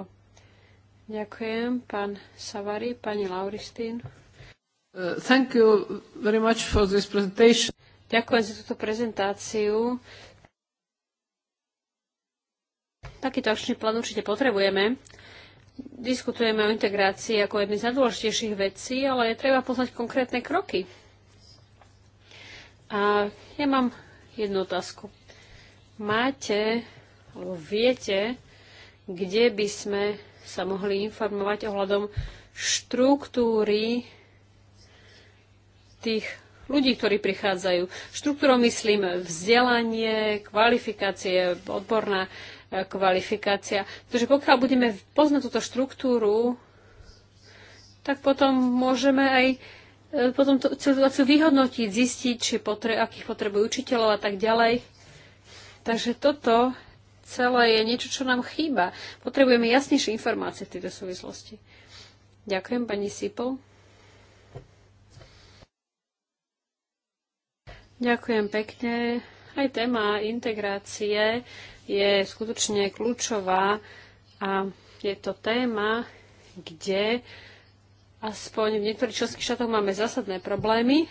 Ďakujem, pán Savary, pani Lauristín. Uh, Ďakujem za túto prezentáciu. Takýto akčný plán určite potrebujeme. Diskutujeme o integrácii ako jednej z najdôležitejších vecí, ale je treba poznať konkrétne kroky. A ja mám jednu otázku. Máte, alebo viete, kde by sme sa mohli informovať ohľadom štruktúry tých ľudí, ktorí prichádzajú. Štruktúrou myslím vzdelanie, kvalifikácie, odborná e, kvalifikácia. Takže pokiaľ budeme poznať túto štruktúru, tak potom môžeme aj e, potom tú situáciu vyhodnotiť, zistiť, či potre, akých potrebujú učiteľov a tak ďalej. Takže toto celé je niečo, čo nám chýba. Potrebujeme jasnejšie informácie v tejto súvislosti. Ďakujem, pani Sipol. Ďakujem pekne. Aj téma integrácie je skutočne kľúčová a je to téma, kde aspoň v niektorých členských štátoch máme zásadné problémy.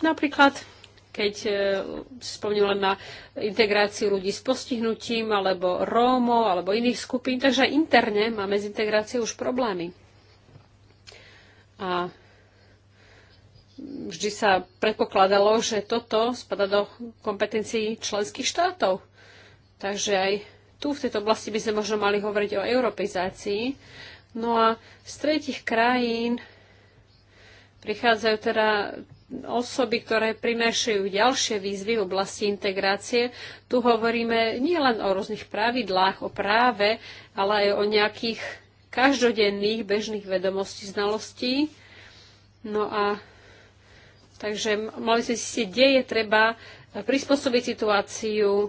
Napríklad, keď e, spomínam len na integráciu ľudí s postihnutím, alebo Rómov, alebo iných skupín, takže aj interne máme s integráciou už problémy. A vždy sa predpokladalo, že toto spada do kompetencií členských štátov. Takže aj tu v tejto oblasti by sme možno mali hovoriť o europeizácii. No a z tretich krajín prichádzajú teda osoby, ktoré prinášajú ďalšie výzvy v oblasti integrácie. Tu hovoríme nielen o rôznych pravidlách, o práve, ale aj o nejakých každodenných bežných vedomostí, znalostí. No a Takže mali sme si, kde je treba e, prispôsobiť situáciu, e,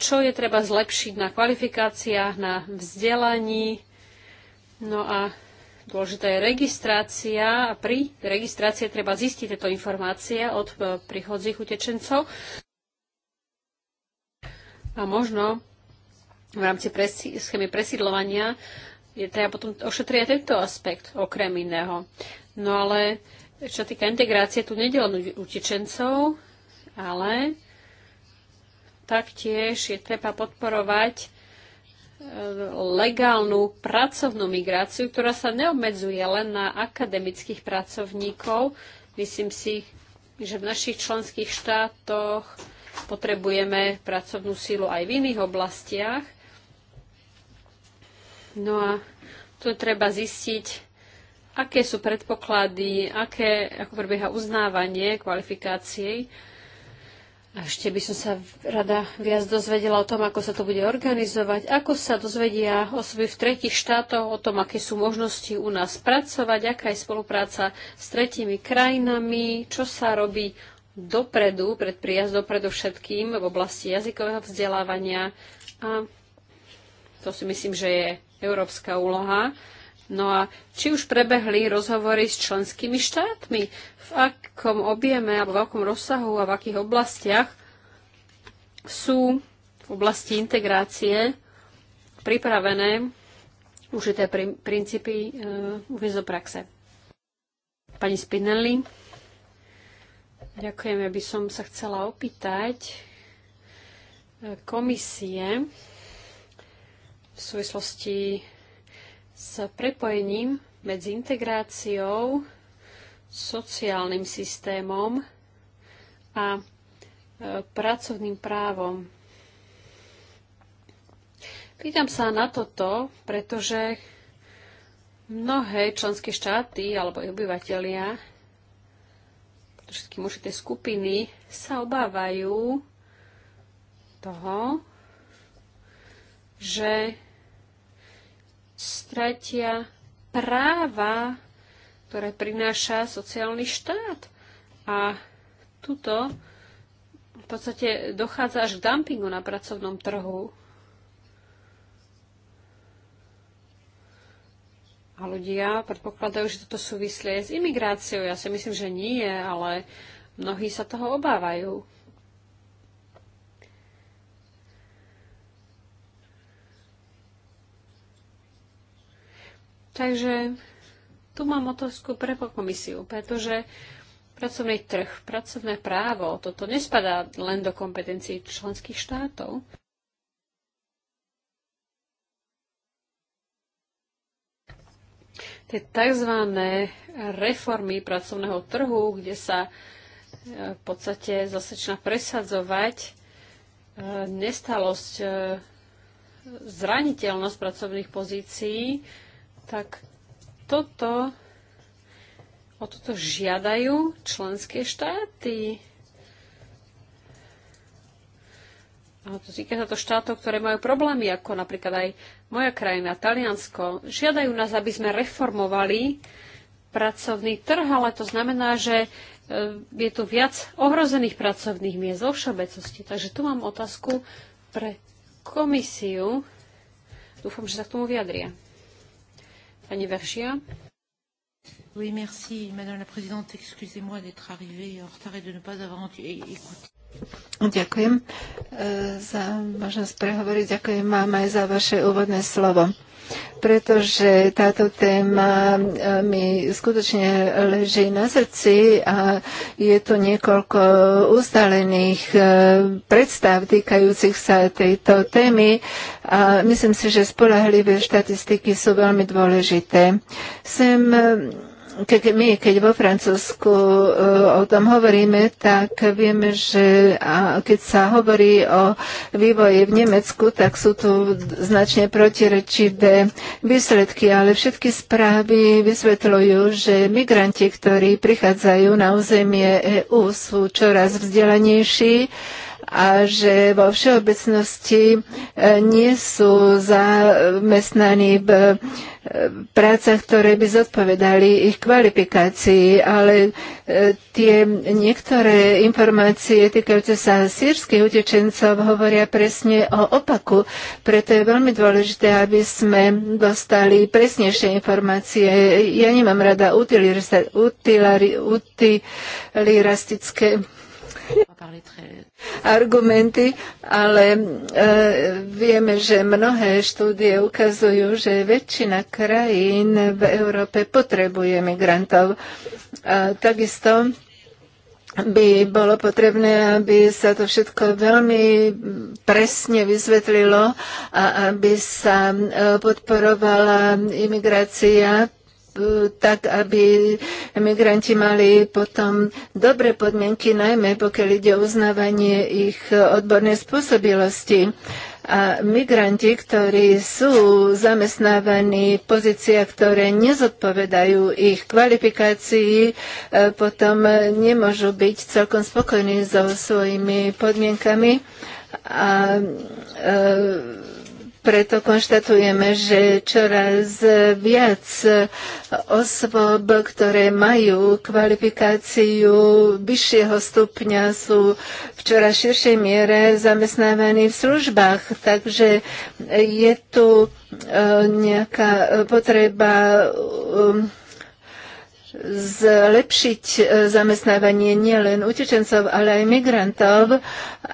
čo je treba zlepšiť na kvalifikáciách, na vzdelaní. No a dôležitá je registrácia a pri registrácii treba zistiť tieto informácie od e, prichodzích utečencov. A možno v rámci presi- schémy presídlovania je treba potom ošetriť aj tento aspekt okrem iného. No ale čo týka integrácie, tu nejde len utečencov, ale taktiež je treba podporovať e, legálnu pracovnú migráciu, ktorá sa neobmedzuje len na akademických pracovníkov. Myslím si, že v našich členských štátoch potrebujeme pracovnú sílu aj v iných oblastiach. No a tu treba zistiť, aké sú predpoklady, aké, ako prebieha uznávanie kvalifikácií. A ešte by som sa rada viac dozvedela o tom, ako sa to bude organizovať, ako sa dozvedia osoby v tretich štátoch o tom, aké sú možnosti u nás pracovať, aká je spolupráca s tretími krajinami, čo sa robí dopredu, pred prijazd dopredu všetkým v oblasti jazykového vzdelávania. A to si myslím, že je európska úloha. No a či už prebehli rozhovory s členskými štátmi, v akom objeme alebo v akom rozsahu a v akých oblastiach sú v oblasti integrácie pripravené užité princípy e, uviezť praxe. Pani Spinelli, ďakujem, ja by som sa chcela opýtať e, komisie v súvislosti s prepojením medzi integráciou, sociálnym systémom a e, pracovným právom. Pýtam sa na toto, pretože mnohé členské štáty alebo ich obyvateľia, všetky určité skupiny, sa obávajú toho, že stratia práva, ktoré prináša sociálny štát. A tuto v podstate dochádza až k dumpingu na pracovnom trhu. A ľudia predpokladajú, že toto súvislie s imigráciou. Ja si myslím, že nie, ale mnohí sa toho obávajú. Takže tu mám otázku pre komisiu, pretože pracovný trh, pracovné právo, toto nespadá len do kompetencií členských štátov. Tie tzv. reformy pracovného trhu, kde sa e, v podstate začína presadzovať e, nestalosť, e, zraniteľnosť pracovných pozícií, tak toto, o toto žiadajú členské štáty. A to týka sa to štátov, ktoré majú problémy, ako napríklad aj moja krajina, Taliansko. Žiadajú nás, aby sme reformovali pracovný trh, ale to znamená, že e, je tu viac ohrozených pracovných miest vo všeobecnosti. Takže tu mám otázku pre komisiu. Dúfam, že sa k tomu vyjadria. Pani Veršia. Oui, merci, Madame la Présidente. Excusez-moi d'être arrivée en retard et de ne pas avoir écouté. Ďakujem e, za možnosť prehovoriť. Ďakujem vám aj za vaše úvodné slovo pretože táto téma e, mi skutočne leží na srdci a je tu niekoľko ustalených e, predstav týkajúcich sa tejto témy a myslím si, že spolahlivé štatistiky sú veľmi dôležité. Sem keď my, keď vo Francúzsku eh, o tom hovoríme, tak vieme, že keď sa hovorí o vývoji v Nemecku, tak sú tu značne protirečivé výsledky, ale všetky správy vysvetľujú, že migranti, ktorí prichádzajú na územie EÚ, sú čoraz vzdelanejší, a že vo všeobecnosti e, nie sú zamestnaní v e, prácach, ktoré by zodpovedali ich kvalifikácii, ale e, tie niektoré informácie týkajúce sa sírskych utečencov hovoria presne o opaku. Preto je veľmi dôležité, aby sme dostali presnejšie informácie. Ja nemám rada utiliristické argumenty, ale e, vieme, že mnohé štúdie ukazujú, že väčšina krajín v Európe potrebuje migrantov. A takisto by bolo potrebné, aby sa to všetko veľmi presne vysvetlilo a aby sa e, podporovala imigrácia tak aby migranti mali potom dobré podmienky, najmä pokiaľ ide o uznávanie ich odbornej spôsobilosti. A migranti, ktorí sú zamestnávaní v pozíciách, ktoré nezodpovedajú ich kvalifikácii, e, potom nemôžu byť celkom spokojní so svojimi podmienkami. A e, preto konštatujeme, že čoraz viac osôb, ktoré majú kvalifikáciu vyššieho stupňa, sú v čoraz širšej miere zamestnávaní v službách. Takže je tu e, nejaká potreba um, zlepšiť e, zamestnávanie nielen utečencov, ale aj migrantov.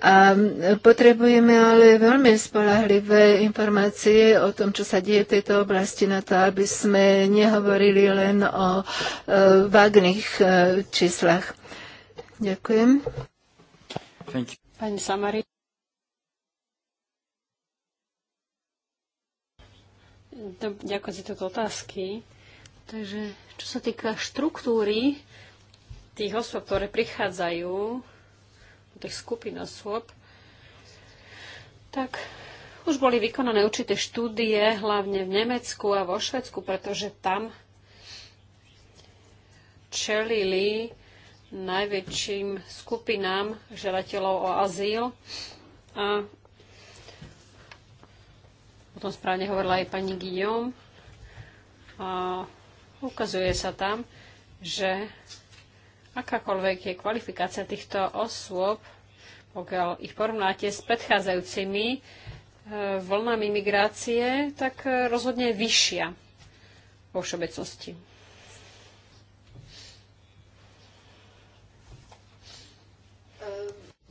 A potrebujeme ale veľmi spolahlivé informácie o tom, čo sa deje v tejto oblasti na to, aby sme nehovorili len o e, vágnych e, číslach. Ďakujem. Pani Samari. Ďakujem za tieto otázky. Takže čo sa týka štruktúry tých osôb, ktoré prichádzajú, tých skupín osôb, tak už boli vykonané určité štúdie, hlavne v Nemecku a vo Švedsku, pretože tam čelili najväčším skupinám žiadateľov o azyl. A o tom správne hovorila aj pani Guillaume. A ukazuje sa tam, že akákoľvek je kvalifikácia týchto osôb, pokiaľ ich porovnáte s predchádzajúcimi e, vlnami migrácie, tak e, rozhodne vyššia vo všeobecnosti.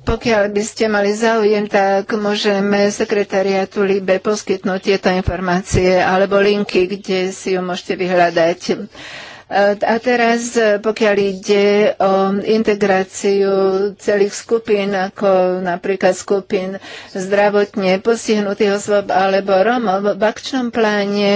Pokiaľ by ste mali záujem, tak môžeme sekretariatu Libe poskytnúť tieto informácie alebo linky, kde si ju môžete vyhľadať. E, a teraz, e, pokiaľ ide o integráciu celých skupín, ako napríklad skupín zdravotne postihnutých osôb alebo Romov, v akčnom pláne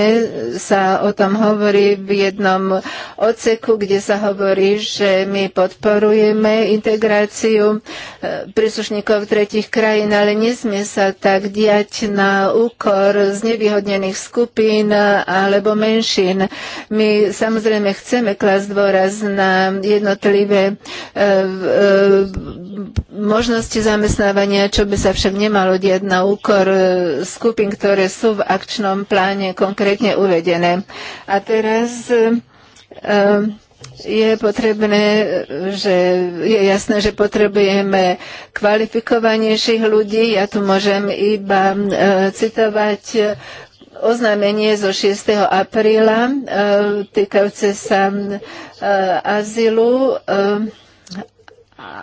sa o tom hovorí v jednom oceku, kde sa hovorí, že my podporujeme integráciu e, príslušníkov tretich krajín, ale nesmie sa tak diať na úkor znevýhodnených skupín alebo menšín. My samozrejme chceme klasť dôraz na jednotlivé e, e, možnosti zamestnávania, čo by sa však nemalo diať na úkor e, skupín, ktoré sú v akčnom pláne konkrétne uvedené. A teraz je potrebné, že je jasné, že potrebujeme kvalifikovanejších ľudí. Ja tu môžem iba citovať oznámenie zo 6. apríla e, týkajúce sa e, azylu e,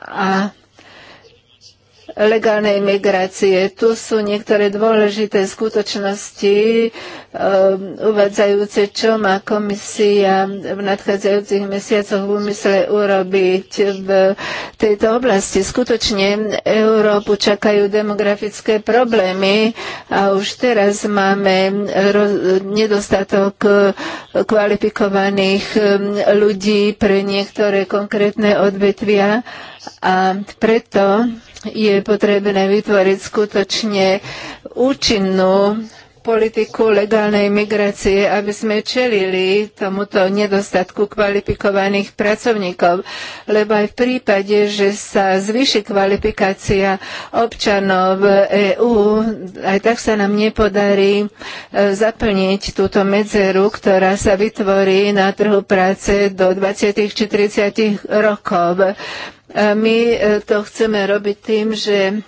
a legálnej migrácie. Tu sú niektoré dôležité skutočnosti, Um, uvádzajúce, čo má komisia v nadchádzajúcich mesiacoch v úmysle urobiť v tejto oblasti. Skutočne Európu čakajú demografické problémy a už teraz máme nedostatok kvalifikovaných um, ľudí pre niektoré konkrétne odvetvia a preto je potrebné vytvoriť skutočne účinnú politiku legálnej migrácie, aby sme čelili tomuto nedostatku kvalifikovaných pracovníkov. Lebo aj v prípade, že sa zvýši kvalifikácia občanov EÚ, aj tak sa nám nepodarí e, zaplniť túto medzeru, ktorá sa vytvorí na trhu práce do 20 či 30 rokov. My e, to chceme robiť tým, že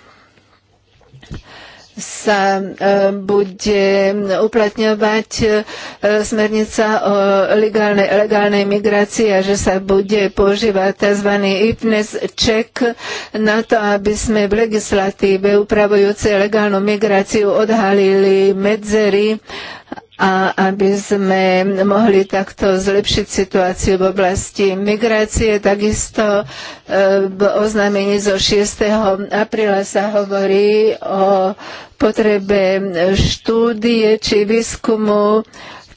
sa e, bude uplatňovať e, smernica o legálnej, legálnej migrácii a že sa bude používať tzv. IPNES check na to, aby sme v legislatíve upravujúcej legálnu migráciu odhalili medzery a aby sme mohli takto zlepšiť situáciu v oblasti migrácie. Takisto e, v oznámení zo 6. apríla sa hovorí o potrebe štúdie či výskumu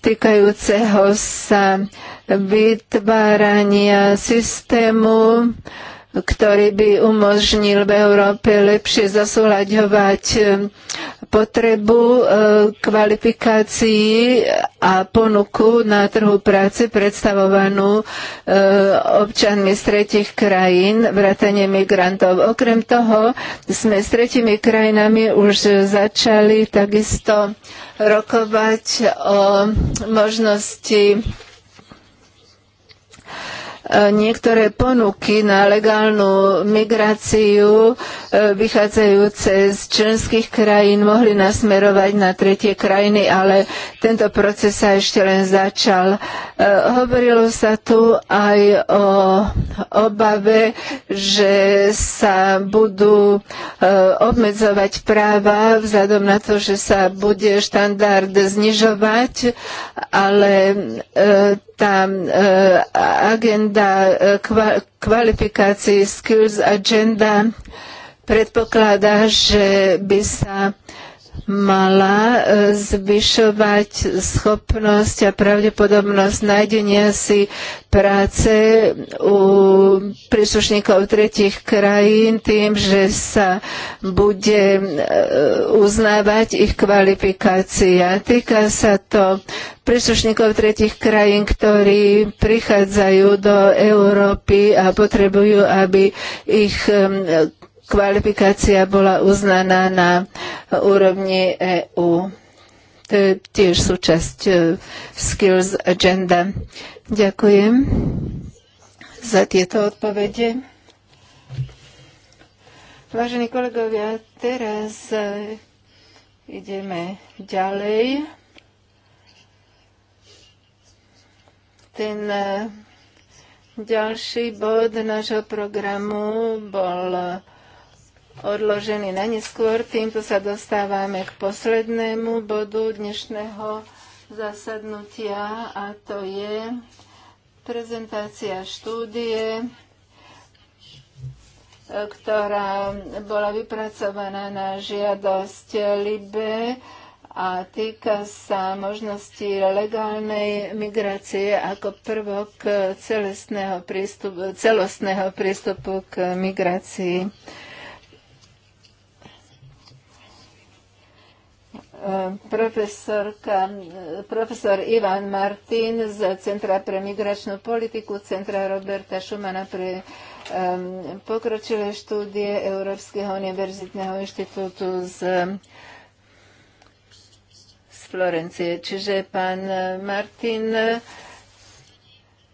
týkajúceho sa vytvárania systému, ktorý by umožnil v Európe lepšie zasúľaďovať e, potrebu e, kvalifikácií a ponuku na trhu práce predstavovanú e, občanmi z tretich krajín, vrátane migrantov. Okrem toho sme s tretimi krajinami už začali takisto rokovať o možnosti E, niektoré ponuky na legálnu migráciu e, vychádzajúce z členských krajín mohli nasmerovať na tretie krajiny, ale tento proces sa ešte len začal. E, hovorilo sa tu aj o obave, že sa budú obmedzovať práva vzhľadom na to, že sa bude štandard znižovať, ale tá e, agenda e, kvalifikácií Skills Agenda predpokladá, že by sa mala e, zvyšovať schopnosť a pravdepodobnosť nájdenia si práce u príslušníkov tretich krajín tým, že sa bude e, uznávať ich kvalifikácia. Týka sa to príslušníkov tretich krajín, ktorí prichádzajú do Európy a potrebujú, aby ich e, kvalifikácia bola uznaná na úrovni EU. To je tiež súčasť e, Skills Agenda. Ďakujem za tieto odpovede. Vážení kolegovia, teraz e, ideme ďalej. Ten e, ďalší bod nášho programu bol odložený na neskôr. Týmto sa dostávame k poslednému bodu dnešného zasadnutia a to je prezentácia štúdie, ktorá bola vypracovaná na žiadosť Libe a týka sa možnosti legálnej migrácie ako prvok celostného prístupu, celostného prístupu k migrácii. Ehm, profesorka, eh, profesor Ivan Martin z Centra pre migračnú politiku, Centra Roberta Šumana pre um, pokročilé štúdie Európskeho univerzitného inštitútu z, z Florencie. Čiže pán Martin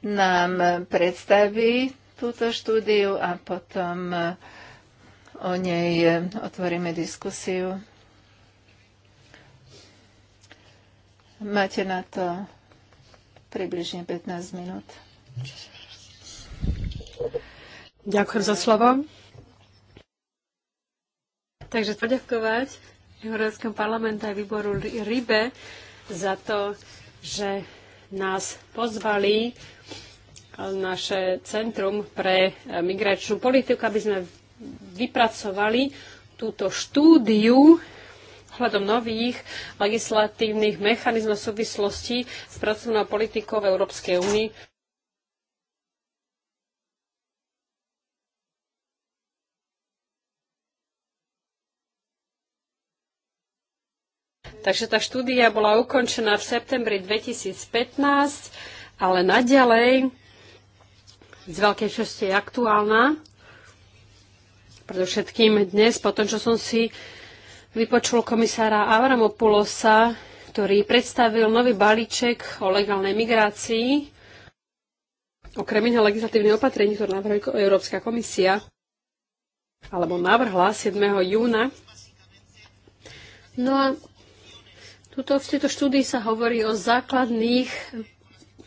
nám predstaví túto štúdiu a potom o nej otvoríme diskusiu. Máte na to približne 15 minút. Ďakujem za slovo. Takže poďakovať Európskom parlamentu a výboru RIBE za to, že nás pozvali naše Centrum pre migračnú politiku, aby sme vypracovali túto štúdiu ohľadom nových legislatívnych mechanizmov súvislosti s pracovnou politikou v Európskej únii. Takže tá štúdia bola ukončená v septembri 2015, ale naďalej z veľkej časti je aktuálna. Predovšetkým dnes, po tom, čo som si vypočul komisára Avramopulosa, ktorý predstavil nový balíček o legálnej migrácii, okrem iného legislatívne opatrení, ktoré navrhuje Európska komisia, alebo navrhla 7. júna. No a tuto, v tejto štúdii sa hovorí o základných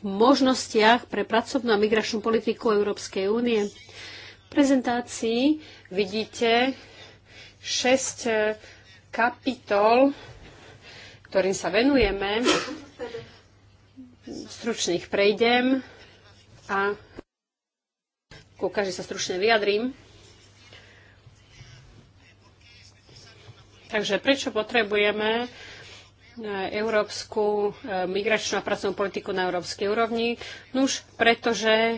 možnostiach pre pracovnú a migračnú politiku Európskej únie. V prezentácii vidíte 6 kapitol, ktorým sa venujeme. Stručných prejdem a ku každej sa stručne vyjadrím. Takže prečo potrebujeme E, európsku e, migračnú a pracovnú politiku na európskej úrovni. už pretože e,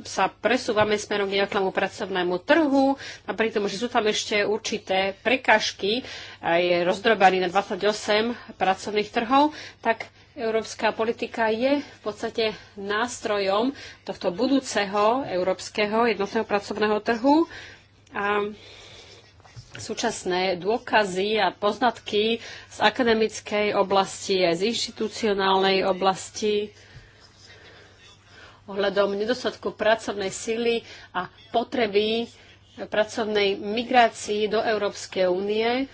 sa presúvame smerom k nejakému pracovnému trhu, napriek tomu, že sú tam ešte určité prekažky, je rozdrobený na 28 pracovných trhov, tak európska politika je v podstate nástrojom tohto budúceho európskeho jednotného pracovného trhu. A súčasné dôkazy a poznatky z akademickej oblasti aj z inštitucionálnej oblasti ohľadom nedostatku pracovnej síly a potreby pracovnej migrácii do Európskej únie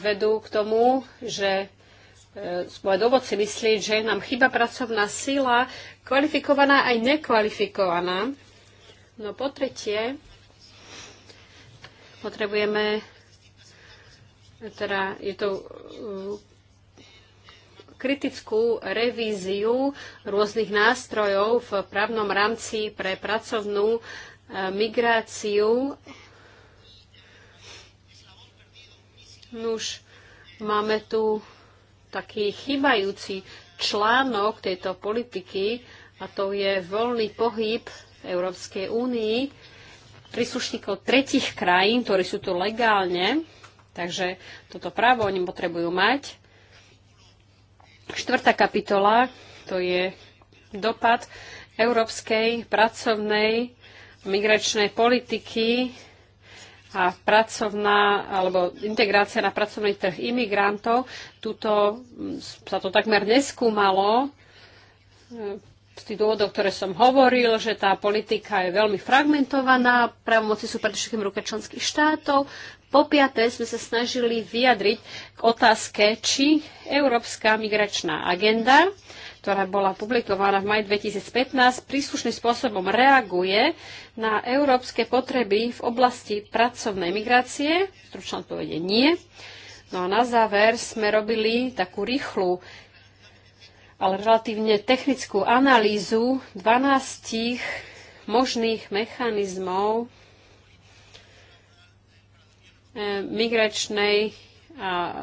vedú k tomu, že e, moje dovoci myslí, že nám chyba pracovná sila, kvalifikovaná aj nekvalifikovaná. No po tretie, potrebujeme, teda je to uh, kritickú revíziu rôznych nástrojov v právnom rámci pre pracovnú uh, migráciu. Nuž, máme tu taký chybajúci článok tejto politiky a to je voľný pohyb Európskej únii príslušníkov tretich krajín, ktorí sú tu legálne, takže toto právo oni potrebujú mať. Štvrtá kapitola, to je dopad európskej pracovnej migračnej politiky a pracovná alebo integrácia na pracovný trh imigrantov. Tuto sa to takmer neskúmalo z tých dôvodov, ktoré som hovoril, že tá politika je veľmi fragmentovaná, právomoci sú predovšetkým ruke členských štátov. Po piaté sme sa snažili vyjadriť k otázke, či Európska migračná agenda, ktorá bola publikovaná v maj 2015, príslušným spôsobom reaguje na európske potreby v oblasti pracovnej migrácie. Stručná odpovede nie. No a na záver sme robili takú rýchlu ale relatívne technickú analýzu 12 možných mechanizmov eh, migračnej a eh,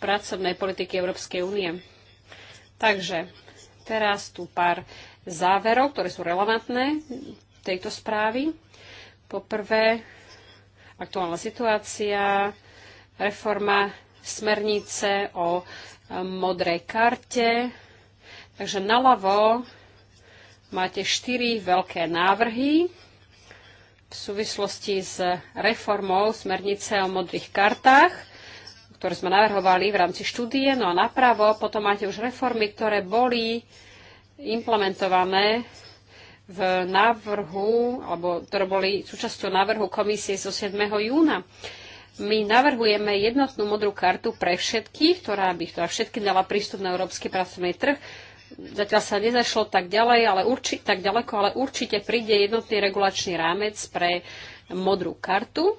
pracovnej politiky Európskej únie. Takže teraz tu pár záverov, ktoré sú relevantné tejto správy. Poprvé, aktuálna situácia, reforma smernice o eh, modrej karte, Takže naľavo máte štyri veľké návrhy v súvislosti s reformou smernice o modrých kartách, ktoré sme navrhovali v rámci štúdie. No a napravo potom máte už reformy, ktoré boli implementované v návrhu, alebo ktoré boli súčasťou návrhu komisie zo 7. júna. My navrhujeme jednotnú modrú kartu pre všetkých, ktorá by ktorá všetkým dala prístup na európsky pracovný trh zatiaľ sa nezašlo tak ďalej, ale urči, tak ďaleko, ale určite príde jednotný regulačný rámec pre modrú kartu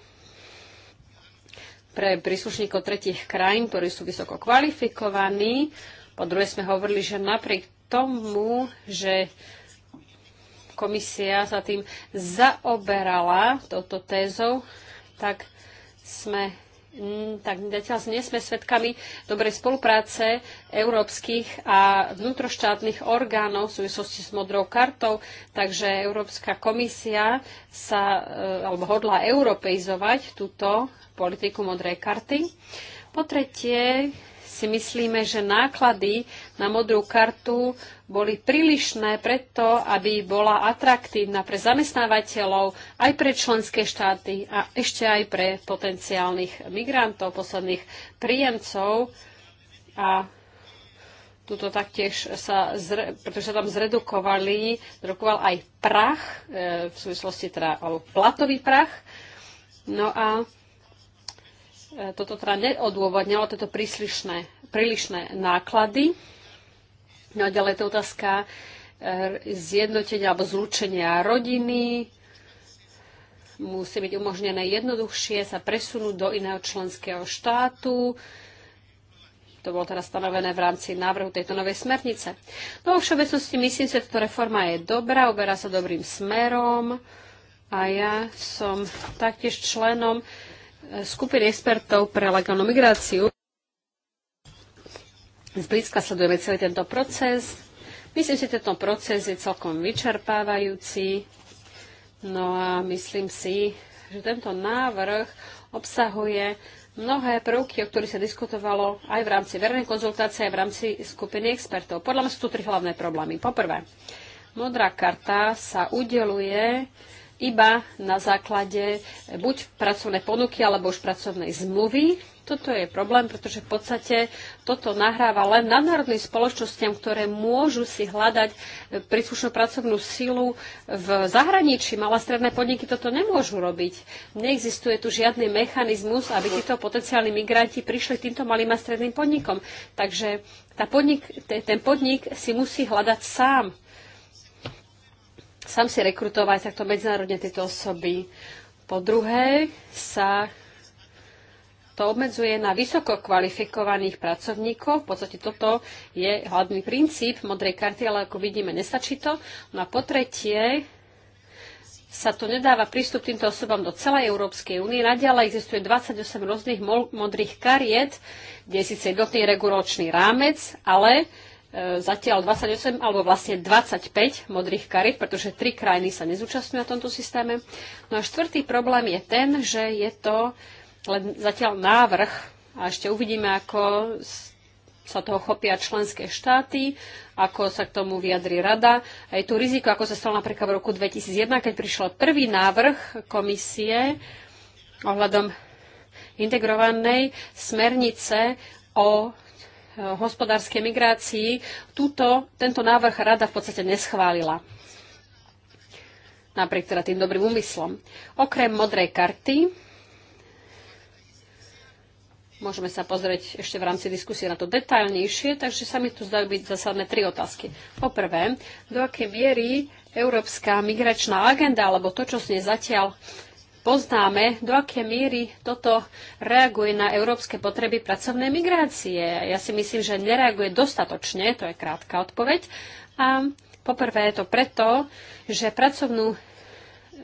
pre príslušníkov tretich krajín, ktorí sú vysoko kvalifikovaní. Po druhé sme hovorili, že napriek tomu, že komisia sa tým zaoberala touto tézou, tak sme Mm, tak zatiaľ nie sme svedkami dobrej spolupráce európskych a vnútroštátnych orgánov v súvislosti s modrou kartou, takže Európska komisia sa, e, alebo hodla europeizovať túto politiku modrej karty. Po tretie, si myslíme, že náklady na modrú kartu boli prílišné preto, aby bola atraktívna pre zamestnávateľov, aj pre členské štáty a ešte aj pre potenciálnych migrantov, posledných príjemcov. A tuto taktiež sa, zre, pretože sa tam zredukovali, zredukoval aj prach, e, v súvislosti teda, alebo platový prach. No a E, toto teda neodôvodňalo, toto príslišné, prílišné náklady. No a ďalej je to otázka e, zjednotenia alebo zlučenia rodiny. Musí byť umožnené jednoduchšie sa presunúť do iného členského štátu. To bolo teraz stanovené v rámci návrhu tejto novej smernice. No vo všeobecnosti myslím si, že táto reforma je dobrá, uberá sa dobrým smerom a ja som taktiež členom skupiny expertov pre legálnu migráciu. Zblízka sledujeme celý tento proces. Myslím si, že tento proces je celkom vyčerpávajúci. No a myslím si, že tento návrh obsahuje mnohé prvky, o ktorých sa diskutovalo aj v rámci verejnej konzultácie, aj v rámci skupiny expertov. Podľa mňa sú tu tri hlavné problémy. Poprvé, modrá karta sa udeluje iba na základe buď pracovnej ponuky alebo už pracovnej zmluvy. Toto je problém, pretože v podstate toto nahráva len nadnárodným spoločnostiam, ktoré môžu si hľadať e, príslušnú pracovnú sílu v zahraničí. Malé stredné podniky toto nemôžu robiť. Neexistuje tu žiadny mechanizmus, aby títo potenciálni migranti prišli týmto malým a stredným podnikom. Takže tá podnik, ten podnik si musí hľadať sám sám si rekrutovať takto medzinárodne tieto osoby. Po druhé sa to obmedzuje na vysoko kvalifikovaných pracovníkov. V podstate toto je hlavný princíp modrej karty, ale ako vidíme, nestačí to. No a po tretie, sa to nedáva prístup týmto osobám do celej Európskej únie. Naďalej existuje 28 rôznych modrých kariet, kde je síce jednotný regulačný rámec, ale E, zatiaľ 28 alebo vlastne 25 modrých kariet, pretože tri krajiny sa nezúčastňujú na tomto systéme. No a štvrtý problém je ten, že je to len zatiaľ návrh a ešte uvidíme, ako sa toho chopia členské štáty, ako sa k tomu vyjadri rada. A je tu riziko, ako sa stalo napríklad v roku 2001, keď prišiel prvý návrh komisie ohľadom integrovanej smernice o hospodárskej migrácii, túto, tento návrh rada v podstate neschválila. Napriek teda tým dobrým úmyslom. Okrem modrej karty Môžeme sa pozrieť ešte v rámci diskusie na to detailnejšie, takže sa mi tu zdajú byť zásadné tri otázky. Poprvé, do akej miery európska migračná agenda, alebo to, čo s nej zatiaľ poznáme, do aké míry toto reaguje na európske potreby pracovnej migrácie. Ja si myslím, že nereaguje dostatočne, to je krátka odpoveď. A poprvé je to preto, že pracovnú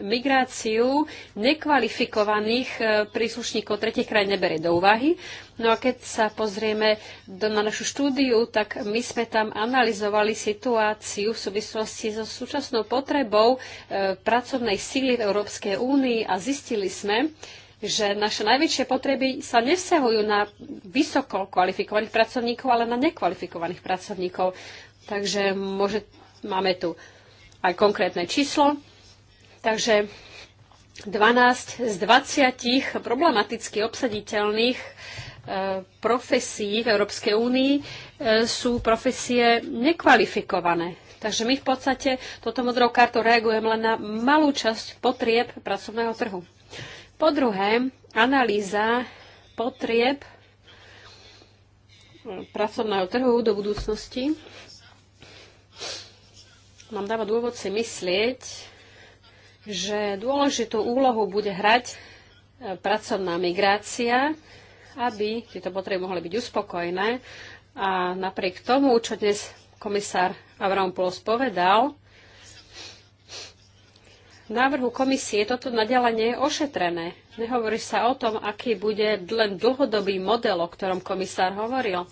migráciu nekvalifikovaných e, príslušníkov tretich krajín neberie do úvahy. No a keď sa pozrieme do, na našu štúdiu, tak my sme tam analyzovali situáciu v súvislosti so súčasnou potrebou e, pracovnej síly v Európskej únii a zistili sme, že naše najväčšie potreby sa nevzťahujú na vysoko kvalifikovaných pracovníkov, ale na nekvalifikovaných pracovníkov. Takže môže, máme tu aj konkrétne číslo, Takže 12 z 20 problematicky obsaditeľných e, profesí v Európskej únii e, sú profesie nekvalifikované. Takže my v podstate toto modrou kartou reagujeme len na malú časť potrieb pracovného trhu. Po druhé, analýza potrieb e, pracovného trhu do budúcnosti nám dáva dôvod si myslieť, že dôležitú úlohu bude hrať e, pracovná migrácia, aby tieto potreby mohli byť uspokojené. A napriek tomu, čo dnes komisár Avramopoulos povedal, v návrhu komisie toto naďalej nie je ošetrené. Nehovorí sa o tom, aký bude len dlhodobý model, o ktorom komisár hovoril.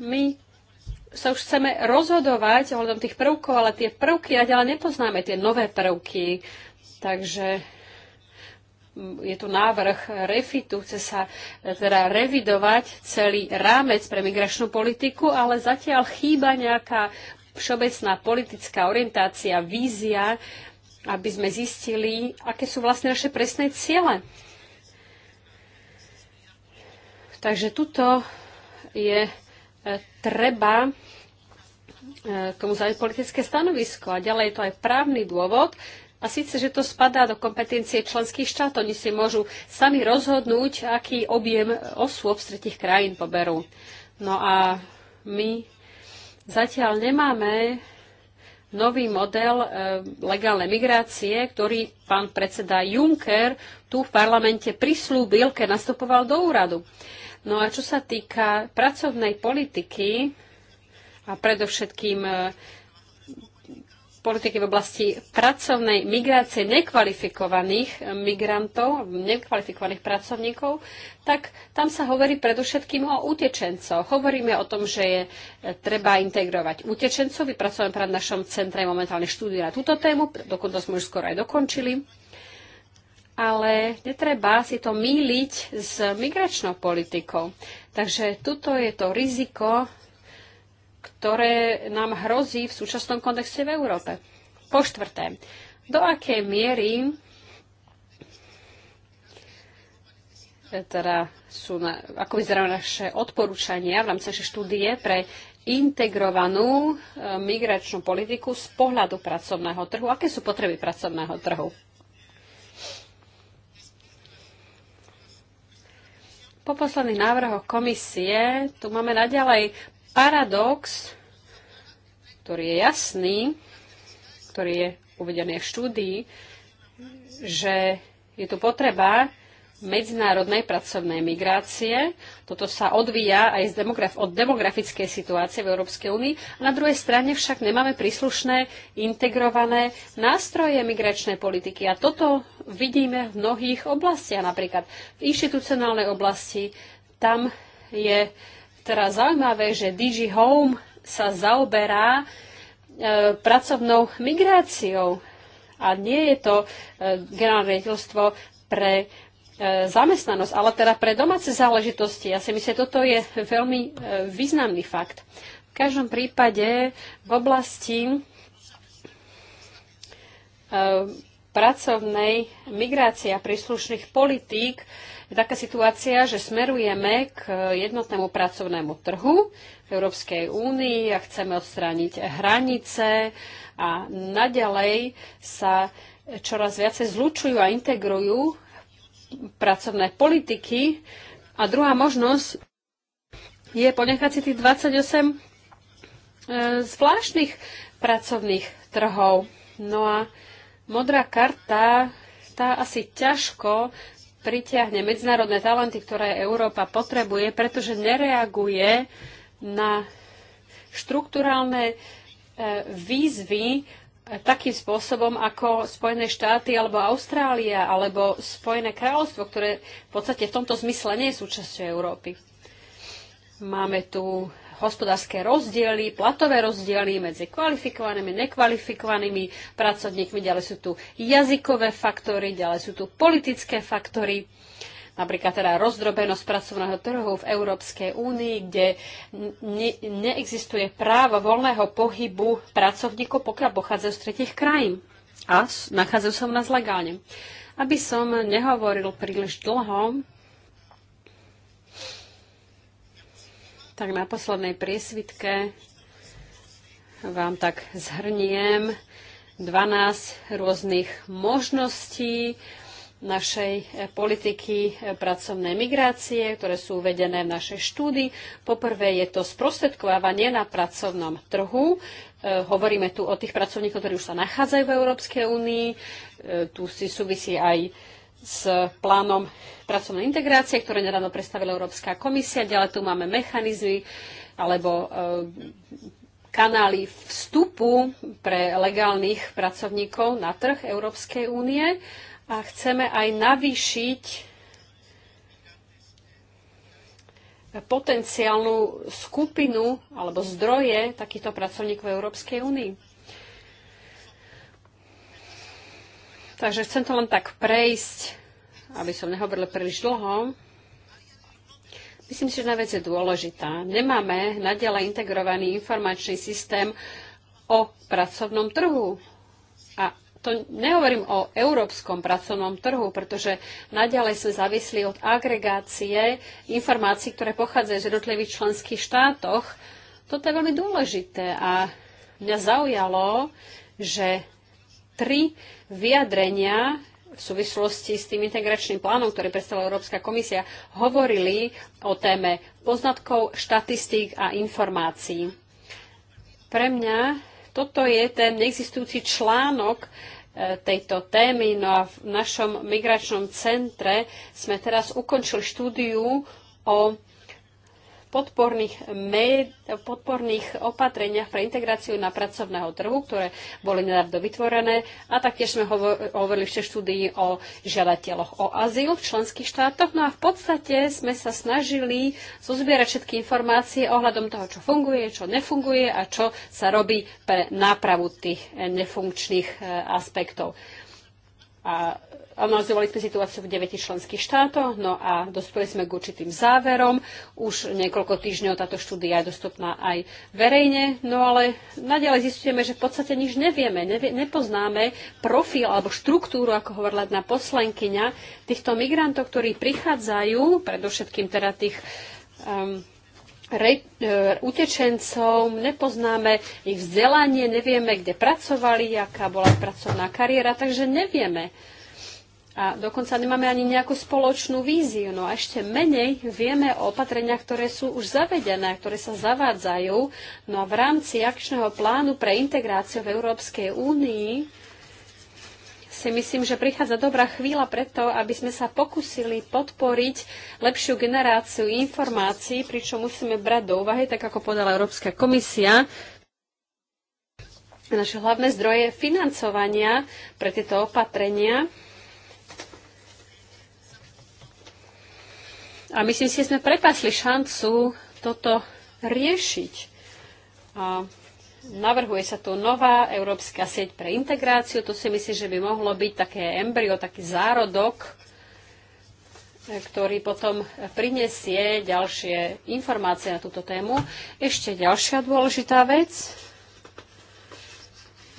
My sa už chceme rozhodovať ohľadom tých prvkov, ale tie prvky ďalej nepoznáme, tie nové prvky. Takže je tu návrh refitu, chce sa teda revidovať celý rámec pre migračnú politiku, ale zatiaľ chýba nejaká všeobecná politická orientácia, vízia, aby sme zistili, aké sú vlastne naše presné ciele. Takže tuto je e, treba k tomu zaujať politické stanovisko. A ďalej je to aj právny dôvod, a síce, že to spadá do kompetencie členských štátov, oni si môžu sami rozhodnúť, aký objem osôb z tretich krajín poberú. No a my zatiaľ nemáme nový model e, legálnej migrácie, ktorý pán predseda Juncker tu v parlamente prislúbil, keď nastupoval do úradu. No a čo sa týka pracovnej politiky, a predovšetkým e, politiky v oblasti pracovnej migrácie nekvalifikovaných e, migrantov, nekvalifikovaných pracovníkov, tak tam sa hovorí predovšetkým o utečencoch. Hovoríme o tom, že je e, treba integrovať utečencov. Vypracujeme práve v našom centre momentálne štúdia na túto tému, dokonca sme už skoro aj dokončili. Ale netreba si to míliť s migračnou politikou. Takže tuto je to riziko, ktoré nám hrozí v súčasnom kontexte v Európe. Po štvrté, do akej miery e, teda sú na, ako vyzerajú naše odporúčania v rámci našej štúdie pre integrovanú e, migračnú politiku z pohľadu pracovného trhu. Aké sú potreby pracovného trhu? Po posledných návrhoch komisie tu máme naďalej paradox, ktorý je jasný, ktorý je uvedený v štúdii, že je tu potreba medzinárodnej pracovnej migrácie. Toto sa odvíja aj z demograf- od demografickej situácie v Európskej únii. Na druhej strane však nemáme príslušné integrované nástroje migračnej politiky. A toto vidíme v mnohých oblastiach, napríklad v inštitucionálnej oblasti. Tam je teda zaujímavé, že DG Home sa zaoberá e, pracovnou migráciou a nie je to e, generálne riaditeľstvo pre e, zamestnanosť, ale teda pre domáce záležitosti. Ja si myslím, že toto je veľmi e, významný fakt. V každom prípade v oblasti e, pracovnej migrácie a príslušných politík je taká situácia, že smerujeme k jednotnému pracovnému trhu v Európskej únii a chceme odstrániť hranice a naďalej sa čoraz viacej zlučujú a integrujú pracovné politiky. A druhá možnosť je ponechať si tých 28 e, zvláštnych pracovných trhov. No a Modrá karta, tá asi ťažko pritiahne medzinárodné talenty, ktoré Európa potrebuje, pretože nereaguje na štruktúrálne e, výzvy e, takým spôsobom ako Spojené štáty alebo Austrália alebo Spojené kráľovstvo, ktoré v podstate v tomto zmysle nie je súčasťou Európy. Máme tu hospodárske rozdiely, platové rozdiely medzi kvalifikovanými, nekvalifikovanými pracovníkmi, ďalej sú tu jazykové faktory, ďalej sú tu politické faktory napríklad teda rozdrobenosť pracovného trhu v Európskej únii, kde ne- neexistuje právo voľného pohybu pracovníkov, pokiaľ pochádzajú z tretich krajín a nachádzajú sa u nás legálne. Aby som nehovoril príliš dlho, tak na poslednej priesvitke vám tak zhrniem 12 rôznych možností našej politiky pracovnej migrácie, ktoré sú uvedené v našej štúdii. Poprvé je to sprostredkovávanie na pracovnom trhu. E, hovoríme tu o tých pracovníkoch, ktorí už sa nachádzajú v Európskej únii. E, tu si súvisí aj s plánom pracovnej integrácie, ktoré nedávno predstavila Európska komisia. Ďalej tu máme mechanizmy alebo e, kanály vstupu pre legálnych pracovníkov na trh Európskej únie a chceme aj navýšiť potenciálnu skupinu alebo zdroje takýchto pracovníkov Európskej únii. Takže chcem to len tak prejsť aby som nehovoril príliš dlho, myslím si, že jedna vec je dôležitá. Nemáme nadalej integrovaný informačný systém o pracovnom trhu. A to nehovorím o európskom pracovnom trhu, pretože naďalej sme závislí od agregácie informácií, ktoré pochádzajú z jednotlivých členských štátoch. Toto je veľmi dôležité a mňa zaujalo, že tri vyjadrenia v súvislosti s tým integračným plánom, ktorý predstavila Európska komisia, hovorili o téme poznatkov, štatistík a informácií. Pre mňa toto je ten neexistujúci článok e, tejto témy. No a v našom migračnom centre sme teraz ukončili štúdiu o podporných, podporných opatreniach pre integráciu na pracovného trhu, ktoré boli nedávno vytvorené. A taktiež sme hovorili ešte štúdii o žiadateľoch o azyl v členských štátoch. No a v podstate sme sa snažili zozbierať všetky informácie ohľadom toho, čo funguje, čo nefunguje a čo sa robí pre nápravu tých nefunkčných eh, aspektov. A Analyzovali sme situáciu v 9 členských štátoch, no a dospeli sme k určitým záverom. Už niekoľko týždňov táto štúdia je dostupná aj verejne, no ale nadalej zistujeme, že v podstate nič nevieme, nevie, nepoznáme profil alebo štruktúru, ako hovorila jedna poslenkyňa týchto migrantov, ktorí prichádzajú, predovšetkým teda tých um, re, e, utečencov, nepoznáme ich vzdelanie, nevieme, kde pracovali, aká bola pracovná kariéra, takže nevieme. A dokonca nemáme ani nejakú spoločnú víziu. No a ešte menej vieme o opatreniach, ktoré sú už zavedené, ktoré sa zavádzajú. No a v rámci akčného plánu pre integráciu v Európskej únii si myslím, že prichádza dobrá chvíľa preto, aby sme sa pokusili podporiť lepšiu generáciu informácií, pričom musíme brať do úvahy, tak ako podala Európska komisia, naše hlavné zdroje financovania pre tieto opatrenia. A myslím si, že sme prepasli šancu toto riešiť. A navrhuje sa tu nová Európska sieť pre integráciu. To si myslím, že by mohlo byť také embryo, taký zárodok, ktorý potom prinesie ďalšie informácie na túto tému. Ešte ďalšia dôležitá vec.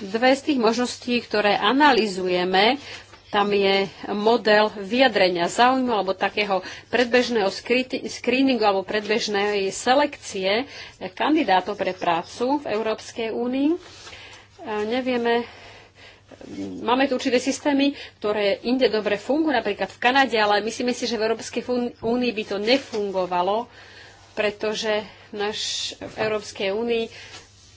Dve z tých možností, ktoré analizujeme, tam je model vyjadrenia záujmu alebo takého predbežného screeningu alebo predbežnej selekcie kandidátov pre prácu v Európskej únii. Nevieme, máme tu určité systémy, ktoré inde dobre fungujú, napríklad v Kanade, ale myslíme si, že v Európskej únii by to nefungovalo, pretože naš, v Európskej únii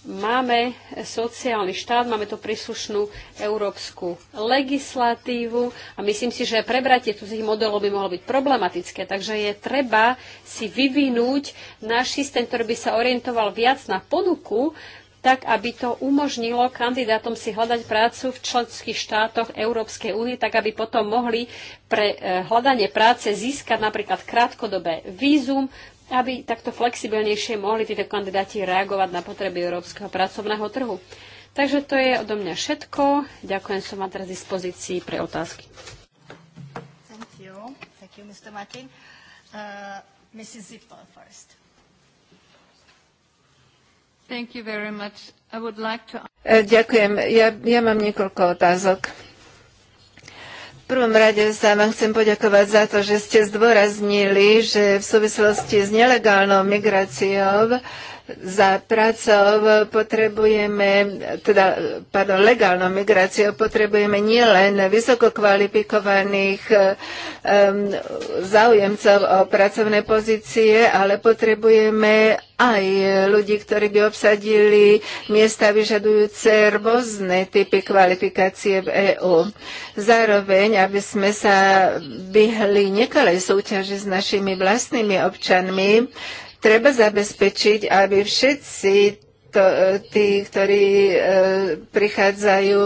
Máme sociálny štát, máme tu príslušnú európsku legislatívu a myslím si, že prebratie ich modelov by mohlo byť problematické. Takže je treba si vyvinúť náš systém, ktorý by sa orientoval viac na ponuku, tak aby to umožnilo kandidátom si hľadať prácu v členských štátoch Európskej únie, tak aby potom mohli pre eh, hľadanie práce získať napríklad krátkodobé vízum, aby takto flexibilnejšie mohli títo kandidáti reagovať na potreby európskeho pracovného trhu. Takže to je odo mňa všetko. Ďakujem, som vám teraz v dispozícii pre otázky. Thank you. Thank you, Mr. Martin. Uh, Mrs. Zippel first. Thank you very much. I would like to... E, ďakujem. Ja, ja mám niekoľko otázok prvom rade sa vám chcem poďakovať za to, že ste zdôraznili, že v súvislosti s nelegálnou migráciou za prácou potrebujeme, teda, pardon, legálnou migráciou potrebujeme nielen vysoko kvalifikovaných um, eh, záujemcov o pracovné pozície, ale potrebujeme aj ľudí, ktorí by obsadili miesta vyžadujúce rôzne typy kvalifikácie v EÚ. Zároveň, aby sme sa vyhli nekalej súťaži s našimi vlastnými občanmi, Treba zabezpečiť, aby všetci to, tí, ktorí e, prichádzajú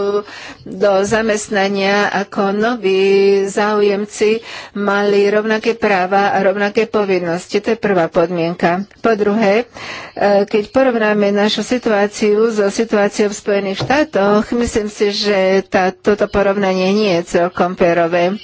do zamestnania ako noví záujemci, mali rovnaké práva a rovnaké povinnosti. To je prvá podmienka. Po druhé, e, keď porovnáme našu situáciu so situáciou v Spojených štátoch, myslím si, že tá, toto porovnanie nie je celkom perové.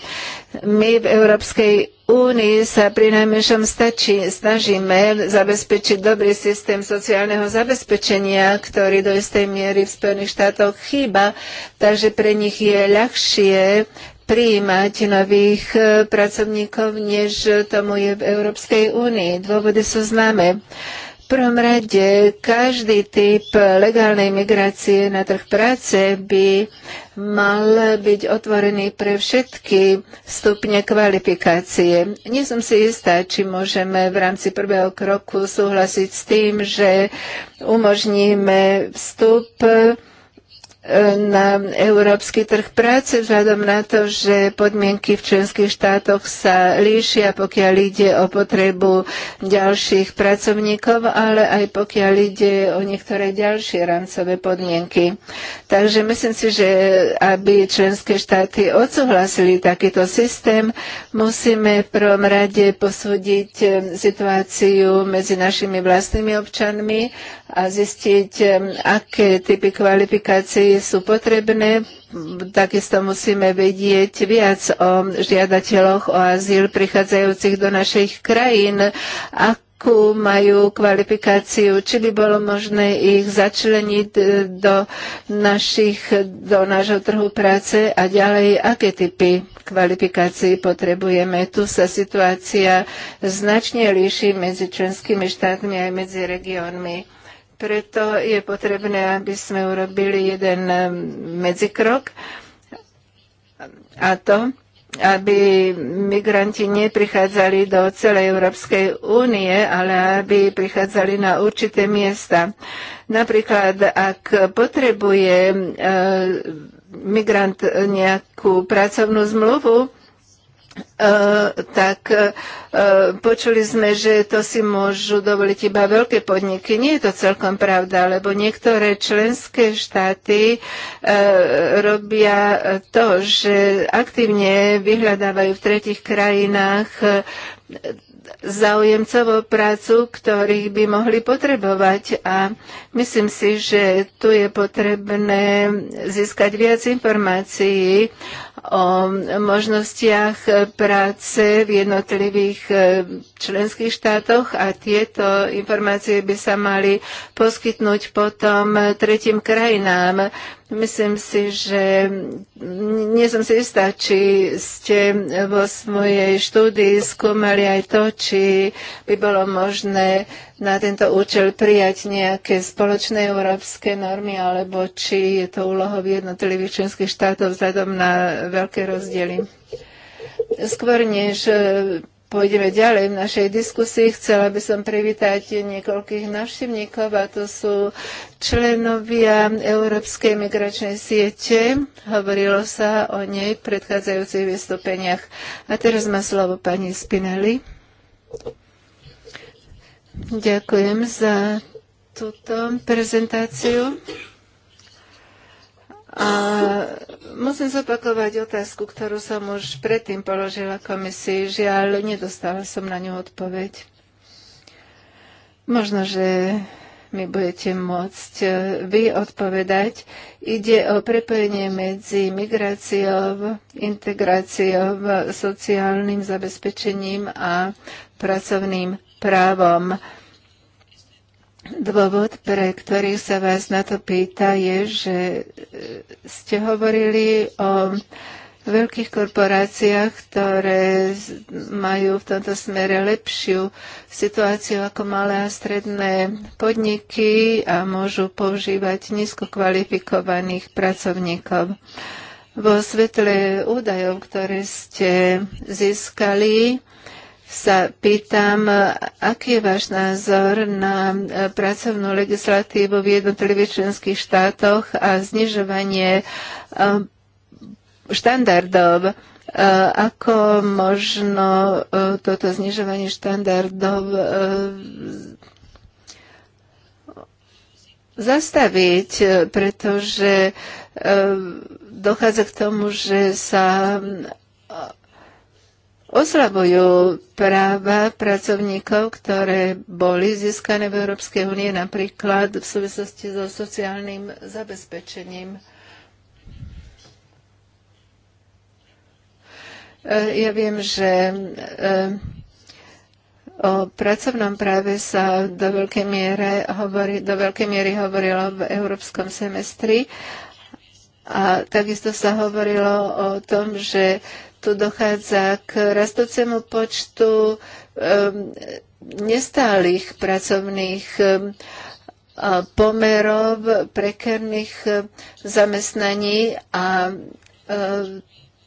My v Európskej únii sa pri najmenšom stačí, snažíme zabezpečiť dobrý systém sociálneho zabezpečenia, ktorý do istej miery v Spojených štátoch chýba, takže pre nich je ľahšie prijímať nových e, pracovníkov, než tomu je v Európskej únii. Dôvody sú známe prvom rade každý typ legálnej migrácie na trh práce by mal byť otvorený pre všetky stupne kvalifikácie. Nie som si istá, či môžeme v rámci prvého kroku súhlasiť s tým, že umožníme vstup na európsky trh práce vzhľadom na to, že podmienky v členských štátoch sa líšia, pokiaľ ide o potrebu ďalších pracovníkov, ale aj pokiaľ ide o niektoré ďalšie rámcové podmienky. Takže myslím si, že aby členské štáty odsúhlasili takýto systém, musíme v prvom rade posúdiť eh, situáciu medzi našimi vlastnými občanmi a zistiť, eh, aké typy kvalifikácií ktoré sú potrebné. Takisto musíme vedieť viac o žiadateľoch o azyl prichádzajúcich do našich krajín, akú majú kvalifikáciu, či by bolo možné ich začleniť e, do, našich, do nášho trhu práce a ďalej, aké typy kvalifikácií potrebujeme. Tu sa situácia značne líši medzi členskými štátmi aj medzi regiónmi. Preto je potrebné, aby sme urobili jeden um, medzikrok a to, aby migranti neprichádzali do celej Európskej únie, ale aby prichádzali na určité miesta. Napríklad, ak potrebuje uh, migrant nejakú pracovnú zmluvu, E, tak e, e, počuli sme, že to si môžu dovoliť iba veľké podniky. Nie je to celkom pravda, lebo niektoré členské štáty robia to, že aktívne vyhľadávajú v tretich krajinách záujemcov o prácu, ktorých by mohli potrebovať. A myslím si, že tu je potrebné získať viac informácií o možnostiach práce v jednotlivých e, členských štátoch a tieto informácie by sa mali poskytnúť potom tretím krajinám. Myslím si, že nie som si istá, či ste vo svojej štúdii skúmali aj to, či by bolo možné na tento účel prijať nejaké spoločné európske normy, alebo či je to úlohou jednotlivých členských štátov vzhľadom na veľké rozdiely. Skôr než pôjdeme ďalej v našej diskusii, chcela by som privítať niekoľkých navštivníkov, a to sú členovia Európskej migračnej siete. Hovorilo sa o nej v predchádzajúcich vystúpeniach. A teraz má slovo pani Spinelli. Ďakujem za túto prezentáciu. A musím zopakovať otázku, ktorú som už predtým položila komisii. Žiaľ, nedostala som na ňu odpoveď. Možno, že mi budete môcť e, vy odpovedať. Ide o prepojenie medzi migráciou, integráciou, sociálnym zabezpečením a pracovným právom. Dôvod, pre ktorý sa vás na to pýta, je, že e, ste hovorili o veľkých korporáciách, ktoré majú v tomto smere lepšiu situáciu ako malé a stredné podniky a môžu používať nízko kvalifikovaných pracovníkov. Vo svetle údajov, ktoré ste získali, sa pýtam, aký je váš názor na eh, pracovnú legislatívu v jednotlivých členských štátoch a znižovanie eh, štandardov. Eh, ako možno toto znižovanie štandardov zastaviť, pretože dochádza k tomu, že sa oslabujú práva pracovníkov, ktoré boli získané v Európskej únie napríklad v súvislosti so sociálnym zabezpečením. E, ja viem, že e, o pracovnom práve sa do veľkej, miere hovorí, do veľkej miery hovorilo v európskom semestri a takisto sa hovorilo o tom, že tu dochádza k rastúcemu počtu um, nestálych pracovných um, pomerov, prekerných um, zamestnaní a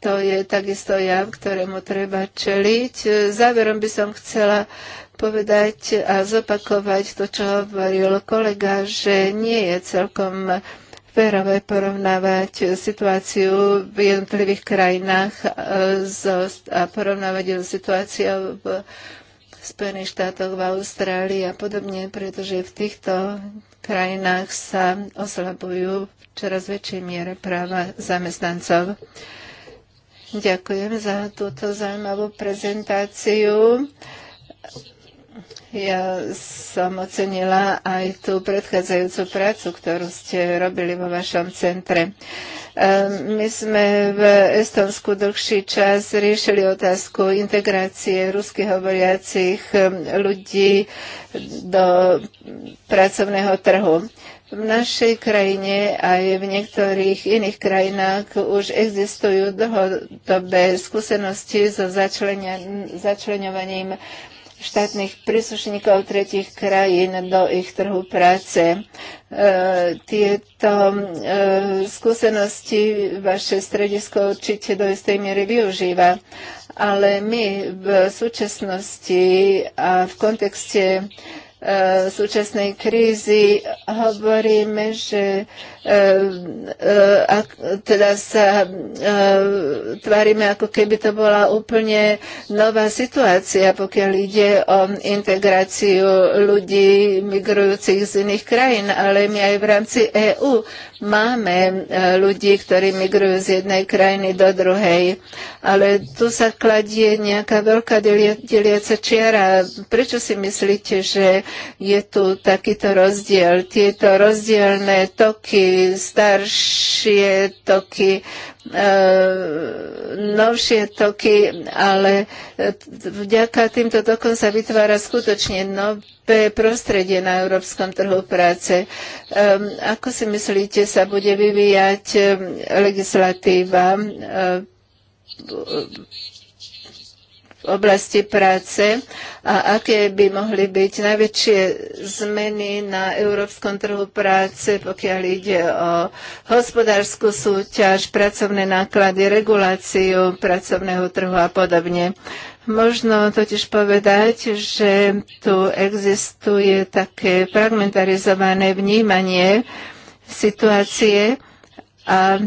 to je takisto jav, ktorému treba čeliť. Záverom by som chcela povedať a zopakovať to, čo hovoril kolega, že nie je celkom férové porovnávať situáciu v jednotlivých krajinách e, a porovnávať ju situáciu v Spojených štátoch, v Austrálii a podobne, pretože v týchto krajinách sa oslabujú v čoraz väčšej miere práva zamestnancov. Ďakujem za túto zaujímavú prezentáciu. Ja som ocenila aj tú predchádzajúcu prácu, ktorú ste robili vo vašom centre. E, my sme v Estonsku dlhší čas riešili otázku integrácie ruských hovoriacich e, ľudí do pracovného trhu. V našej krajine aj v niektorých iných krajinách už existujú dlhodobé skúsenosti so začleňovaním štátnych príslušníkov tretich krajín do ich trhu práce. E, tieto e, skúsenosti vaše stredisko určite do istej miery využíva, ale my v súčasnosti a v kontexte e, súčasnej krízy hovoríme, že Ehm, ehm, a teda sa ehm, tvárime, ako keby to bola úplne nová situácia, pokiaľ ide o integráciu ľudí migrujúcich z iných krajín, ale my aj v rámci EÚ máme e, ľudí, ktorí migrujú z jednej krajiny do druhej. Ale tu sa kladie nejaká veľká deliaca čiara. Prečo si myslíte, že je tu takýto rozdiel? Tieto rozdielne toky staršie toky, e, novšie toky, ale e, vďaka týmto tokom sa vytvára skutočne nové prostredie na európskom trhu práce. Ehm, ako si myslíte, sa bude vyvíjať ehm, legislatíva e, v oblasti práce a aké by mohli byť najväčšie zmeny na európskom trhu práce, pokiaľ ide o hospodárskú súťaž, pracovné náklady, reguláciu pracovného trhu a podobne. Možno totiž povedať, že tu existuje také fragmentarizované vnímanie situácie a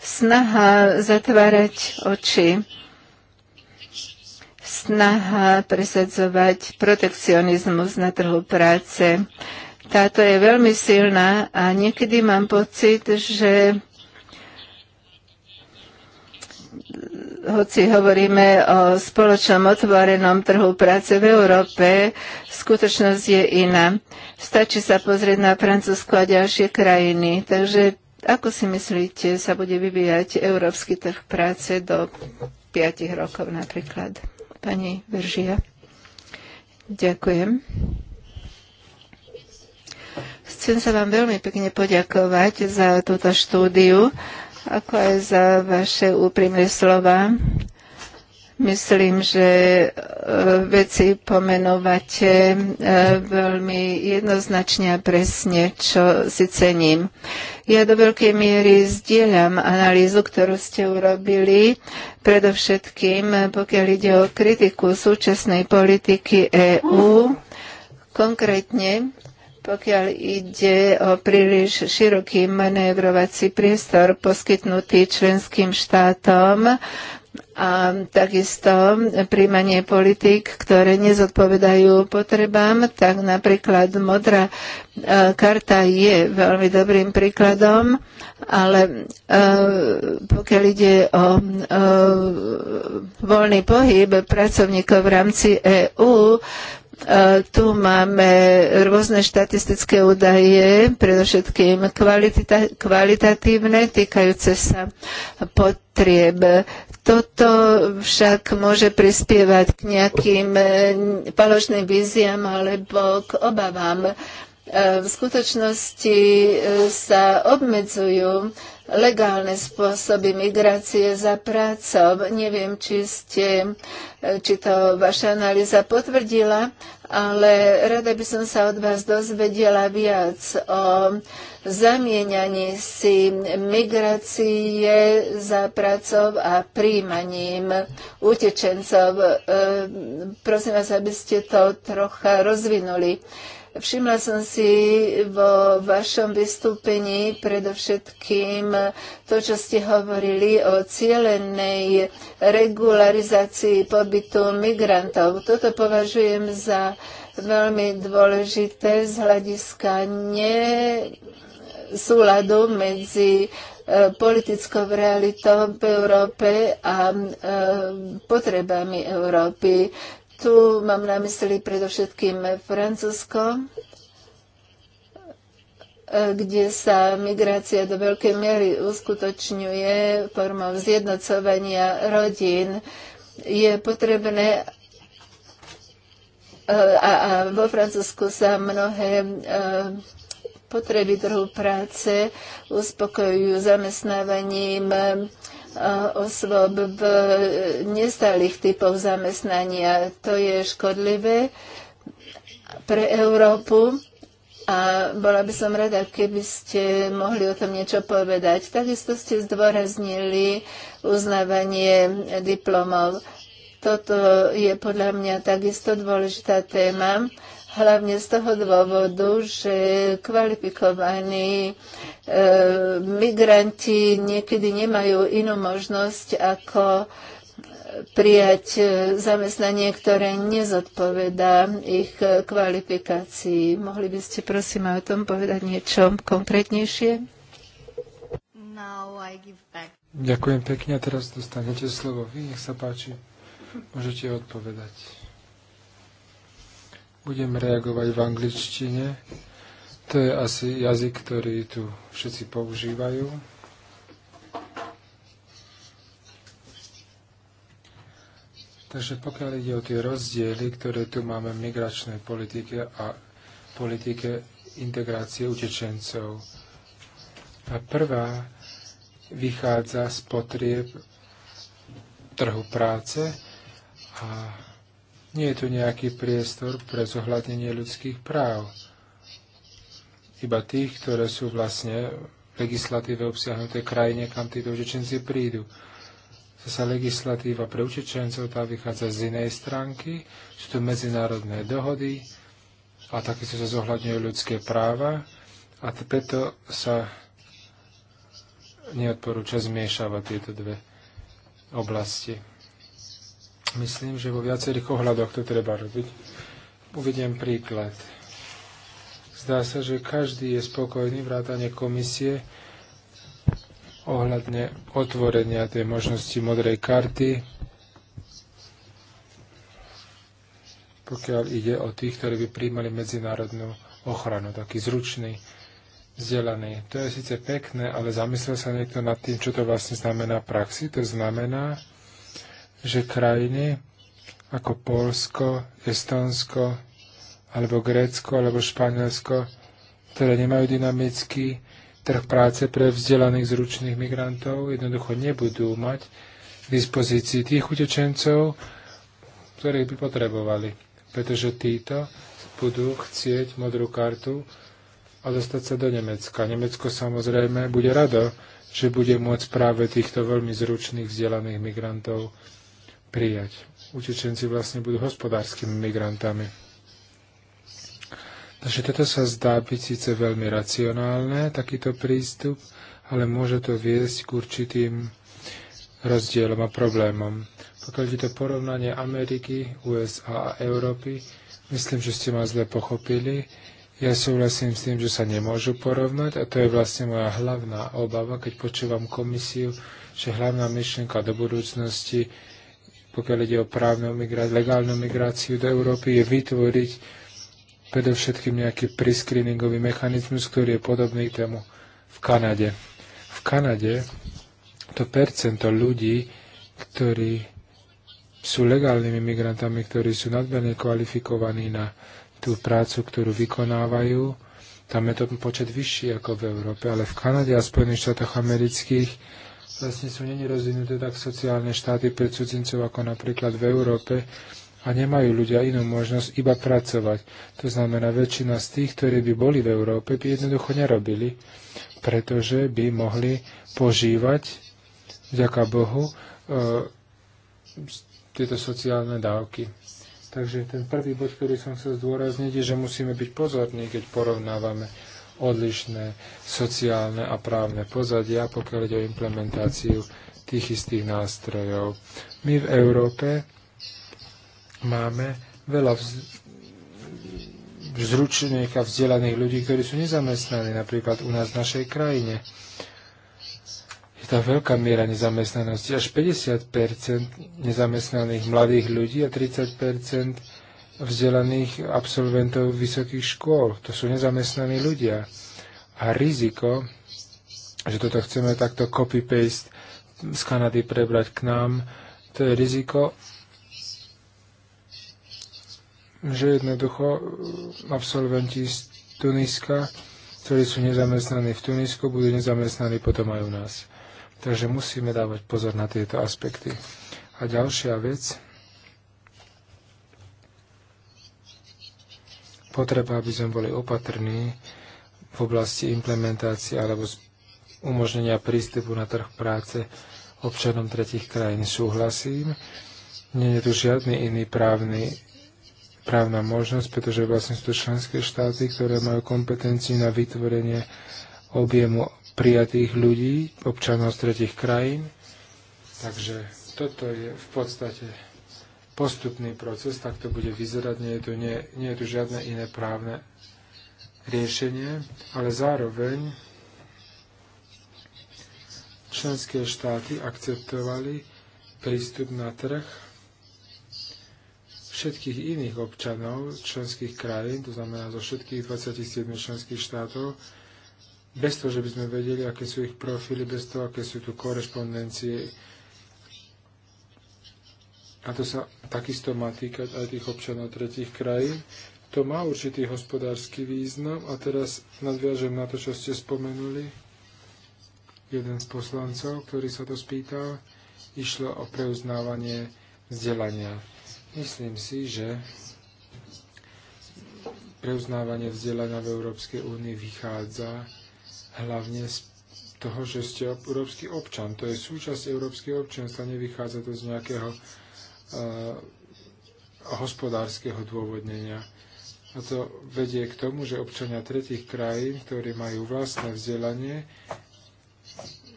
snaha zatvárať oči snaha presadzovať protekcionizmus na trhu práce. Táto je veľmi silná a niekedy mám pocit, že hoci hovoríme o spoločnom otvorenom trhu práce v Európe, skutočnosť je iná. Stačí sa pozrieť na Francúzsko a ďalšie krajiny. Takže ako si myslíte, sa bude vyvíjať európsky trh práce do 5 rokov napríklad? pani Veržia. Ďakujem. Chcem sa vám veľmi pekne poďakovať za túto štúdiu, ako aj za vaše úprimné slova Myslím, že e, veci pomenovate e, veľmi jednoznačne a presne, čo si cením. Ja do veľkej miery zdieľam analýzu, ktorú ste urobili, predovšetkým e, pokiaľ ide o kritiku súčasnej politiky EÚ, konkrétne pokiaľ ide o príliš široký manévrovací priestor poskytnutý členským štátom, a takisto príjmanie politik, ktoré nezodpovedajú potrebám, tak napríklad modrá e, karta je veľmi dobrým príkladom, ale e, pokiaľ ide o e, voľný pohyb pracovníkov v rámci EÚ, tu máme rôzne štatistické údaje, predovšetkým kvalita- kvalitatívne, týkajúce sa potrieb. Toto však môže prispievať k nejakým e, falošným víziám alebo k obavám e, v skutočnosti e, sa obmedzujú legálne spôsoby migrácie za prácou. Neviem, či, ste, či to vaša analýza potvrdila, ale rada by som sa od vás dozvedela viac o zamieňaní si migrácie za pracov a príjmaním utečencov. E, prosím vás, aby ste to trocha rozvinuli. Všimla som si vo vašom vystúpení predovšetkým to, čo ste hovorili o cielenej regularizácii pobytu migrantov. Toto považujem za veľmi dôležité z hľadiska nesúladu medzi e, politickou realitou v Európe a e, potrebami Európy. Tu mám na mysli predovšetkým Francúzsko, kde sa migrácia do veľkej miery uskutočňuje formou zjednocovania rodín. Je potrebné, e, a, a vo Francúzsku sa mnohé e, potreby trhu práce uspokojujú zamestnávaním E, osôb v nestálych typov zamestnania. To je škodlivé pre Európu a bola by som rada, keby ste mohli o tom niečo povedať. Takisto ste zdôraznili uznávanie diplomov. Toto je podľa mňa takisto dôležitá téma Hlavne z toho dôvodu, že kvalifikovaní e, migranti niekedy nemajú inú možnosť ako prijať e, zamestnanie, ktoré nezodpovedá ich kvalifikácii. Mohli by ste prosím o tom povedať niečo konkrétnejšie? Ďakujem pekne a teraz dostanete slovo. Vy nech sa páči, môžete odpovedať. Budem reagovať v angličtine. To je asi jazyk, ktorý tu všetci používajú. Takže pokiaľ ide o tie rozdiely, ktoré tu máme v migračnej politike a politike integrácie utečencov. A prvá vychádza z potrieb trhu práce a nie je tu nejaký priestor pre zohľadnenie ľudských práv. Iba tých, ktoré sú vlastne v legislatíve obsiahnuté krajine, kam títo utečenci prídu. Zasa legislatíva pre utečencov tá vychádza z inej stránky, sú tu medzinárodné dohody a takisto sa zohľadňujú ľudské práva a preto sa neodporúča zmiešavať tieto dve oblasti. Myslím, že vo viacerých ohľadoch to treba robiť. Uvediem príklad. Zdá sa, že každý je spokojný, vrátane komisie, ohľadne otvorenia tej možnosti modrej karty, pokiaľ ide o tých, ktorí by príjmali medzinárodnú ochranu, taký zručný, vzdelaný. To je síce pekné, ale zamyslel sa niekto nad tým, čo to vlastne znamená v praxi. To znamená, že krajiny ako Polsko, Estonsko, alebo Grécko, alebo Španielsko, ktoré nemajú dynamický trh práce pre vzdelaných zručných migrantov, jednoducho nebudú mať k dispozícii tých utečencov, ktorých by potrebovali. Pretože títo budú chcieť modrú kartu a dostať sa do Nemecka. Nemecko samozrejme bude rado, že bude môcť práve týchto veľmi zručných vzdelaných migrantov prijať. Utečenci vlastne budú hospodárskymi migrantami. Takže toto sa zdá byť síce veľmi racionálne, takýto prístup, ale môže to viesť k určitým rozdielom a problémom. Pokiaľ je to porovnanie Ameriky, USA a Európy, myslím, že ste ma zle pochopili. Ja súhlasím s tým, že sa nemôžu porovnať a to je vlastne moja hlavná obava, keď počúvam komisiu, že hlavná myšlienka do budúcnosti pokiaľ ide o právnu migráciu, legálnu migráciu do Európy, je vytvoriť predovšetkým nejaký prescreeningový mechanizmus, ktorý je podobný tomu v Kanade. V Kanade to percento ľudí, ktorí sú legálnymi migrantami, ktorí sú nadmerne kvalifikovaní na tú prácu, ktorú vykonávajú, tam je to počet vyšší ako v Európe, ale v Kanade a Spojených štátoch amerických vlastne sú není rozvinuté tak sociálne štáty pre cudzincov ako napríklad v Európe a nemajú ľudia inú možnosť iba pracovať. To znamená, väčšina z tých, ktorí by boli v Európe, by jednoducho nerobili, pretože by mohli požívať, vďaka Bohu, e, tieto sociálne dávky. Takže ten prvý bod, ktorý som chcel zdôrazniť, je, že musíme byť pozorní, keď porovnávame odlišné sociálne a právne pozadia, pokiaľ ide o implementáciu tých istých nástrojov. My v Európe máme veľa vzručených a vzdelaných ľudí, ktorí sú nezamestnaní, napríklad u nás v našej krajine. Je tá veľká miera nezamestnanosti, až 50 nezamestnaných mladých ľudí a 30 vzdelaných absolventov vysokých škôl. To sú nezamestnaní ľudia. A riziko, že toto chceme takto copy-paste z Kanady prebrať k nám, to je riziko, že jednoducho absolventi z Tuniska, ktorí sú nezamestnaní v Tunisku, budú nezamestnaní potom aj u nás. Takže musíme dávať pozor na tieto aspekty. A ďalšia vec, potreba, aby sme boli opatrní v oblasti implementácie alebo umožnenia prístupu na trh práce občanom tretich krajín. Súhlasím. Nie je tu žiadny iný právny právna možnosť, pretože vlastne sú to členské štáty, ktoré majú kompetenciu na vytvorenie objemu prijatých ľudí, občanov z tretich krajín. Takže toto je v podstate postupný proces, tak to bude vyzerať, nie je tu, nie, nie je tu žiadne iné právne riešenie, ale zároveň členské štáty akceptovali prístup na trh všetkých iných občanov členských krajín, to znamená zo všetkých 27 členských štátov, bez toho, že by sme vedeli, aké sú ich profily, bez toho, aké sú tu korešpondencie a to sa takisto má týkať aj tých občanov tretich krajín, to má určitý hospodársky význam a teraz nadviažem na to, čo ste spomenuli. Jeden z poslancov, ktorý sa to spýtal, išlo o preuznávanie vzdelania. Myslím si, že preuznávanie vzdelania v Európskej únii vychádza hlavne z toho, že ste európsky občan. To je súčasť európskeho občanstva, nevychádza to z nejakého hospodárskeho dôvodnenia. A to vedie k tomu, že občania tretich krajín, ktorí majú vlastné vzdelanie,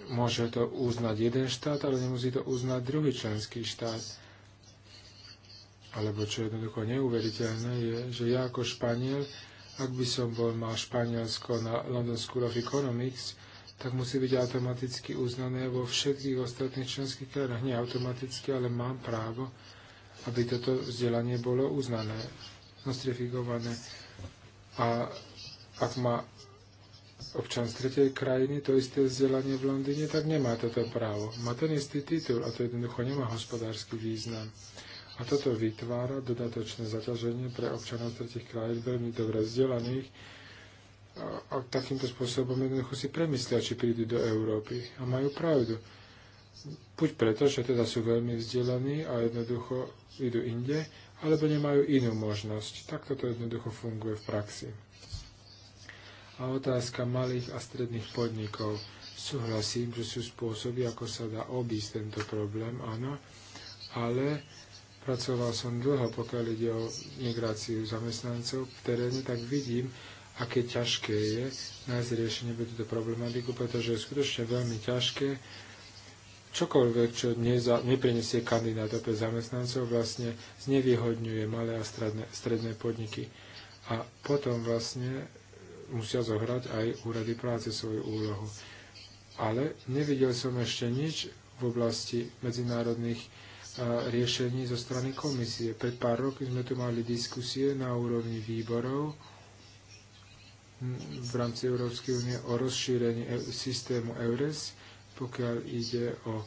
môže to uznať jeden štát, ale nemusí to uznať druhý členský štát. Alebo čo je jednoducho neuveriteľné, je, že ja ako Španiel, ak by som bol mal Španielsko na London School of Economics, tak musí byť automaticky uznané vo všetkých ostatných členských krajinách. Nie automaticky, ale mám právo, aby toto vzdelanie bolo uznané, nostrifikované. A ak má občan z tretej krajiny to isté vzdelanie v Londýne, tak nemá toto právo. Má ten istý titul a to jednoducho nemá hospodársky význam. A toto vytvára dodatočné zaťaženie pre občanov tretich krajín veľmi dobre vzdelaných, a takýmto spôsobom jednoducho si premyslia, či prídu do Európy. A majú pravdu. Buď preto, že teda sú veľmi vzdelaní a jednoducho idú inde, alebo nemajú inú možnosť. Takto to jednoducho funguje v praxi. A otázka malých a stredných podnikov. Súhlasím, že sú spôsoby, ako sa dá obísť tento problém, áno, ale pracoval som dlho, pokiaľ ide o migráciu zamestnancov v teréne, tak vidím, aké ťažké je nájsť riešenie pre túto problematiku, pretože je skutočne veľmi ťažké čokoľvek, čo neza, neprinesie kandidáta pre zamestnancov, vlastne znevýhodňuje malé a stredné, stredné podniky. A potom vlastne musia zohrať aj úrady práce svoju úlohu. Ale nevidel som ešte nič v oblasti medzinárodných riešení zo strany komisie. Pred pár rokmi sme tu mali diskusie na úrovni výborov v rámci Európskej únie o rozšírení e- systému EURES, pokiaľ ide o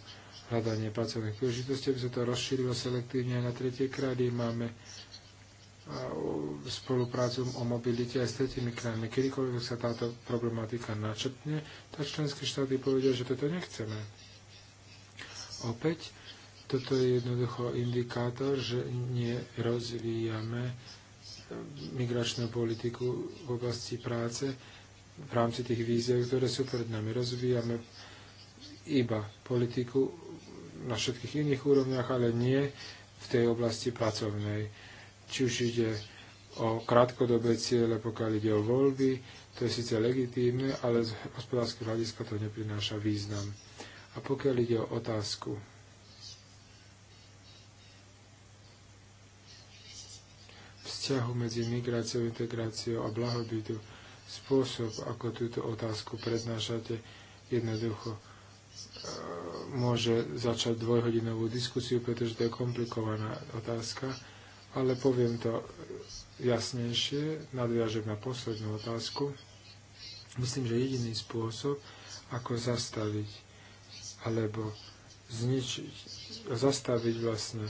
hľadanie pracovných príležitostí, aby sa to rozšírilo selektívne aj na tretie krajiny. Máme spoluprácu o mobilite aj s tretimi krajinami. Kedykoľvek sa táto problematika načrtne, tak členské štáty povedia, že toto nechceme. Opäť, toto je jednoducho indikátor, že nerozvíjame migračnú politiku v oblasti práce v rámci tých víziev, ktoré sú pred nami. Rozvíjame iba politiku na všetkých iných úrovniach, ale nie v tej oblasti pracovnej. Či už ide o krátkodobé ciele, pokiaľ ide o voľby, to je síce legitímne, ale z hospodárskeho hľadiska to neprináša význam. A pokiaľ ide o otázku vzťahu medzi migráciou, integráciou a blahobytu. Spôsob, ako túto otázku prednášate, jednoducho e, môže začať dvojhodinovú diskusiu, pretože to je komplikovaná otázka, ale poviem to jasnejšie, nadviažem na poslednú otázku. Myslím, že jediný spôsob, ako zastaviť alebo zničiť, zastaviť vlastne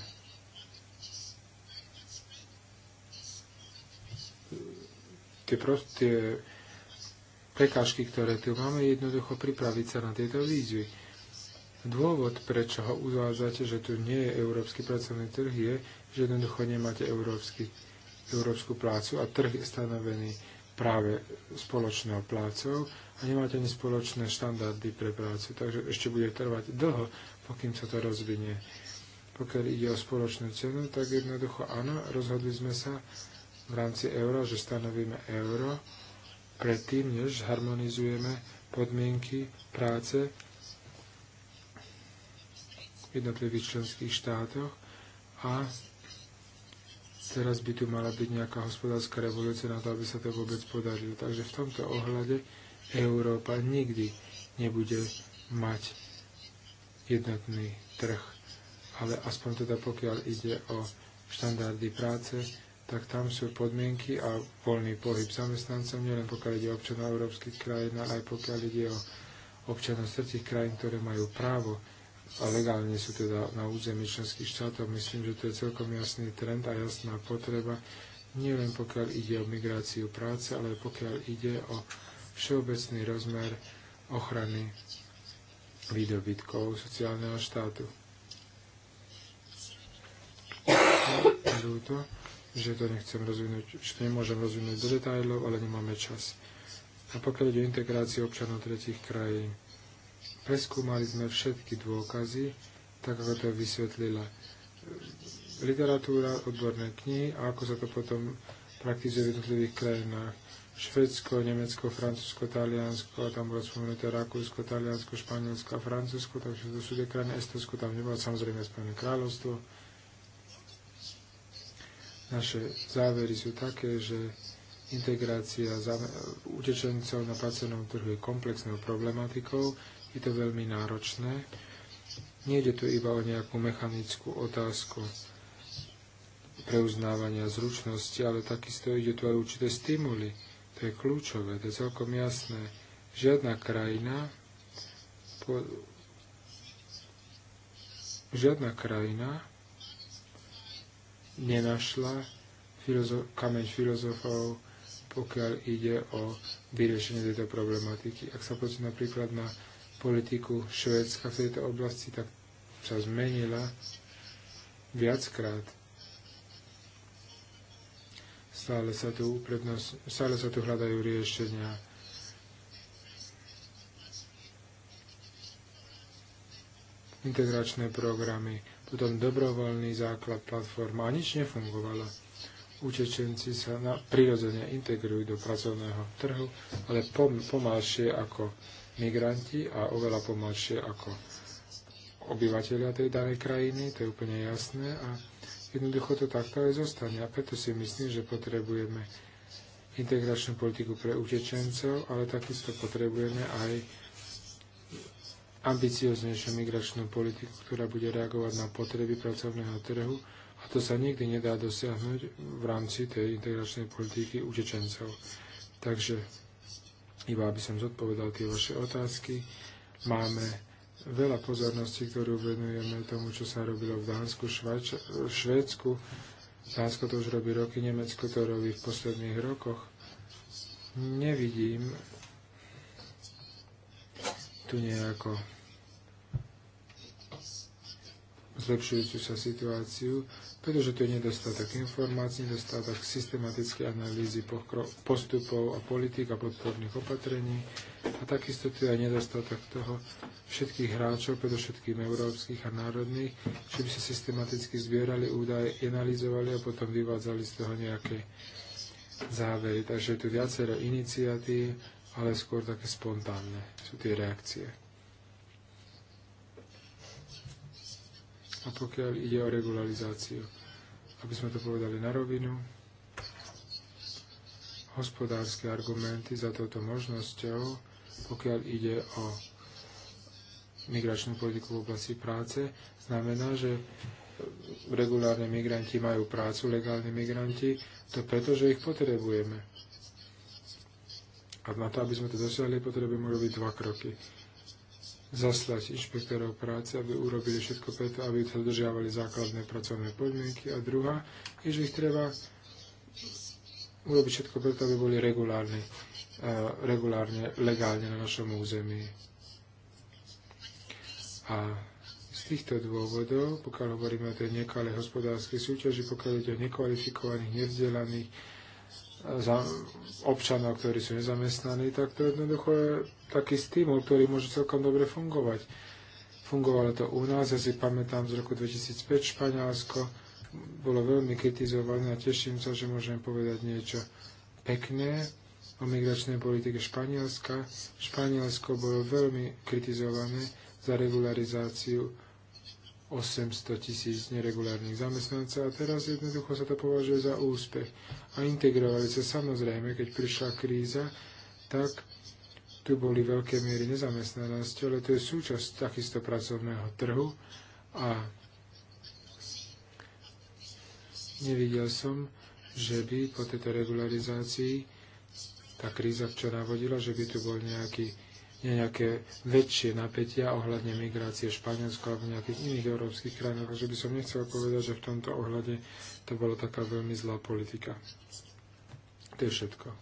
tie, prost, tie prekážky, ktoré tu máme, jednoducho pripraviť sa na tieto výzvy. Dôvod, prečo ho uvádzate, že tu nie je európsky pracovný trh, je, že jednoducho nemáte európsky, európsku plácu a trh je stanovený práve spoločnou plácou a nemáte ani spoločné štandardy pre prácu, takže ešte bude trvať dlho, pokým sa to rozvinie pokiaľ ide o spoločnú cenu, tak jednoducho áno, rozhodli sme sa v rámci euro, že stanovíme euro predtým, než harmonizujeme podmienky práce v jednotlivých členských štátoch a teraz by tu mala byť nejaká hospodárska revolúcia na to, aby sa to vôbec podarilo. Takže v tomto ohľade Európa nikdy nebude mať jednotný trh. Ale aspoň teda pokiaľ ide o štandardy práce, tak tam sú podmienky a voľný pohyb zamestnancov, nielen pokiaľ ide o občanov európskych krajín, ale aj pokiaľ ide o občanov tretich krajín, ktoré majú právo a legálne sú teda na území členských štátov. Myslím, že to je celkom jasný trend a jasná potreba, nielen pokiaľ ide o migráciu práce, ale pokiaľ ide o všeobecný rozmer ochrany výdobytkov sociálneho štátu. No, že to nechcem rozvinúť, že to nemôžem rozvinúť do detajlov, ale nemáme čas. A pokiaľ ide o integráciu občanov tretich krajín, preskúmali sme všetky dôkazy, tak ako to vysvetlila eh, literatúra, odborné knihy a ako sa to potom praktizuje v jednotlivých krajinách. Švedsko, Nemecko, Francúzsko, Taliansko, a tam bolo spomenuté Rakúsko, Taliansko, Španielsko a Francúzsko, takže to sú tie krajiny, Estonsko tam nebolo, samozrejme Spojené kráľovstvo. Naše závery sú také, že integrácia utečencov na pracovnom trhu je komplexnou problematikou, je to veľmi náročné. Nejde tu iba o nejakú mechanickú otázku preuznávania zručnosti, ale takisto ide tu aj určité stimuly. To je kľúčové, to je celkom jasné. Žiadna krajina po, žiadna krajina nenašla filozof, kameň filozofov, pokiaľ ide o vyriešenie tejto problematiky. Ak sa pozrieme napríklad na politiku Švédska v tejto oblasti, tak sa zmenila viackrát. Stále sa tu, prednos, stále sa tu hľadajú riešenia. Integračné programy, potom dobrovoľný základ platforma a nič nefungovalo. Utečenci sa na, prirodzene integrujú do pracovného trhu, ale pom, pomalšie ako migranti a oveľa pomalšie ako obyvateľia tej danej krajiny, to je úplne jasné a jednoducho to takto aj zostane. A preto si myslím, že potrebujeme integračnú politiku pre utečencov, ale takisto potrebujeme aj ambicioznejšiu migračnú politiku, ktorá bude reagovať na potreby pracovného trhu a to sa nikdy nedá dosiahnuť v rámci tej integračnej politiky utečencov. Takže iba aby som zodpovedal tie vaše otázky, máme veľa pozornosti, ktorú venujeme tomu, čo sa robilo v Dánsku, Švédsku. Dánsko to už robí roky, Nemecko to robí v posledných rokoch. Nevidím tu nejako zlepšujúcu sa situáciu, pretože to je nedostatok informácií, nedostatok systematickej analýzy postupov a politik a podporných opatrení a takisto tu je aj nedostatok toho všetkých hráčov, predovšetkým európskych a národných, že by sa systematicky zbierali údaje, analyzovali a potom vyvádzali z toho nejaké závery. Takže je tu viacero iniciatív, ale skôr také spontánne sú tie reakcie. a pokiaľ ide o regularizáciu. Aby sme to povedali na rovinu, hospodárske argumenty za touto možnosťou, pokiaľ ide o migračnú politiku v oblasti práce, znamená, že regulárne migranti majú prácu, legálni migranti, to preto, že ich potrebujeme. A na to, aby sme to dosiahli, potrebujeme robiť dva kroky zaslať inšpektorov práce, aby urobili všetko preto, aby dodržiavali základné pracovné podmienky. A druhá je, že ich treba urobiť všetko preto, aby boli regulárne, regulárne legálne na našom území. A z týchto dôvodov, pokiaľ hovoríme o tej nekalej hospodárskej súťaži, pokiaľ ide o nekvalifikovaných, nevzdelaných, za občanov, ktorí sú nezamestnaní, tak to jednoducho je taký stimul, ktorý môže celkom dobre fungovať. Fungovalo to u nás, ja si pamätám z roku 2005 Španielsko, bolo veľmi kritizované a teším sa, že môžem povedať niečo pekné o migračnej politike Španielska. Španielsko bolo veľmi kritizované za regularizáciu 800 tisíc neregulárnych zamestnancov a teraz jednoducho sa to považuje za úspech. A integrovali sa samozrejme, keď prišla kríza, tak tu boli veľké miery nezamestnanosti, ale to je súčasť takisto pracovného trhu a nevidel som, že by po tejto regularizácii tá kríza, čo navodila, že by tu bol nejaký nejaké väčšie napätia ohľadne migrácie v alebo nejakých iných európskych krajinách. Takže by som nechcel povedať, že v tomto ohľade to bola taká veľmi zlá politika. To je všetko.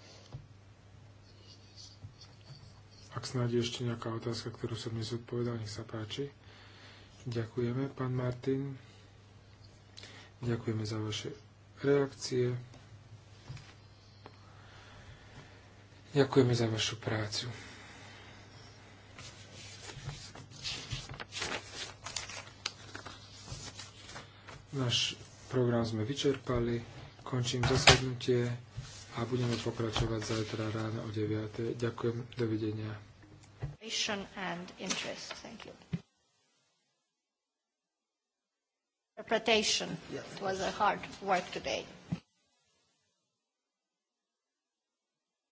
Ak snáď ešte nejaká otázka, ktorú som nezodpovedal, nech sa páči. Ďakujeme, pán Martin. Ďakujeme za vaše reakcie. Ďakujeme za vašu prácu. Náš program sme vyčerpali. Končím zasadnutie a budeme pokračovať zajtra ráno o 9. Ďakujem. Dovidenia. And interest. Thank you. Interpretation yes. was a hard work today.